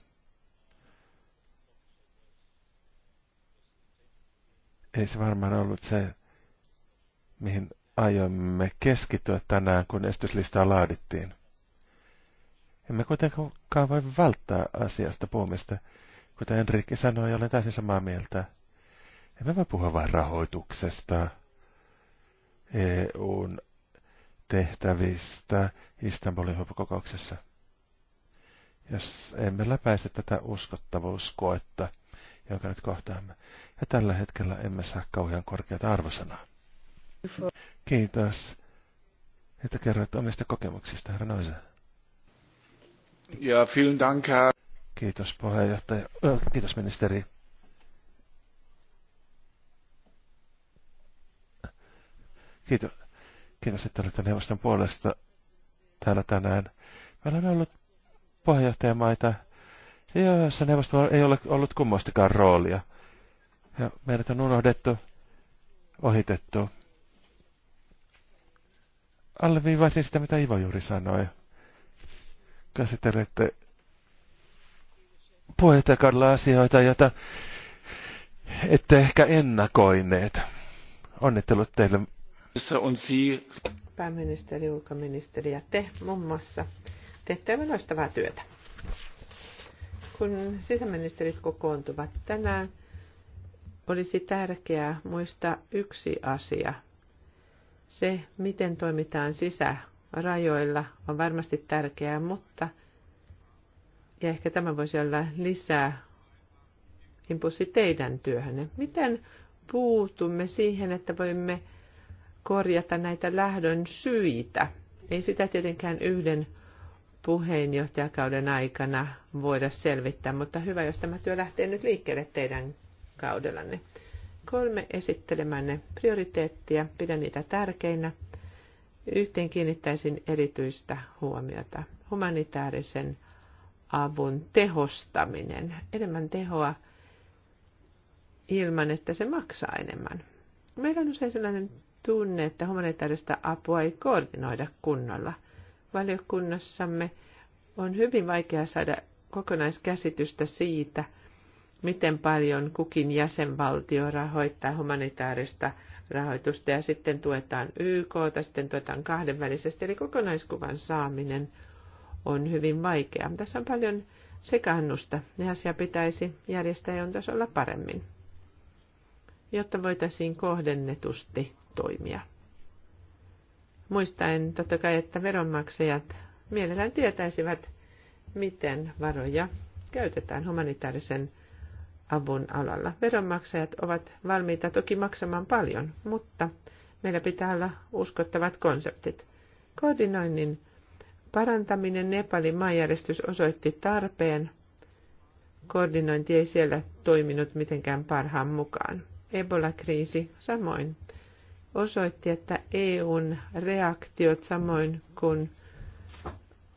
Ei se varmaan ollut se, mihin aiomme keskittyä tänään, kun estyslistaa laadittiin. Emme kuitenkaan voi välttää asiasta puhumista. Kuten Enrikki sanoi, olen täysin samaa mieltä. Emme voi puhua vain rahoituksesta, EUn tehtävistä Istanbulin huippukokouksessa jos emme läpäise tätä uskottavuuskoetta, jonka nyt kohtaamme. Ja tällä hetkellä emme saa kauhean korkeata arvosanaa. Kiitos, että kerroit omista kokemuksista, herra Noisa. Ja vielen dank, herr. Kiitos puheenjohtaja. Kiitos ministeri. Kiitos, kiitos että olette neuvoston puolesta täällä tänään. Meillä on ollut puheenjohtajamaita, joissa neuvostolla ei ole ollut kummastakaan roolia. Ja meidät on unohdettu, ohitettu. Alleviivaisin sitä, mitä Ivo juuri sanoi. Käsittelette puheenjohtajakaudella asioita, joita ette ehkä ennakoineet. Onnittelut teille. Pääministeri, ulkoministeri ja te muun muassa teette aivan loistavaa työtä. Kun sisäministerit kokoontuvat tänään, olisi tärkeää muistaa yksi asia. Se, miten toimitaan sisärajoilla, on varmasti tärkeää, mutta ja ehkä tämä voisi olla lisää impulssi teidän työhönne. Miten puutumme siihen, että voimme korjata näitä lähdön syitä? Ei sitä tietenkään yhden puheenjohtajakauden aikana voida selvittää, mutta hyvä, jos tämä työ lähtee nyt liikkeelle teidän kaudellanne. Kolme esittelemänne prioriteettia, pidän niitä tärkeinä. Yhteen kiinnittäisin erityistä huomiota. Humanitaarisen avun tehostaminen. Enemmän tehoa ilman, että se maksaa enemmän. Meillä on usein sellainen tunne, että humanitaarista apua ei koordinoida kunnolla – valiokunnassamme on hyvin vaikea saada kokonaiskäsitystä siitä, miten paljon kukin jäsenvaltio rahoittaa humanitaarista rahoitusta ja sitten tuetaan YK, sitten tuetaan kahdenvälisesti, eli kokonaiskuvan saaminen on hyvin vaikeaa. Tässä on paljon sekannusta, ja asia pitäisi järjestäjän tasolla paremmin, jotta voitaisiin kohdennetusti toimia muistaen totta kai, että veronmaksajat mielellään tietäisivät, miten varoja käytetään humanitaarisen avun alalla. Veronmaksajat ovat valmiita toki maksamaan paljon, mutta meillä pitää olla uskottavat konseptit. Koordinoinnin parantaminen Nepalin maanjärjestys osoitti tarpeen. Koordinointi ei siellä toiminut mitenkään parhaan mukaan. Ebola-kriisi samoin osoitti, että EUn reaktiot samoin kuin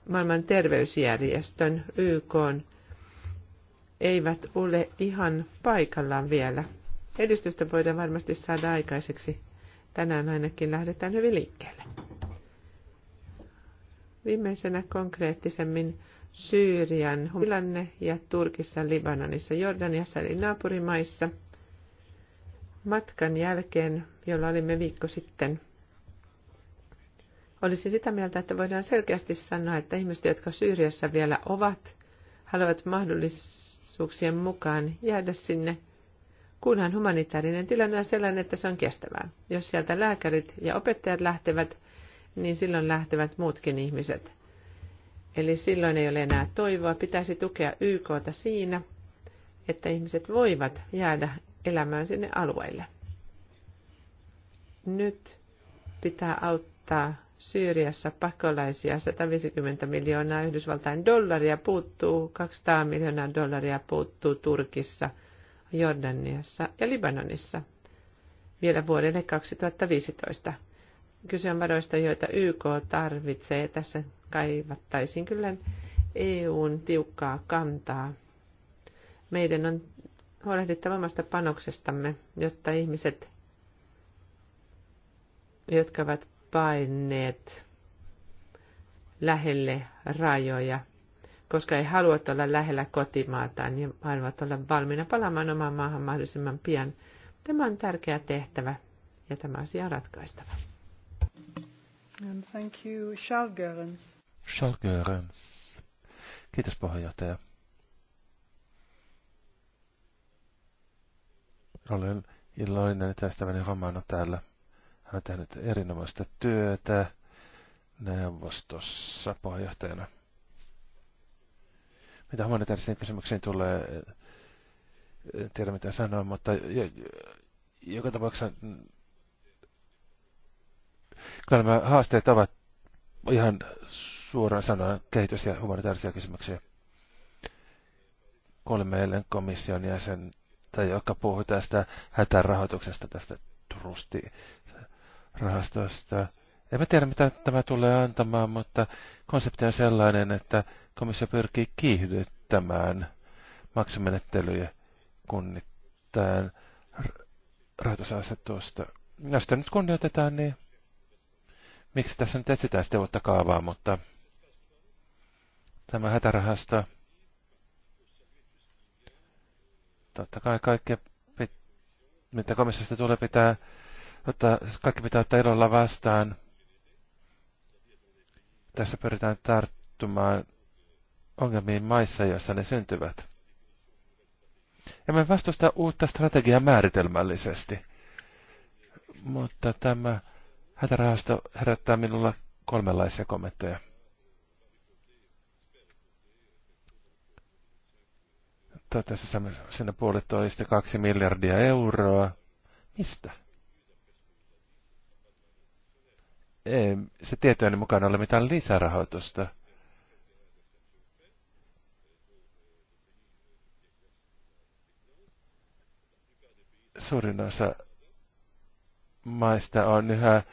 maailman terveysjärjestön YK eivät ole ihan paikallaan vielä. Edistystä voidaan varmasti saada aikaiseksi. Tänään ainakin lähdetään hyvin liikkeelle. Viimeisenä konkreettisemmin Syyrian tilanne ja Turkissa, Libanonissa, Jordaniassa eli naapurimaissa – matkan jälkeen, jolla olimme viikko sitten, olisi sitä mieltä, että voidaan selkeästi sanoa, että ihmiset, jotka Syyriassa vielä ovat, haluavat mahdollisuuksien mukaan jäädä sinne, kunhan humanitaarinen tilanne on sellainen, että se on kestävää. Jos sieltä lääkärit ja opettajat lähtevät, niin silloin lähtevät muutkin ihmiset. Eli silloin ei ole enää toivoa. Pitäisi tukea YKta siinä, että ihmiset voivat jäädä elämään sinne alueille. Nyt pitää auttaa Syyriassa pakolaisia 150 miljoonaa Yhdysvaltain dollaria puuttuu, 200 miljoonaa dollaria puuttuu Turkissa, Jordaniassa ja Libanonissa vielä vuodelle 2015. Kyse on varoista, joita YK tarvitsee. Tässä kaivattaisiin kyllä EUn tiukkaa kantaa. Meidän on huolehdittava omasta panoksestamme, jotta ihmiset, jotka ovat paineet lähelle rajoja, koska ei halua olla lähellä kotimaataan niin haluavat olla valmiina palaamaan omaan maahan mahdollisimman pian. Tämä on tärkeä tehtävä ja tämä asia on ratkaistava. And thank you, Charles Görens. Charles Görens. Kiitos puheenjohtaja. Olen iloinen, että ystäväni Roman on täällä. Hän on tehnyt erinomaista työtä neuvostossa puheenjohtajana. Mitä humanitaarisiin kysymyksiin tulee, en tiedä mitä sanoa, mutta joka tapauksessa kyllä nämä haasteet ovat ihan suoraan sanoen kehitys- ja humanitaarisia kysymyksiä. Kuulimme eilen komission jäsen tai joka puhui tästä hätärahoituksesta, tästä trustirahastosta. Emme tiedä, mitä tämä tulee antamaan, mutta konsepti on sellainen, että komissio pyrkii kiihdyttämään maksumenettelyjä kunnittain rahoitusasetusta. Jos sitä nyt kunnioitetaan, niin miksi tässä nyt etsitään sitten uutta kaavaa, mutta tämä hätärahasto Totta kai kaikki, mitä komissiosta tulee, pitää ottaa, kaikki pitää ottaa ilolla vastaan. Tässä pyritään tarttumaan ongelmiin maissa, joissa ne syntyvät. Emme vastusta uutta strategiaa määritelmällisesti, mutta tämä hätärahasto herättää minulla kolmenlaisia kommentteja. totesi sinne puolitoista kaksi miljardia euroa. Mistä? Ei se tietojeni mukaan ole mitään lisärahoitusta. Suurin osa maista on yhä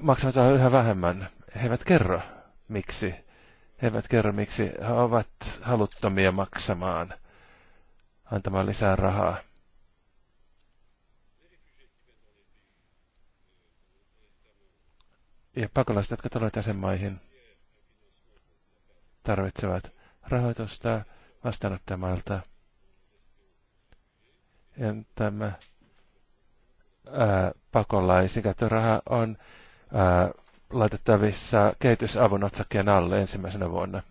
maksavat yhä vähemmän. He eivät kerro, miksi. He eivät kerro, miksi he ovat haluttomia maksamaan, antamaan lisää rahaa. Ja pakolaiset, jotka tulevat jäsenmaihin, tarvitsevat rahoitusta vastaanottamalta. Ja tämä ää, pakolaisiin raha on ää, laitettavissa kehitysavun otsakkeen alle ensimmäisenä vuonna.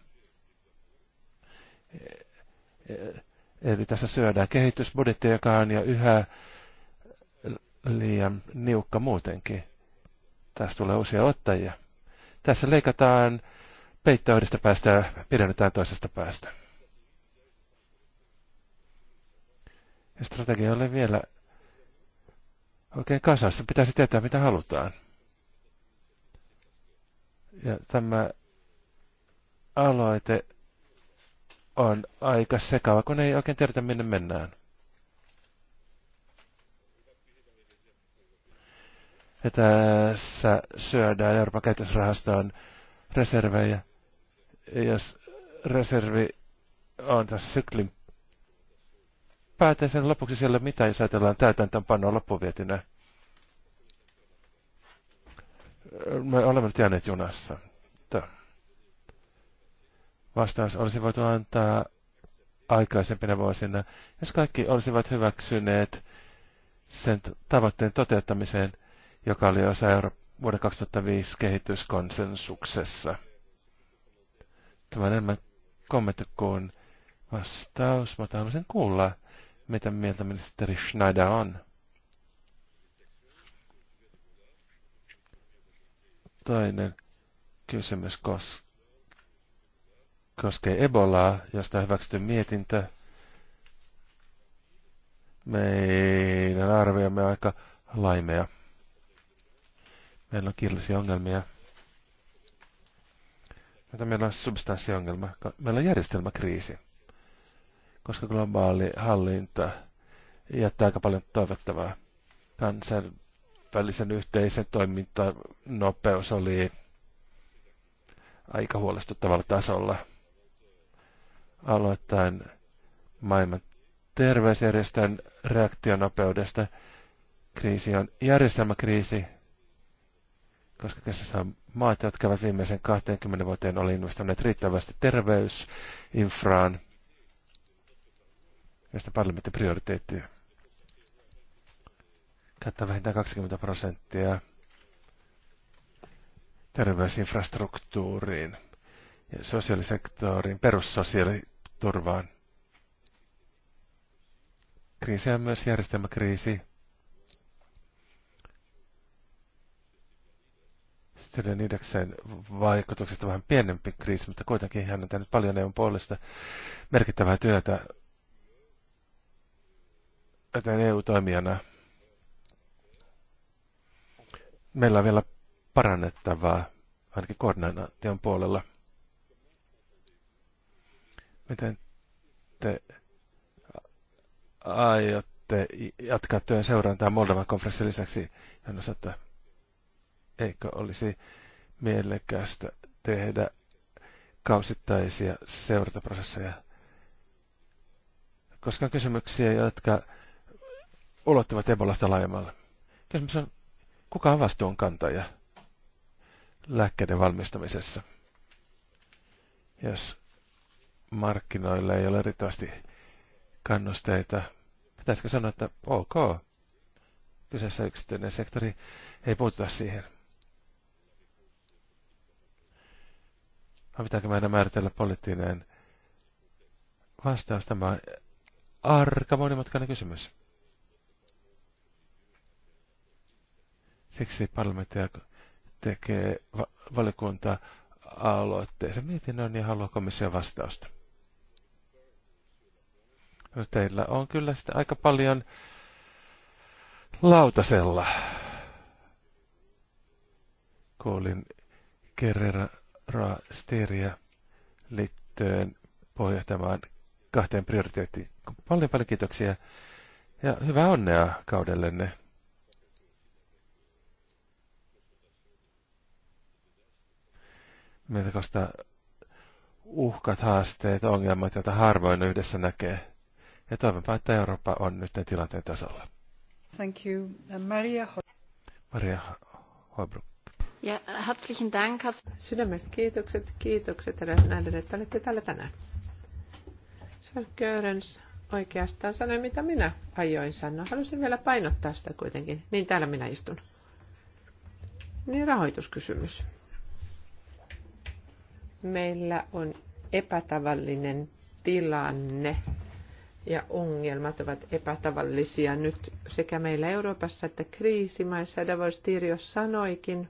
E, e, eli tässä syödään kehitysbudjetti, joka on jo yhä liian niukka muutenkin. Tässä tulee uusia ottajia. Tässä leikataan peittoa yhdestä päästä ja pidennetään toisesta päästä. Ja strategia ei ole vielä oikein kasassa. Pitäisi tietää, mitä halutaan. Ja tämä aloite on aika sekava, kun ei oikein tiedetä, minne mennään. Ja tässä syödään Euroopan käytösrahastoon reservejä. Jos reservi on tässä syklin päätä, sen niin lopuksi siellä mitä, jos ajatellaan täytäntöönpanoa loppuvietinä me olemme nyt jääneet junassa. Vastaus olisi voitu antaa aikaisempina vuosina, jos kaikki olisivat hyväksyneet sen tavoitteen toteuttamiseen, joka oli osa Euro vuoden 2005 kehityskonsensuksessa. Tämä on enemmän kommentti kuin vastaus, mutta haluaisin kuulla, mitä mieltä ministeri Schneider on. Toinen kysymys kos- koskee Ebolaa, josta hyväksytty mietintö. Meidän arviomme on aika laimea. Meillä on kirjallisia ongelmia. Mutta meillä on substanssiongelma. Meillä on järjestelmäkriisi. Koska globaali hallinta jättää aika paljon toivottavaa. Kansan välisen yhteisen toimintanopeus oli aika huolestuttavalla tasolla. Aloittain maailman terveysjärjestön reaktionopeudesta. Kriisi on järjestelmäkriisi, koska kesässä on maat, jotka ovat viimeisen 20 vuoteen olleet investoineet riittävästi terveysinfraan, josta parlamentin prioriteetti käyttää vähintään 20 prosenttia terveysinfrastruktuuriin ja sosiaalisektorin perussosiaaliturvaan. Kriisi on myös järjestelmäkriisi. Sitten Nidekseen vaikutuksesta vähän pienempi kriisi, mutta kuitenkin hän on tehnyt paljon EUn puolesta merkittävää työtä joten EU-toimijana – meillä on vielä parannettavaa, ainakin koordinaation puolella. Miten te aiotte jatkaa työn seurantaa Moldovan konferenssin lisäksi, hän että eikö olisi mielekästä tehdä kausittaisia seurantaprosesseja, koska on kysymyksiä, jotka ulottuvat Ebolasta laajemmalle. Kysymys on Kuka on kantaja lääkkeiden valmistamisessa? Jos markkinoilla ei ole riittävästi kannusteita, pitäisikö sanoa, että ok, kyseessä yksityinen sektori ei puututa siihen. Vai pitääkö meidän määritellä poliittinen vastaus? Tämä on arka monimutkainen kysymys. Siksi parlamentti tekee va- valiokunta aloitteeseen mietinnön ja haluaa komission vastausta. No, teillä on kyllä sitä aika paljon lautasella. Kuulin Kerrera raasteria liittyen pohjohtamaan kahteen prioriteettiin. Paljon paljon kiitoksia ja hyvää onnea kaudellenne. melkoista uhkat, haasteet, ongelmat, joita harvoin yhdessä näkee. Ja toivonpa, että Eurooppa on nyt tilanteen tasalla. Thank you. Uh, Maria, Maria Hoibruk. Ja äh, herzlichen Dank. Sydämestä kiitokset, kiitokset näille, että olette täällä tänään. Sir Görens oikeastaan sanoi, mitä minä ajoin sanoa. Halusin vielä painottaa sitä kuitenkin. Niin täällä minä istun. Niin rahoituskysymys meillä on epätavallinen tilanne ja ongelmat ovat epätavallisia nyt sekä meillä Euroopassa että kriisimaissa. Davos Tirios sanoikin,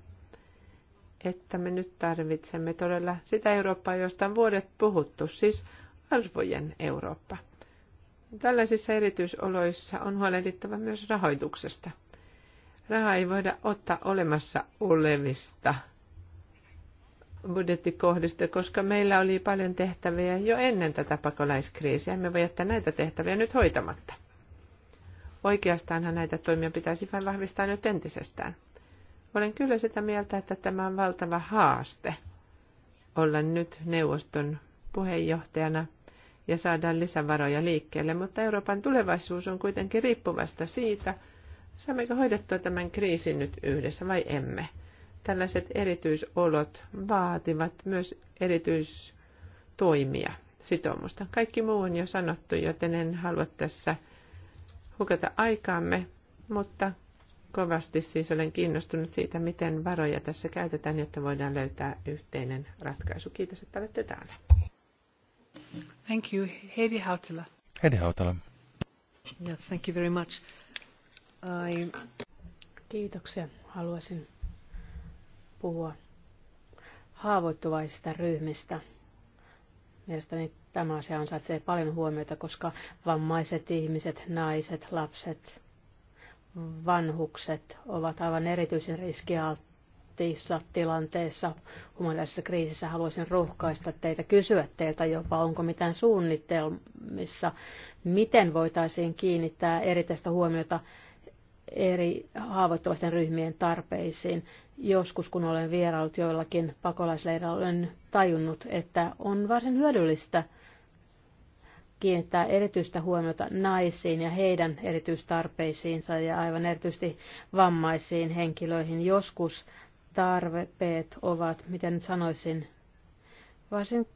että me nyt tarvitsemme todella sitä Eurooppaa, josta on vuodet puhuttu, siis arvojen Eurooppa. Tällaisissa erityisoloissa on huolehdittava myös rahoituksesta. Raha ei voida ottaa olemassa olevista budjettikohdista, koska meillä oli paljon tehtäviä jo ennen tätä pakolaiskriisiä. Me voi jättää näitä tehtäviä nyt hoitamatta. Oikeastaanhan näitä toimia pitäisi vain vahvistaa nyt entisestään. Olen kyllä sitä mieltä, että tämä on valtava haaste olla nyt neuvoston puheenjohtajana ja saada lisävaroja liikkeelle, mutta Euroopan tulevaisuus on kuitenkin riippuvasta siitä, saammeko hoidettua tämän kriisin nyt yhdessä vai emme tällaiset erityisolot vaativat myös erityistoimia, sitoumusta. Kaikki muu on jo sanottu, joten en halua tässä hukata aikaamme, mutta kovasti siis olen kiinnostunut siitä, miten varoja tässä käytetään, jotta voidaan löytää yhteinen ratkaisu. Kiitos, että olette täällä. Thank you. Heidi Hautala. Heidi Hautala. Yeah, thank you very much. I... Kiitoksia. Haluaisin puhua haavoittuvaisista ryhmistä. Mielestäni tämä asia ansaitsee paljon huomiota, koska vammaiset ihmiset, naiset, lapset, vanhukset ovat aivan erityisen riskialttiissa tilanteessa. Humanitaarisessa kriisissä haluaisin rohkaista teitä, kysyä teiltä jopa, onko mitään suunnitelmissa, miten voitaisiin kiinnittää erityistä huomiota eri haavoittuvasten ryhmien tarpeisiin. Joskus, kun olen vieraillut joillakin pakolaisleirillä, olen tajunnut, että on varsin hyödyllistä kiinnittää erityistä huomiota naisiin ja heidän erityistarpeisiinsa ja aivan erityisesti vammaisiin henkilöihin. Joskus tarpeet ovat, miten nyt sanoisin, varsin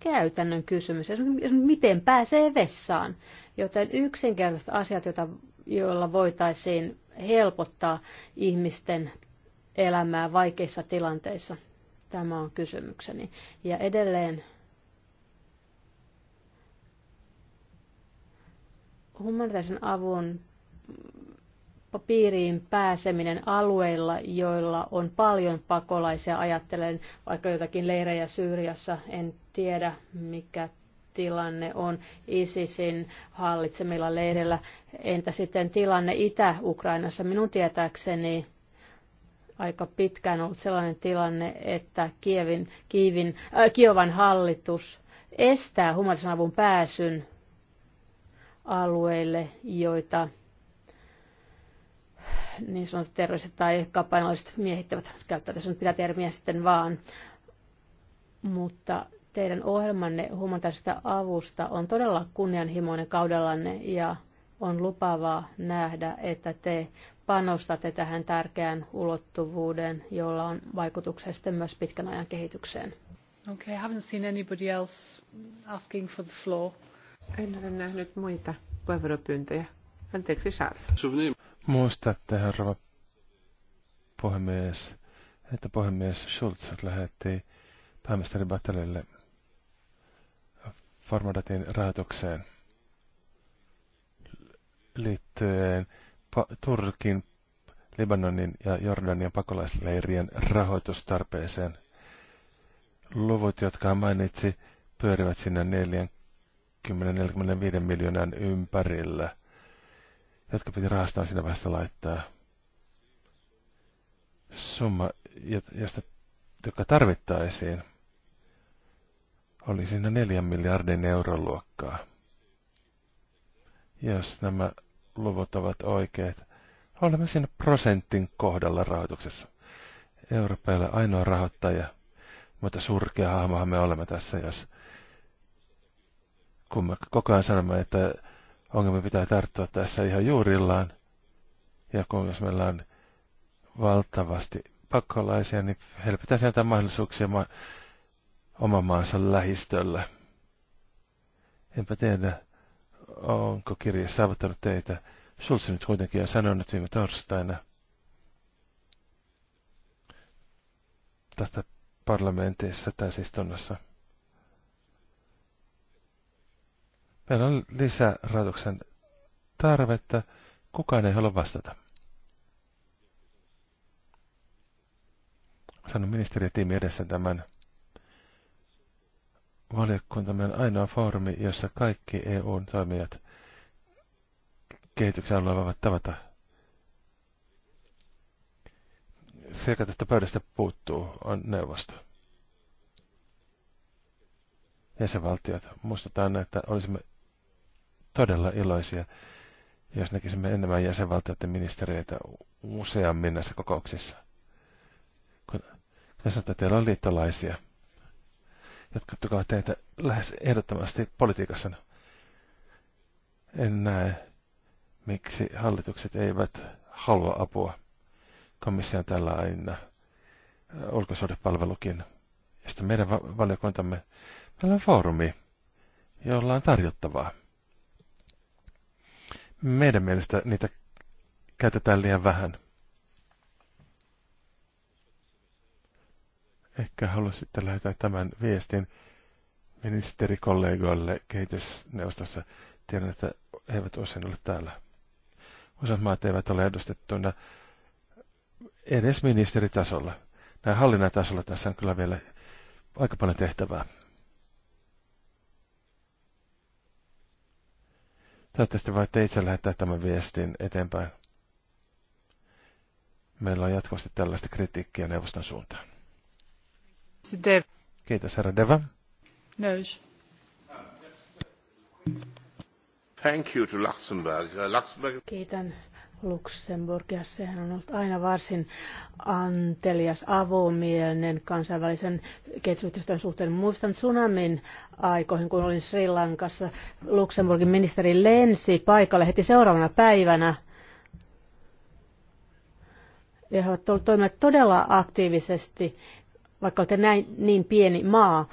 käytännön kysymys, miten pääsee vessaan. Joten yksinkertaiset asiat, joita joilla voitaisiin helpottaa ihmisten elämää vaikeissa tilanteissa? Tämä on kysymykseni. Ja edelleen humanitaarisen avun piiriin pääseminen alueilla, joilla on paljon pakolaisia. Ajattelen vaikka jotakin leirejä Syyriassa, en tiedä mikä tilanne on ISISin hallitsemilla leirillä. Entä sitten tilanne Itä-Ukrainassa? Minun tietääkseni aika pitkään ollut sellainen tilanne, että Kievin, Kiivin, äh, Kiovan hallitus estää humanitaarisen avun pääsyn alueille, joita niin sanotut terroristit tai kapanalliset miehittävät, käyttää tässä nyt pitää termiä sitten vaan. Mutta Teidän ohjelmanne humanitaarisesta avusta on todella kunnianhimoinen kaudellanne ja on lupaavaa nähdä, että te panostatte tähän tärkeään ulottuvuuden, jolla on vaikutuksia sitten myös pitkän ajan kehitykseen. Okay, I haven't seen anybody else asking for the floor. En ole nähnyt muita puheenvuoropyyntöjä. Anteeksi, Charles. Muistatte, herra puhemies, että puhemies Schulz lähetti pääministeri Battelille Farmadatin rahoitukseen liittyen Turkin, Libanonin ja Jordanian pakolaisleirien rahoitustarpeeseen. Luvut, jotka hän mainitsi, pyörivät sinne 40-45 miljoonan ympärillä, jotka piti rahastaan siinä vaiheessa laittaa. Summa, josta, joka tarvittaisiin oli siinä neljän miljardin euron luokkaa. Jos nämä luvut ovat oikeat, olemme siinä prosentin kohdalla rahoituksessa. Eurooppa ei ole ainoa rahoittaja, mutta surkea hahmohan me olemme tässä, jos kun me koko ajan sanomme, että ongelma pitää tarttua tässä ihan juurillaan, ja kun jos meillä on valtavasti pakolaisia, niin heillä pitäisi antaa mahdollisuuksia oman maansa lähistöllä. Enpä tiedä, onko kirje saavuttanut teitä. Schulz nyt kuitenkin on sanonut viime torstaina tästä parlamentissa istunnossa. Meillä on lisärahoituksen tarvetta. Kukaan ei halua vastata. Sanon tiimi edessä tämän valiokuntamme on ainoa foorumi, jossa kaikki EUn toimijat kehityksen alueella voivat tavata. Se, joka tästä pöydästä puuttuu, on neuvosto. Jäsenvaltiot. Muistetaan, että olisimme todella iloisia, jos näkisimme enemmän jäsenvaltioiden ministeriöitä useammin näissä kokouksissa. Kun, kun sanotaan, että teillä on liittolaisia – jotka tukevat teitä lähes ehdottomasti politiikassa. Niin en näe, miksi hallitukset eivät halua apua. Komission tällä aina äh, ulkosuhdepalvelukin. Ja sitten meidän valiokuntamme, meillä on foorumi, jolla on tarjottavaa. Meidän mielestä niitä käytetään liian vähän. Ehkä haluaisitte lähettää tämän viestin ministerikollegoille kehitysneuvostossa. Tiedän, että he eivät usein ole täällä. Osat maat eivät ole edustettuina edes ministeritasolla. Näin hallinnan tasolla tässä on kyllä vielä aika paljon tehtävää. Toivottavasti voitte itse lähettää tämän viestin eteenpäin. Meillä on jatkuvasti tällaista kritiikkiä neuvoston suuntaan. Dev. Kiitos, herra Deva. Nöys. Thank you to Luxembourg. Uh, Luxembourg. Kiitän Luxemburgia. Sehän on ollut aina varsin antelias, avomielinen kansainvälisen kehitysyhteistyön suhteen. Muistan tsunamin aikoihin, kun olin Sri Lankassa. Luxemburgin ministeri lensi paikalle heti seuraavana päivänä. Ja he ovat toimineet todella aktiivisesti vaikka olette näin niin pieni maa,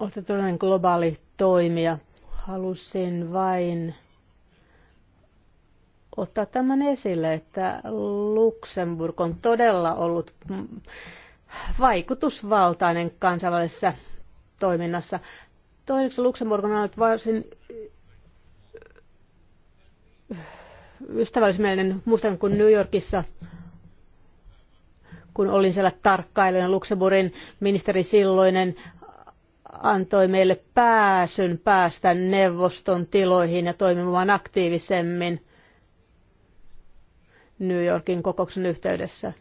olette todellinen globaali toimija. Halusin vain ottaa tämän esille, että Luxemburg on todella ollut vaikutusvaltainen kansainvälisessä toiminnassa. Toiseksi Luxemburg on ollut varsin ystävällismielinen. Muistan, kun New Yorkissa kun olin siellä tarkkailijana. Luxemburgin ministeri silloinen antoi meille pääsyn päästä neuvoston tiloihin ja toimimaan aktiivisemmin New Yorkin kokouksen yhteydessä.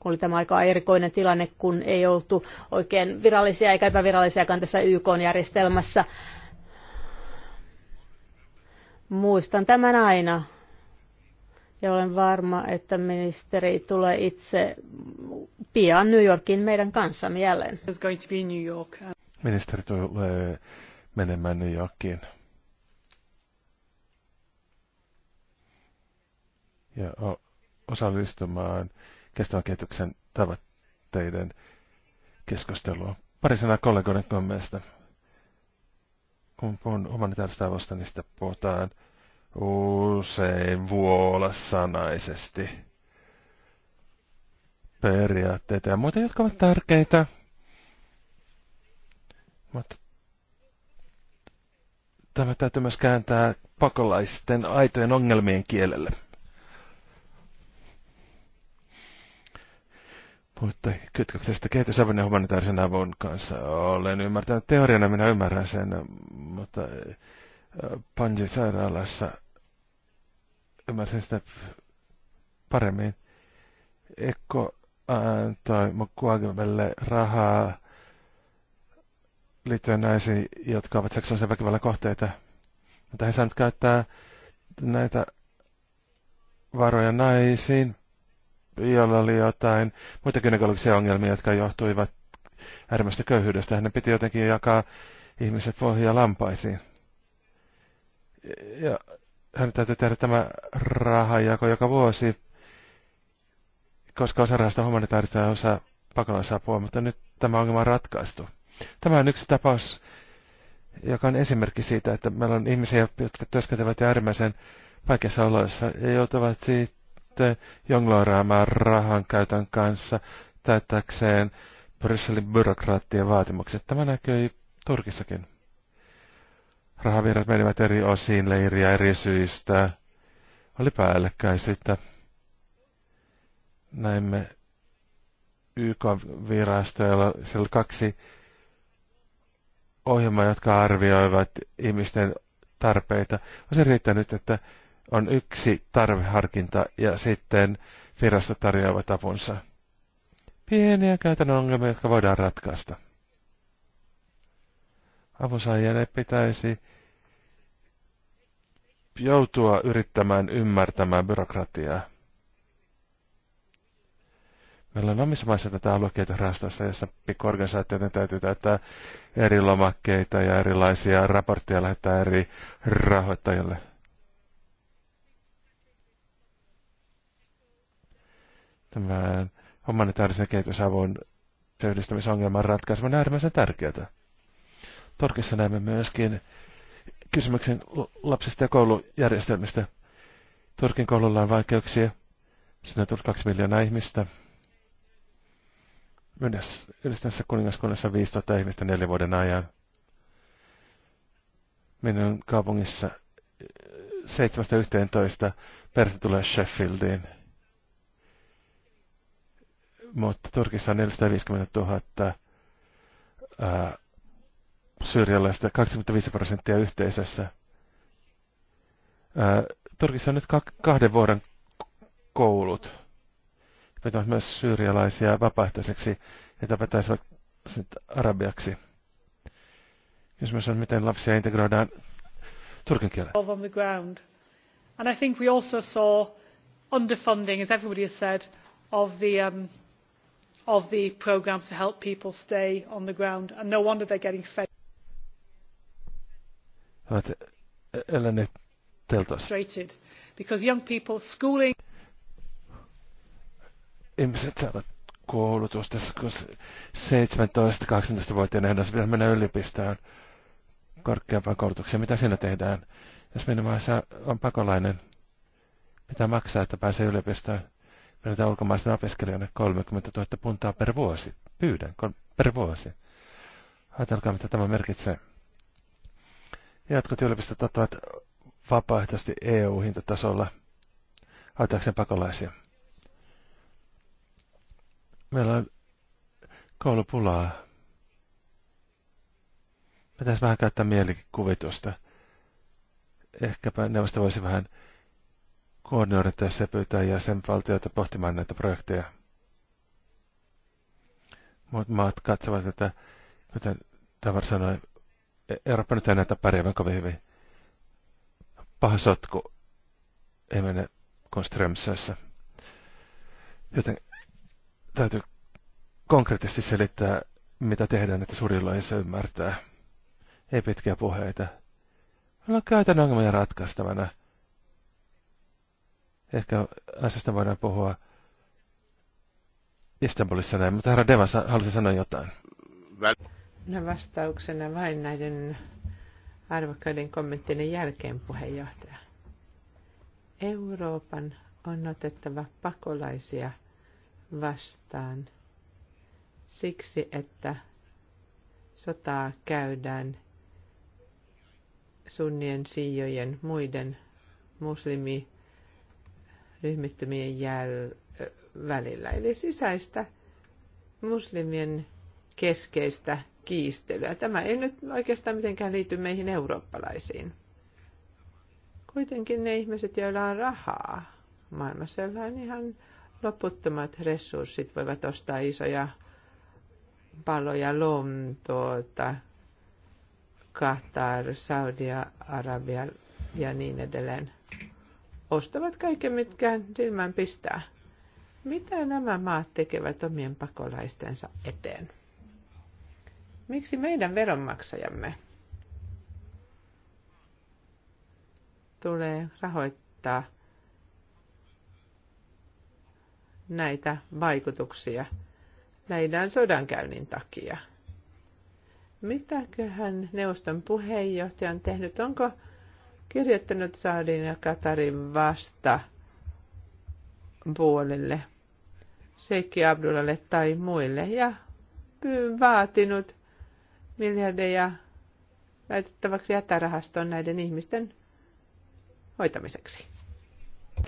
Kun oli tämä aika erikoinen tilanne, kun ei oltu oikein virallisia eikä epävirallisiakaan tässä YK-järjestelmässä. Muistan tämän aina ja olen varma, että ministeri tulee itse pian New Yorkin meidän kanssamme jälleen. Ministeri tulee menemään New Yorkiin. Ja osallistumaan kestävän kehityksen tavoitteiden keskustelua. Pari sanaa kollegoiden kommentista. Kun puhun humanitaarista avusta, niistä puhutaan – usein vuolasanaisesti periaatteita ja muita, jotka ovat tärkeitä. Mutta tämä täytyy myös kääntää pakolaisten aitojen ongelmien kielelle. Mutta kytköksestä kehitysavun ja humanitaarisen avun kanssa olen ymmärtänyt teoriana, minä ymmärrän sen, mutta Panjin sairaalassa ymmärsin sitä paremmin. Ekko antoi Mukwagelle rahaa liittyen naisiin, jotka ovat seksuaalisen väkivallan kohteita. Mutta he saavat käyttää näitä varoja naisiin, joilla oli jotain muita gynekologisia ongelmia, jotka johtuivat äärimmäisestä köyhyydestä. Hänen piti jotenkin jakaa ihmiset pohjia lampaisiin. Ja hän täytyy tehdä tämä rahajako joka vuosi, koska osa rahasta on humanitaarista ja osa pakolaisapua, mutta nyt tämä ongelma on ratkaistu. Tämä on yksi tapaus, joka on esimerkki siitä, että meillä on ihmisiä, jotka työskentelevät äärimmäisen vaikeissa oloissa ja joutuvat sitten jongloiraamaan rahan käytön kanssa täyttäkseen Brysselin byrokraattien vaatimukset. Tämä näkyy Turkissakin. Rahavirrat menivät eri osiin leiriä eri syistä. Oli päällekkäisyyttä. Näimme yk virastoja siellä oli kaksi ohjelmaa, jotka arvioivat ihmisten tarpeita. On se riittänyt, että on yksi tarveharkinta ja sitten virasto tarjoavat apunsa. Pieniä käytännön ongelmia, jotka voidaan ratkaista avusaajan ei pitäisi joutua yrittämään ymmärtämään byrokratiaa. Meillä on omissa maissa tätä aluekeita jossa pikkuorganisaatioiden täytyy täyttää eri lomakkeita ja erilaisia raportteja lähettää eri rahoittajille. Tämän humanitaarisen kehitysavun yhdistämisongelman ratkaisu on äärimmäisen tärkeää. Torkissa näemme myöskin kysymyksen lapsista ja koulujärjestelmistä. Turkin koululla on vaikeuksia. Sinne on tullut kaksi miljoonaa ihmistä. Yhdistyneessä kuningaskunnassa 5000 ihmistä neljä vuoden ajan. Minun kaupungissa 7.11. Eh, 11 perhe tulee Sheffieldiin. Mutta Turkissa on 450 000 ää, syyrialaista, 25 prosenttia yhteisössä. Turkissa on nyt kahden vuoden koulut. Vetävät myös syyrialaisia vapaaehtoiseksi ja tapettaisivat arabiaksi. Kysymys on, miten lapsia integroidaan turkin kieleen. And I think we also saw underfunding, as everybody has said, of the, um, of the programs to help people stay on the ground. And no wonder they're getting fed ovat eläneet teltoissa. Because young people schooling. Ihmiset saavat koulutusta, kun 17-18-vuotiaana ehdas pitäisi mennä yliopistoon korkeampaan koulutukseen. Mitä siinä tehdään? Jos minun maassa on pakolainen, mitä maksaa, että pääsee yliopistoon? Menetään ulkomaisena opiskelijana 30 000 puntaa per vuosi. Pyydän per vuosi. Ajatelkaa, mitä tämä merkitsee. Jotkut yliopistot ottavat vapaaehtoisesti EU-hintatasolla haitaakseen pakolaisia. Meillä on koulupulaa. Pitäisi vähän käyttää mielikuvitusta. Ehkäpä neuvosto voisi vähän koordinoida tässä ja pyytää jäsenvaltioita pohtimaan näitä projekteja. Muut maat katsovat, että kuten Davar sanoi, Eurooppa nyt ei näytä pärjäävän kovin hyvin. Paha sotku ei mene Strömsössä. Joten täytyy konkreettisesti selittää, mitä tehdään, että surilla ei se ymmärtää. Ei pitkiä puheita. Meillä käytännön ongelmia ratkaistavana. Ehkä asiasta voidaan puhua Istanbulissa näin, mutta herra Devas halusi sanoa jotain. No vastauksena vain näiden arvokkaiden kommenttien jälkeen puheenjohtaja. Euroopan on otettava pakolaisia vastaan siksi, että sotaa käydään sunnien, siijojen, muiden muslimiryhmittymien jäl- välillä. Eli sisäistä muslimien keskeistä kiistelyä. Tämä ei nyt oikeastaan mitenkään liity meihin eurooppalaisiin. Kuitenkin ne ihmiset, joilla on rahaa maailmassa, on ihan loputtomat resurssit, voivat ostaa isoja paloja Lontoota, Qatar, Saudi-Arabia ja niin edelleen. Ostavat kaiken, mitkä silmään pistää. Mitä nämä maat tekevät omien pakolaistensa eteen? Miksi meidän veronmaksajamme tulee rahoittaa näitä vaikutuksia näidän sodankäynnin takia? Mitäköhän neuvoston puheenjohtaja on tehnyt? Onko kirjoittanut Saadin ja Katarin vasta puolelle, Seikki Abdullalle tai muille, ja vaatinut miljardeja vältettäväksi hätärahastoon näiden ihmisten hoitamiseksi.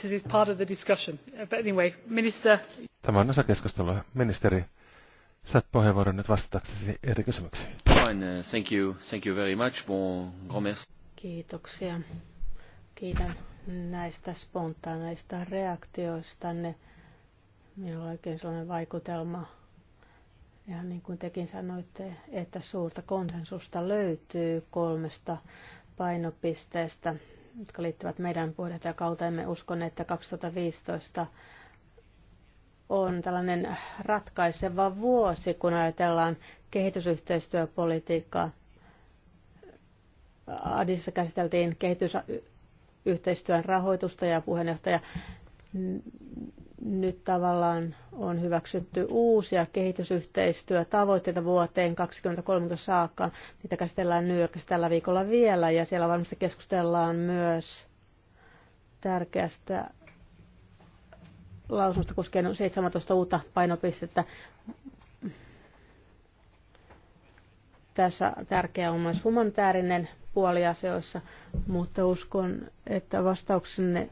This is part of the discussion. But anyway, minister... Tämä on osa keskustelua. Ministeri, saat puheenvuoron nyt vastataksesi eri kysymyksiin. Fine, uh, thank you, thank you very much. Bon, Kiitoksia. Kiitän näistä spontaaneista reaktioistanne. Minulla on oikein sellainen vaikutelma, ja niin kuin tekin sanoitte, että suurta konsensusta löytyy kolmesta painopisteestä, jotka liittyvät meidän puheenjohtajakauteemme. Uskon, että 2015 on tällainen ratkaiseva vuosi, kun ajatellaan kehitysyhteistyöpolitiikkaa. Adissa käsiteltiin kehitysyhteistyön rahoitusta ja puheenjohtaja nyt tavallaan on hyväksytty uusia kehitysyhteistyötavoitteita vuoteen 2030 saakka. Niitä käsitellään New Yorkissa tällä viikolla vielä ja siellä varmasti keskustellaan myös tärkeästä lausunnosta koskien 17 uutta painopistettä. Tässä tärkeä on myös humanitaarinen puoli asioissa, mutta uskon, että vastauksenne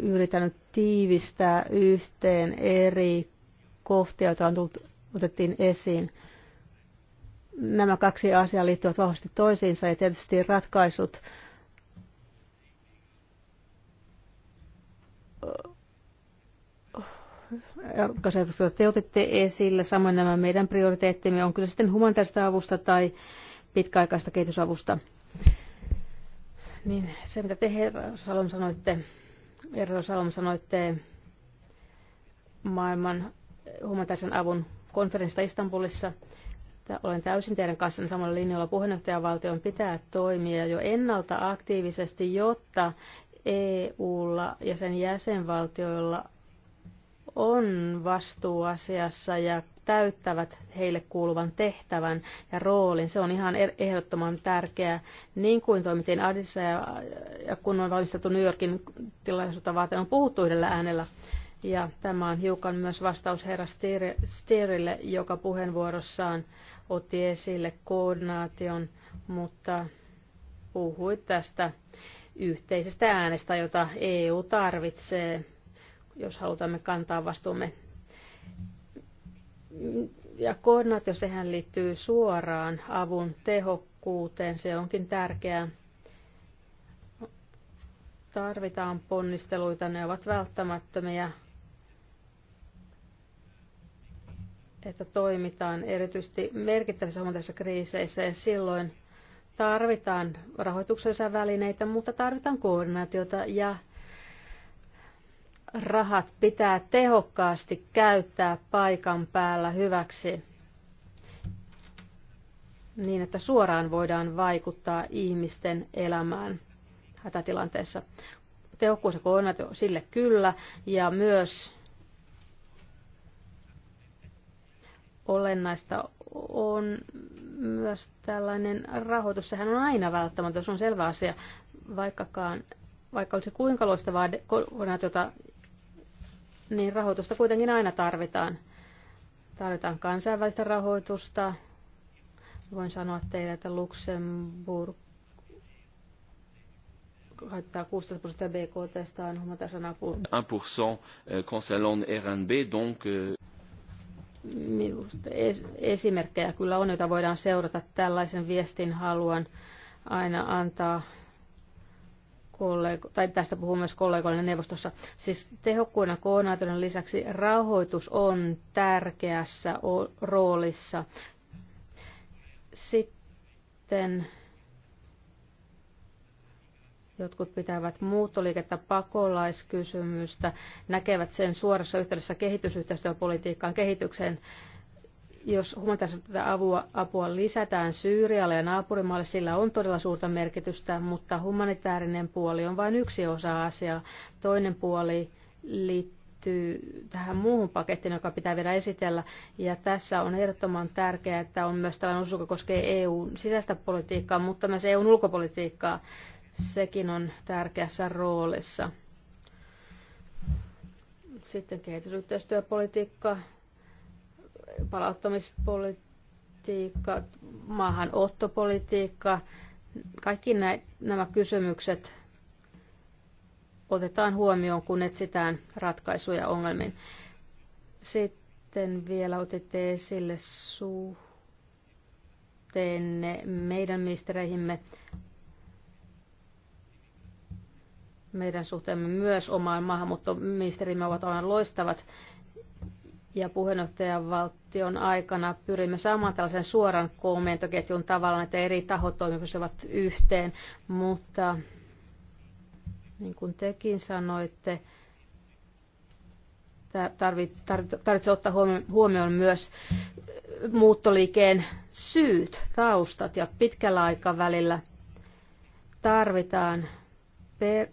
yritän nyt tiivistää yhteen eri kohtia, joita on tullut, otettiin esiin. Nämä kaksi asiaa liittyvät vahvasti toisiinsa ja tietysti ratkaisut kasvatusta te otitte esille, samoin nämä meidän prioriteettimme on kyllä sitten humanitaarista avusta tai pitkäaikaista kehitysavusta. Niin se, mitä te herra Salon sanoitte, Erdo Salom sanoitte maailman humanitaarisen avun konferenssista Istanbulissa. Olen täysin teidän kanssanne samalla linjalla. Puheenjohtajavaltion pitää toimia jo ennalta aktiivisesti, jotta EUlla ja sen jäsenvaltioilla on vastuu asiassa ja täyttävät heille kuuluvan tehtävän ja roolin. Se on ihan er- ehdottoman tärkeää, niin kuin toimittiin Adissa ja, ja kun on valmistettu New Yorkin tilaisuutta varten, on puhuttu yhdellä äänellä. Ja tämä on hiukan myös vastaus herra Stierille, joka puheenvuorossaan otti esille koordinaation, mutta puhui tästä yhteisestä äänestä, jota EU tarvitsee, jos halutaan kantaa vastuumme ja koordinaatio, sehän liittyy suoraan avun tehokkuuteen, se onkin tärkeää. Tarvitaan ponnisteluita, ne ovat välttämättömiä, että toimitaan erityisesti merkittävissä humanitaarisissa kriiseissä ja silloin tarvitaan rahoituksensa välineitä, mutta tarvitaan koordinaatiota ja rahat pitää tehokkaasti käyttää paikan päällä hyväksi niin, että suoraan voidaan vaikuttaa ihmisten elämään hätätilanteessa. Tehokkuus ja koordinaatio sille kyllä, ja myös olennaista on myös tällainen rahoitus. Sehän on aina välttämätöntä, se on selvä asia, vaikkakaan vaikka olisi kuinka loistavaa koordinaatiota niin rahoitusta kuitenkin aina tarvitaan. Tarvitaan kansainvälistä rahoitusta. Voin sanoa teille, että Luxemburg haittaa 16 prosenttia on humanitaarisen kuin... 1% eh, concernant RNB, donc... Eh, Minusta esimerkkejä kyllä on, joita voidaan seurata. Tällaisen viestin haluan aina antaa kollego- tai tästä puhuu myös kollegoille neuvostossa. Siis tehokkuina koordinaation lisäksi rahoitus on tärkeässä roolissa. Sitten jotkut pitävät muuttoliikettä pakolaiskysymystä, näkevät sen suorassa yhteydessä kehitysyhteistyöpolitiikkaan, kehitykseen jos humanitaarista apua, apua lisätään Syyrialle ja naapurimaalle, sillä on todella suurta merkitystä, mutta humanitaarinen puoli on vain yksi osa asiaa. Toinen puoli liittyy tähän muuhun pakettiin, joka pitää vielä esitellä. Ja tässä on ehdottoman tärkeää, että on myös tällainen osuus, joka koskee EUn sisäistä politiikkaa, mutta myös EUn ulkopolitiikkaa. Sekin on tärkeässä roolissa. Sitten kehitysyhteistyöpolitiikka, palauttamispolitiikka, maahanottopolitiikka, kaikki nämä kysymykset otetaan huomioon, kun etsitään ratkaisuja ongelmiin. Sitten vielä otitte esille suhteen meidän ministereihimme. Meidän suhteemme myös omaan maahanmuuttoministerimme ovat aivan loistavat ja valtion aikana pyrimme saamaan tällaisen suoran komentoketjun tavallaan, että eri tahot toimivat yhteen, mutta niin kuin tekin sanoitte, tarvitsee ottaa huomioon myös muuttoliikeen syyt, taustat ja pitkällä aikavälillä tarvitaan per,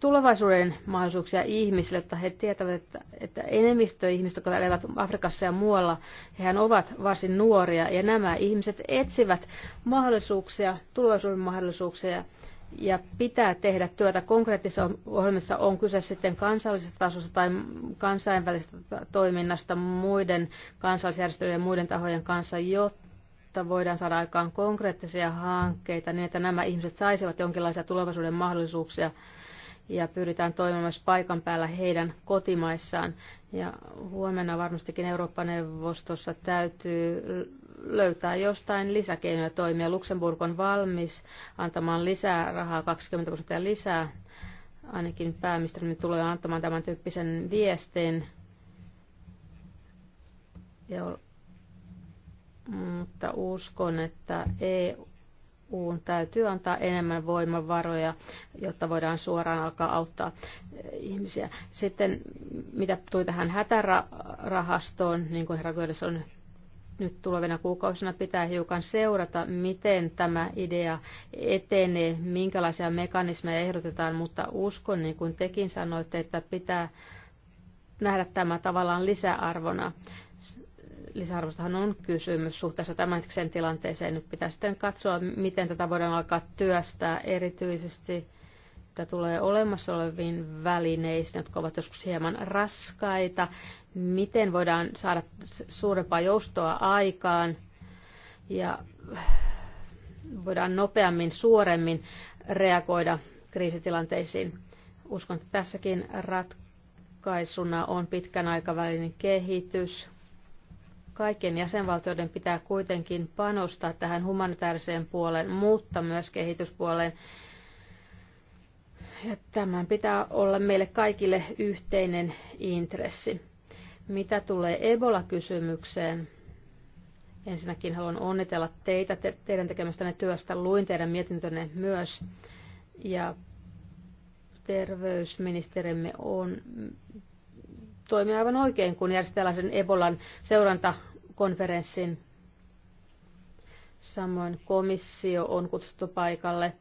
tulevaisuuden mahdollisuuksia ihmisille, että he tietävät, että, että enemmistö ihmistä, jotka elävät Afrikassa ja muualla, hehän ovat varsin nuoria ja nämä ihmiset etsivät mahdollisuuksia, tulevaisuuden mahdollisuuksia ja pitää tehdä työtä konkreettisessa ohjelmassa on kyse sitten kansallisesta tasosta tai kansainvälisestä toiminnasta muiden kansallisjärjestöjen ja muiden tahojen kanssa, jotta jotta voidaan saada aikaan konkreettisia hankkeita niin, että nämä ihmiset saisivat jonkinlaisia tulevaisuuden mahdollisuuksia ja pyritään toimimaan myös paikan päällä heidän kotimaissaan. Ja huomenna varmastikin Eurooppa-neuvostossa täytyy löytää jostain lisäkeinoja toimia. Luxemburg on valmis antamaan lisää rahaa, 20 prosenttia lisää. Ainakin pääministeri tulee antamaan tämän tyyppisen viestin. Ja mutta uskon, että EU täytyy antaa enemmän voimavaroja, jotta voidaan suoraan alkaa auttaa eh, ihmisiä. Sitten mitä tuli tähän hätärahastoon, niin kuin herra Gödels on nyt tulevina kuukausina pitää hiukan seurata, miten tämä idea etenee, minkälaisia mekanismeja ehdotetaan, mutta uskon, niin kuin tekin sanoitte, että pitää nähdä tämä tavallaan lisäarvona lisäarvostahan on kysymys suhteessa tämänhetkiseen tilanteeseen. Nyt pitää sitten katsoa, miten tätä voidaan alkaa työstää erityisesti että tulee olemassa oleviin välineisiin, jotka ovat joskus hieman raskaita. Miten voidaan saada suurempaa joustoa aikaan ja voidaan nopeammin, suoremmin reagoida kriisitilanteisiin. Uskon, että tässäkin ratkaisuna on pitkän aikavälin kehitys, Kaikkien jäsenvaltioiden pitää kuitenkin panostaa tähän humanitaariseen puoleen, mutta myös kehityspuoleen. Ja tämän pitää olla meille kaikille yhteinen intressi. Mitä tulee Ebola-kysymykseen, ensinnäkin haluan onnitella teitä te, teidän tekemästänne työstä. Luin teidän mietintönne myös. Ja terveysministerimme on toimi aivan oikein, kun järjesti tällaisen Ebolan seurantakonferenssin. Samoin komissio on kutsuttu paikalle,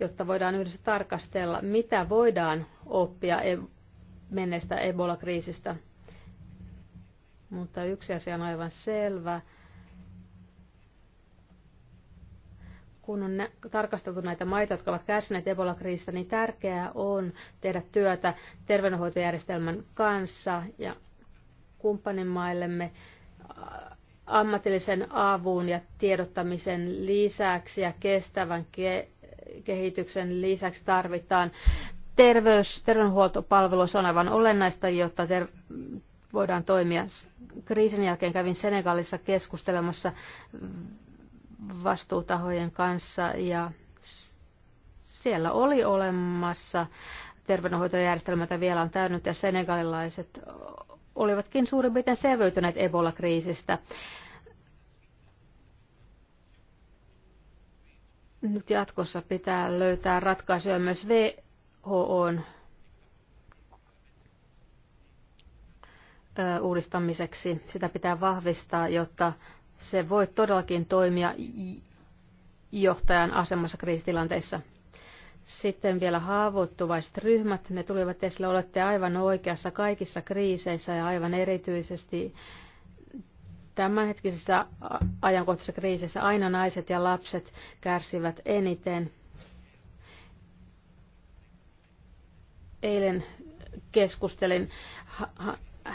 jotta voidaan yhdessä tarkastella, mitä voidaan oppia e- menneestä Ebola-kriisistä. Mutta yksi asia on aivan selvä. kun on tarkasteltu näitä maita, jotka ovat kärsineet Ebola-kriisistä, niin tärkeää on tehdä työtä terveydenhoitojärjestelmän kanssa ja kumppanimaillemme äh, ammatillisen avun ja tiedottamisen lisäksi ja kestävän ke- kehityksen lisäksi tarvitaan terveys, terveydenhuoltopalvelu on aivan olennaista, jotta ter- voidaan toimia. Kriisin jälkeen kävin Senegalissa keskustelemassa vastuutahojen kanssa ja siellä oli olemassa terveydenhoitojärjestelmä, jota vielä on täynnä, ja senegalilaiset olivatkin suurin piirtein selviytyneet Ebola-kriisistä. Nyt jatkossa pitää löytää ratkaisuja myös WHOn uudistamiseksi. Sitä pitää vahvistaa, jotta se voi todellakin toimia johtajan asemassa kriisitilanteissa. Sitten vielä haavoittuvaiset ryhmät, ne tulivat esille, olette aivan oikeassa kaikissa kriiseissä ja aivan erityisesti tämänhetkisessä ajankohtaisessa kriisissä aina naiset ja lapset kärsivät eniten. Eilen keskustelin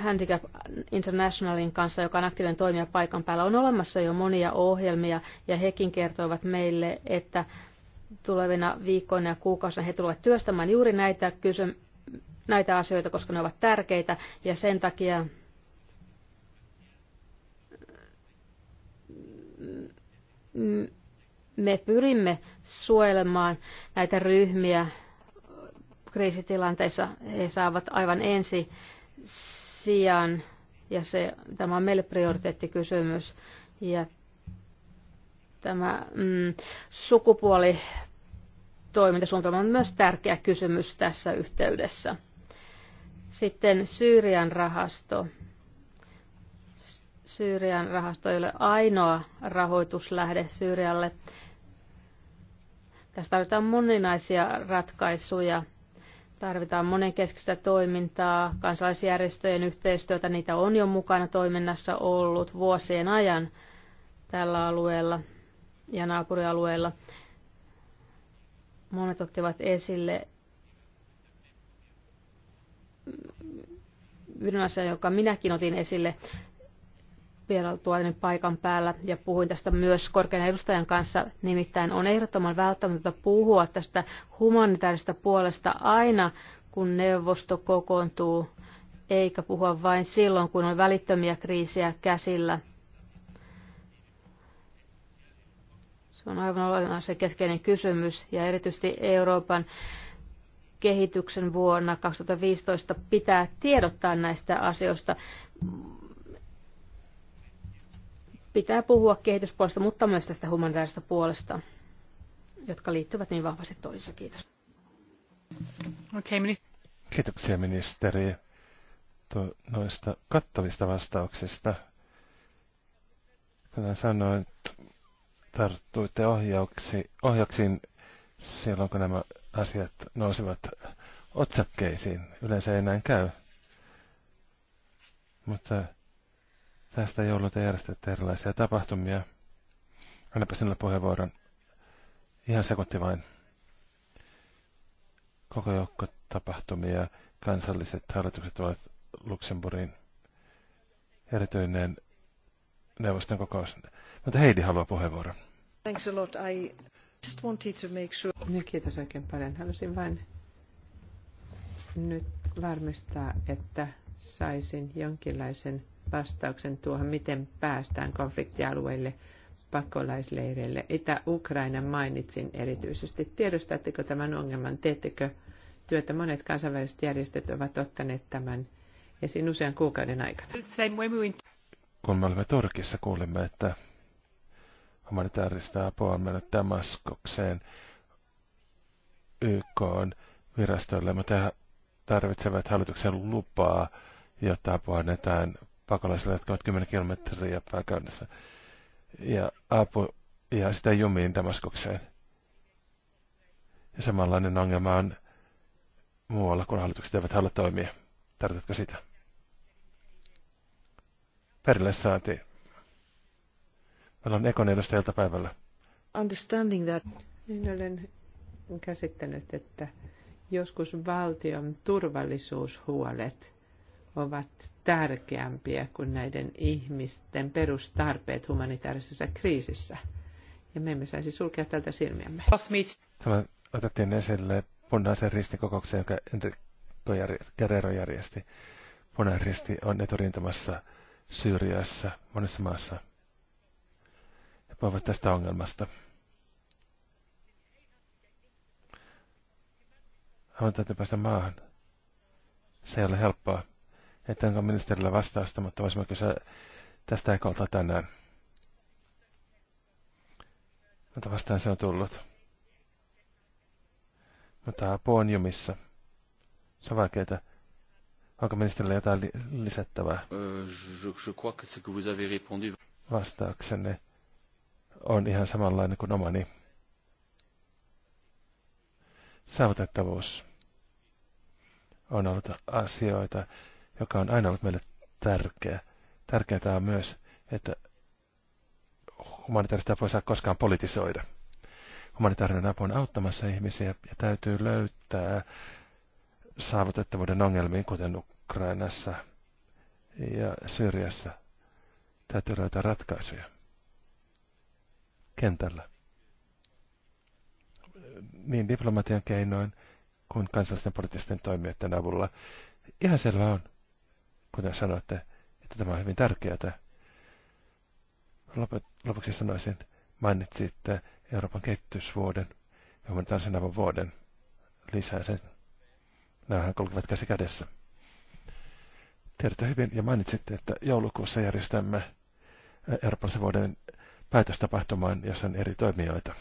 Handicap Internationalin kanssa, joka on aktiivinen toimija paikan päällä. On olemassa jo monia ohjelmia ja hekin kertoivat meille, että tulevina viikkoina ja kuukausina he tulevat työstämään juuri näitä, kysy- näitä asioita, koska ne ovat tärkeitä ja sen takia me pyrimme suojelemaan näitä ryhmiä kriisitilanteissa. He saavat aivan ensi sijaan, ja se, tämä on meille prioriteettikysymys, ja tämä mm, sukupuoli toimintasuunnitelma on myös tärkeä kysymys tässä yhteydessä. Sitten Syyrian rahasto. Syyrian rahasto ei ole ainoa rahoituslähde Syyrialle. Tässä tarvitaan moninaisia ratkaisuja – Tarvitaan monenkeskistä toimintaa, kansalaisjärjestöjen yhteistyötä, niitä on jo mukana toiminnassa ollut vuosien ajan tällä alueella ja naapurialueella. Monet ottivat esille yhden asian, joka minäkin otin esille vierailtuani paikan päällä ja puhuin tästä myös korkean edustajan kanssa. Nimittäin on ehdottoman välttämätöntä puhua tästä humanitaarista puolesta aina, kun neuvosto kokoontuu, eikä puhua vain silloin, kun on välittömiä kriisiä käsillä. Se on aivan olennaisen keskeinen kysymys ja erityisesti Euroopan kehityksen vuonna 2015 pitää tiedottaa näistä asioista Pitää puhua kehityspuolesta, mutta myös tästä humanitaarisesta puolesta, jotka liittyvät niin vahvasti toisiinsa. Kiitos. Okay, ministeri. Kiitoksia ministeri tuo, noista kattavista vastauksista. Kuten sanoin, tarttuitte ohjauksi, ohjauksiin silloin, kun nämä asiat nousivat otsakkeisiin. Yleensä ei näin käy. Mutta tästä joululta järjestetään erilaisia tapahtumia. Annapa sinulle puheenvuoron. Ihan sekunti vain. Koko joukko tapahtumia kansalliset hallitukset ovat Luxemburgin erityinen neuvoston kokous. Mutta Heidi haluaa puheenvuoron. Thanks a lot. I just wanted to make sure... Ja kiitos oikein paljon. Halusin vain nyt varmistaa, että saisin jonkinlaisen vastauksen tuohon, miten päästään konfliktialueille, pakolaisleireille. Itä-Ukraina mainitsin erityisesti. Tiedostatteko tämän ongelman? Teettekö työtä? Monet kansainväliset järjestöt ovat ottaneet tämän esiin usean kuukauden aikana. Kun me olimme Turkissa, kuulimme, että humanitaarista apua on mennyt Damaskokseen YK on virastoille, mutta he tarvitsevat hallituksen lupaa, jotta apua annetaan pakolaisille, jotka ovat 10 kilometriä pääkäynnissä. Ja apu ja sitä jumiin Damaskokseen. Ja samanlainen ongelma on muualla, kun hallitukset eivät halua toimia. Tarkoitatko sitä? Perille saati. Meillä on Ekon edustajilta päivällä. Understanding that. Minä niin olen käsittänyt, että joskus valtion turvallisuushuolet – ovat tärkeämpiä kuin näiden ihmisten perustarpeet humanitaarisessa kriisissä. Ja me emme saisi sulkea tältä silmiämme. Tämä otettiin esille punaisen ristikokouksen, joka Enrico Guerrero järjesti. Punainen risti on eturintamassa Syyriassa, monessa maassa. He puhuvat tästä ongelmasta. Haluan täytyy päästä maahan. Se ei ole helppoa että onko ministerillä vastausta, mutta voisimme kysyä tästä ekolta tänään. Mutta vastaan se on tullut. Mutta apu on jumissa. Se on vaikeaa. Onko ministerillä jotain li lisättävää? Vastauksenne on ihan samanlainen kuin omani. Saavutettavuus on ollut asioita, joka on aina ollut meille tärkeä. Tärkeää on myös, että humanitaarista apua saa koskaan politisoida. Humanitaarinen apu on auttamassa ihmisiä ja täytyy löytää saavutettavuuden ongelmiin, kuten Ukrainassa ja Syyriassa. Täytyy löytää ratkaisuja kentällä. Niin diplomatian keinoin kuin kansallisten poliittisten toimijoiden avulla. Ihan selvä on, kuten sanoitte, että tämä on hyvin tärkeää. Lopuksi sanoisin, mainitsitte Euroopan kehitysvuoden ja humanitaarisen avun vuoden. Lisää sen. Nämähän kulkevat käsi kädessä. Tiedätte hyvin ja mainitsitte, että joulukuussa järjestämme Euroopan vuoden päätöstapahtumaan, jossa on eri toimijoita.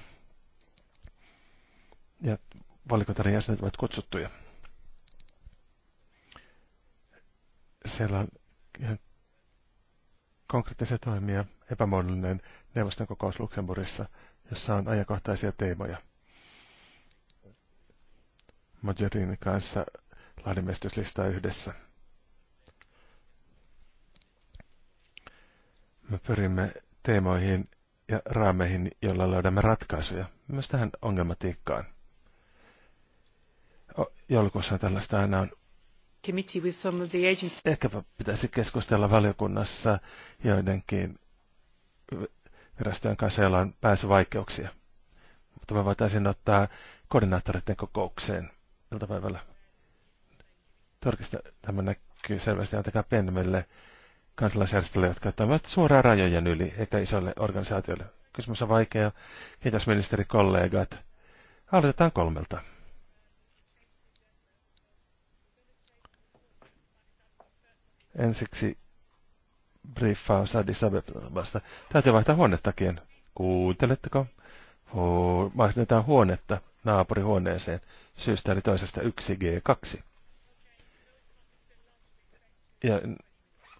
Ja valikotarin jäsenet ovat kutsuttuja. Siellä on ihan konkreettisia toimia, epämuodollinen neuvoston kokous Luxemburgissa, jossa on ajankohtaisia teemoja. Majorin kanssa laadimestyslistaa yhdessä. Me pyrimme teemoihin ja raameihin, joilla löydämme ratkaisuja myös tähän ongelmatiikkaan. Joulukuussa tällaista aina on committee with some of the agencies. pitäisi keskustella valiokunnassa joidenkin virastojen kanssa, joilla on pääsyvaikeuksia. Mutta me voitaisiin ottaa koordinaattoreiden kokoukseen iltapäivällä. Torkista tämä näkyy selvästi antakaa pienemmille kansalaisjärjestöille, jotka toimivat suoraan rajojen yli, eikä isoille organisaatioille. Kysymys on vaikea. Kiitos ministerikollegat. Aloitetaan kolmelta. Ensiksi briefaus Addis Abebasta. Täytyy vaihtaa huonettakin. Kuunteletteko? vaihdetaan huonetta naapurihuoneeseen. Syystä eli toisesta 1G2. Ja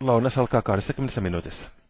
lounas alkaa 20 minuutissa.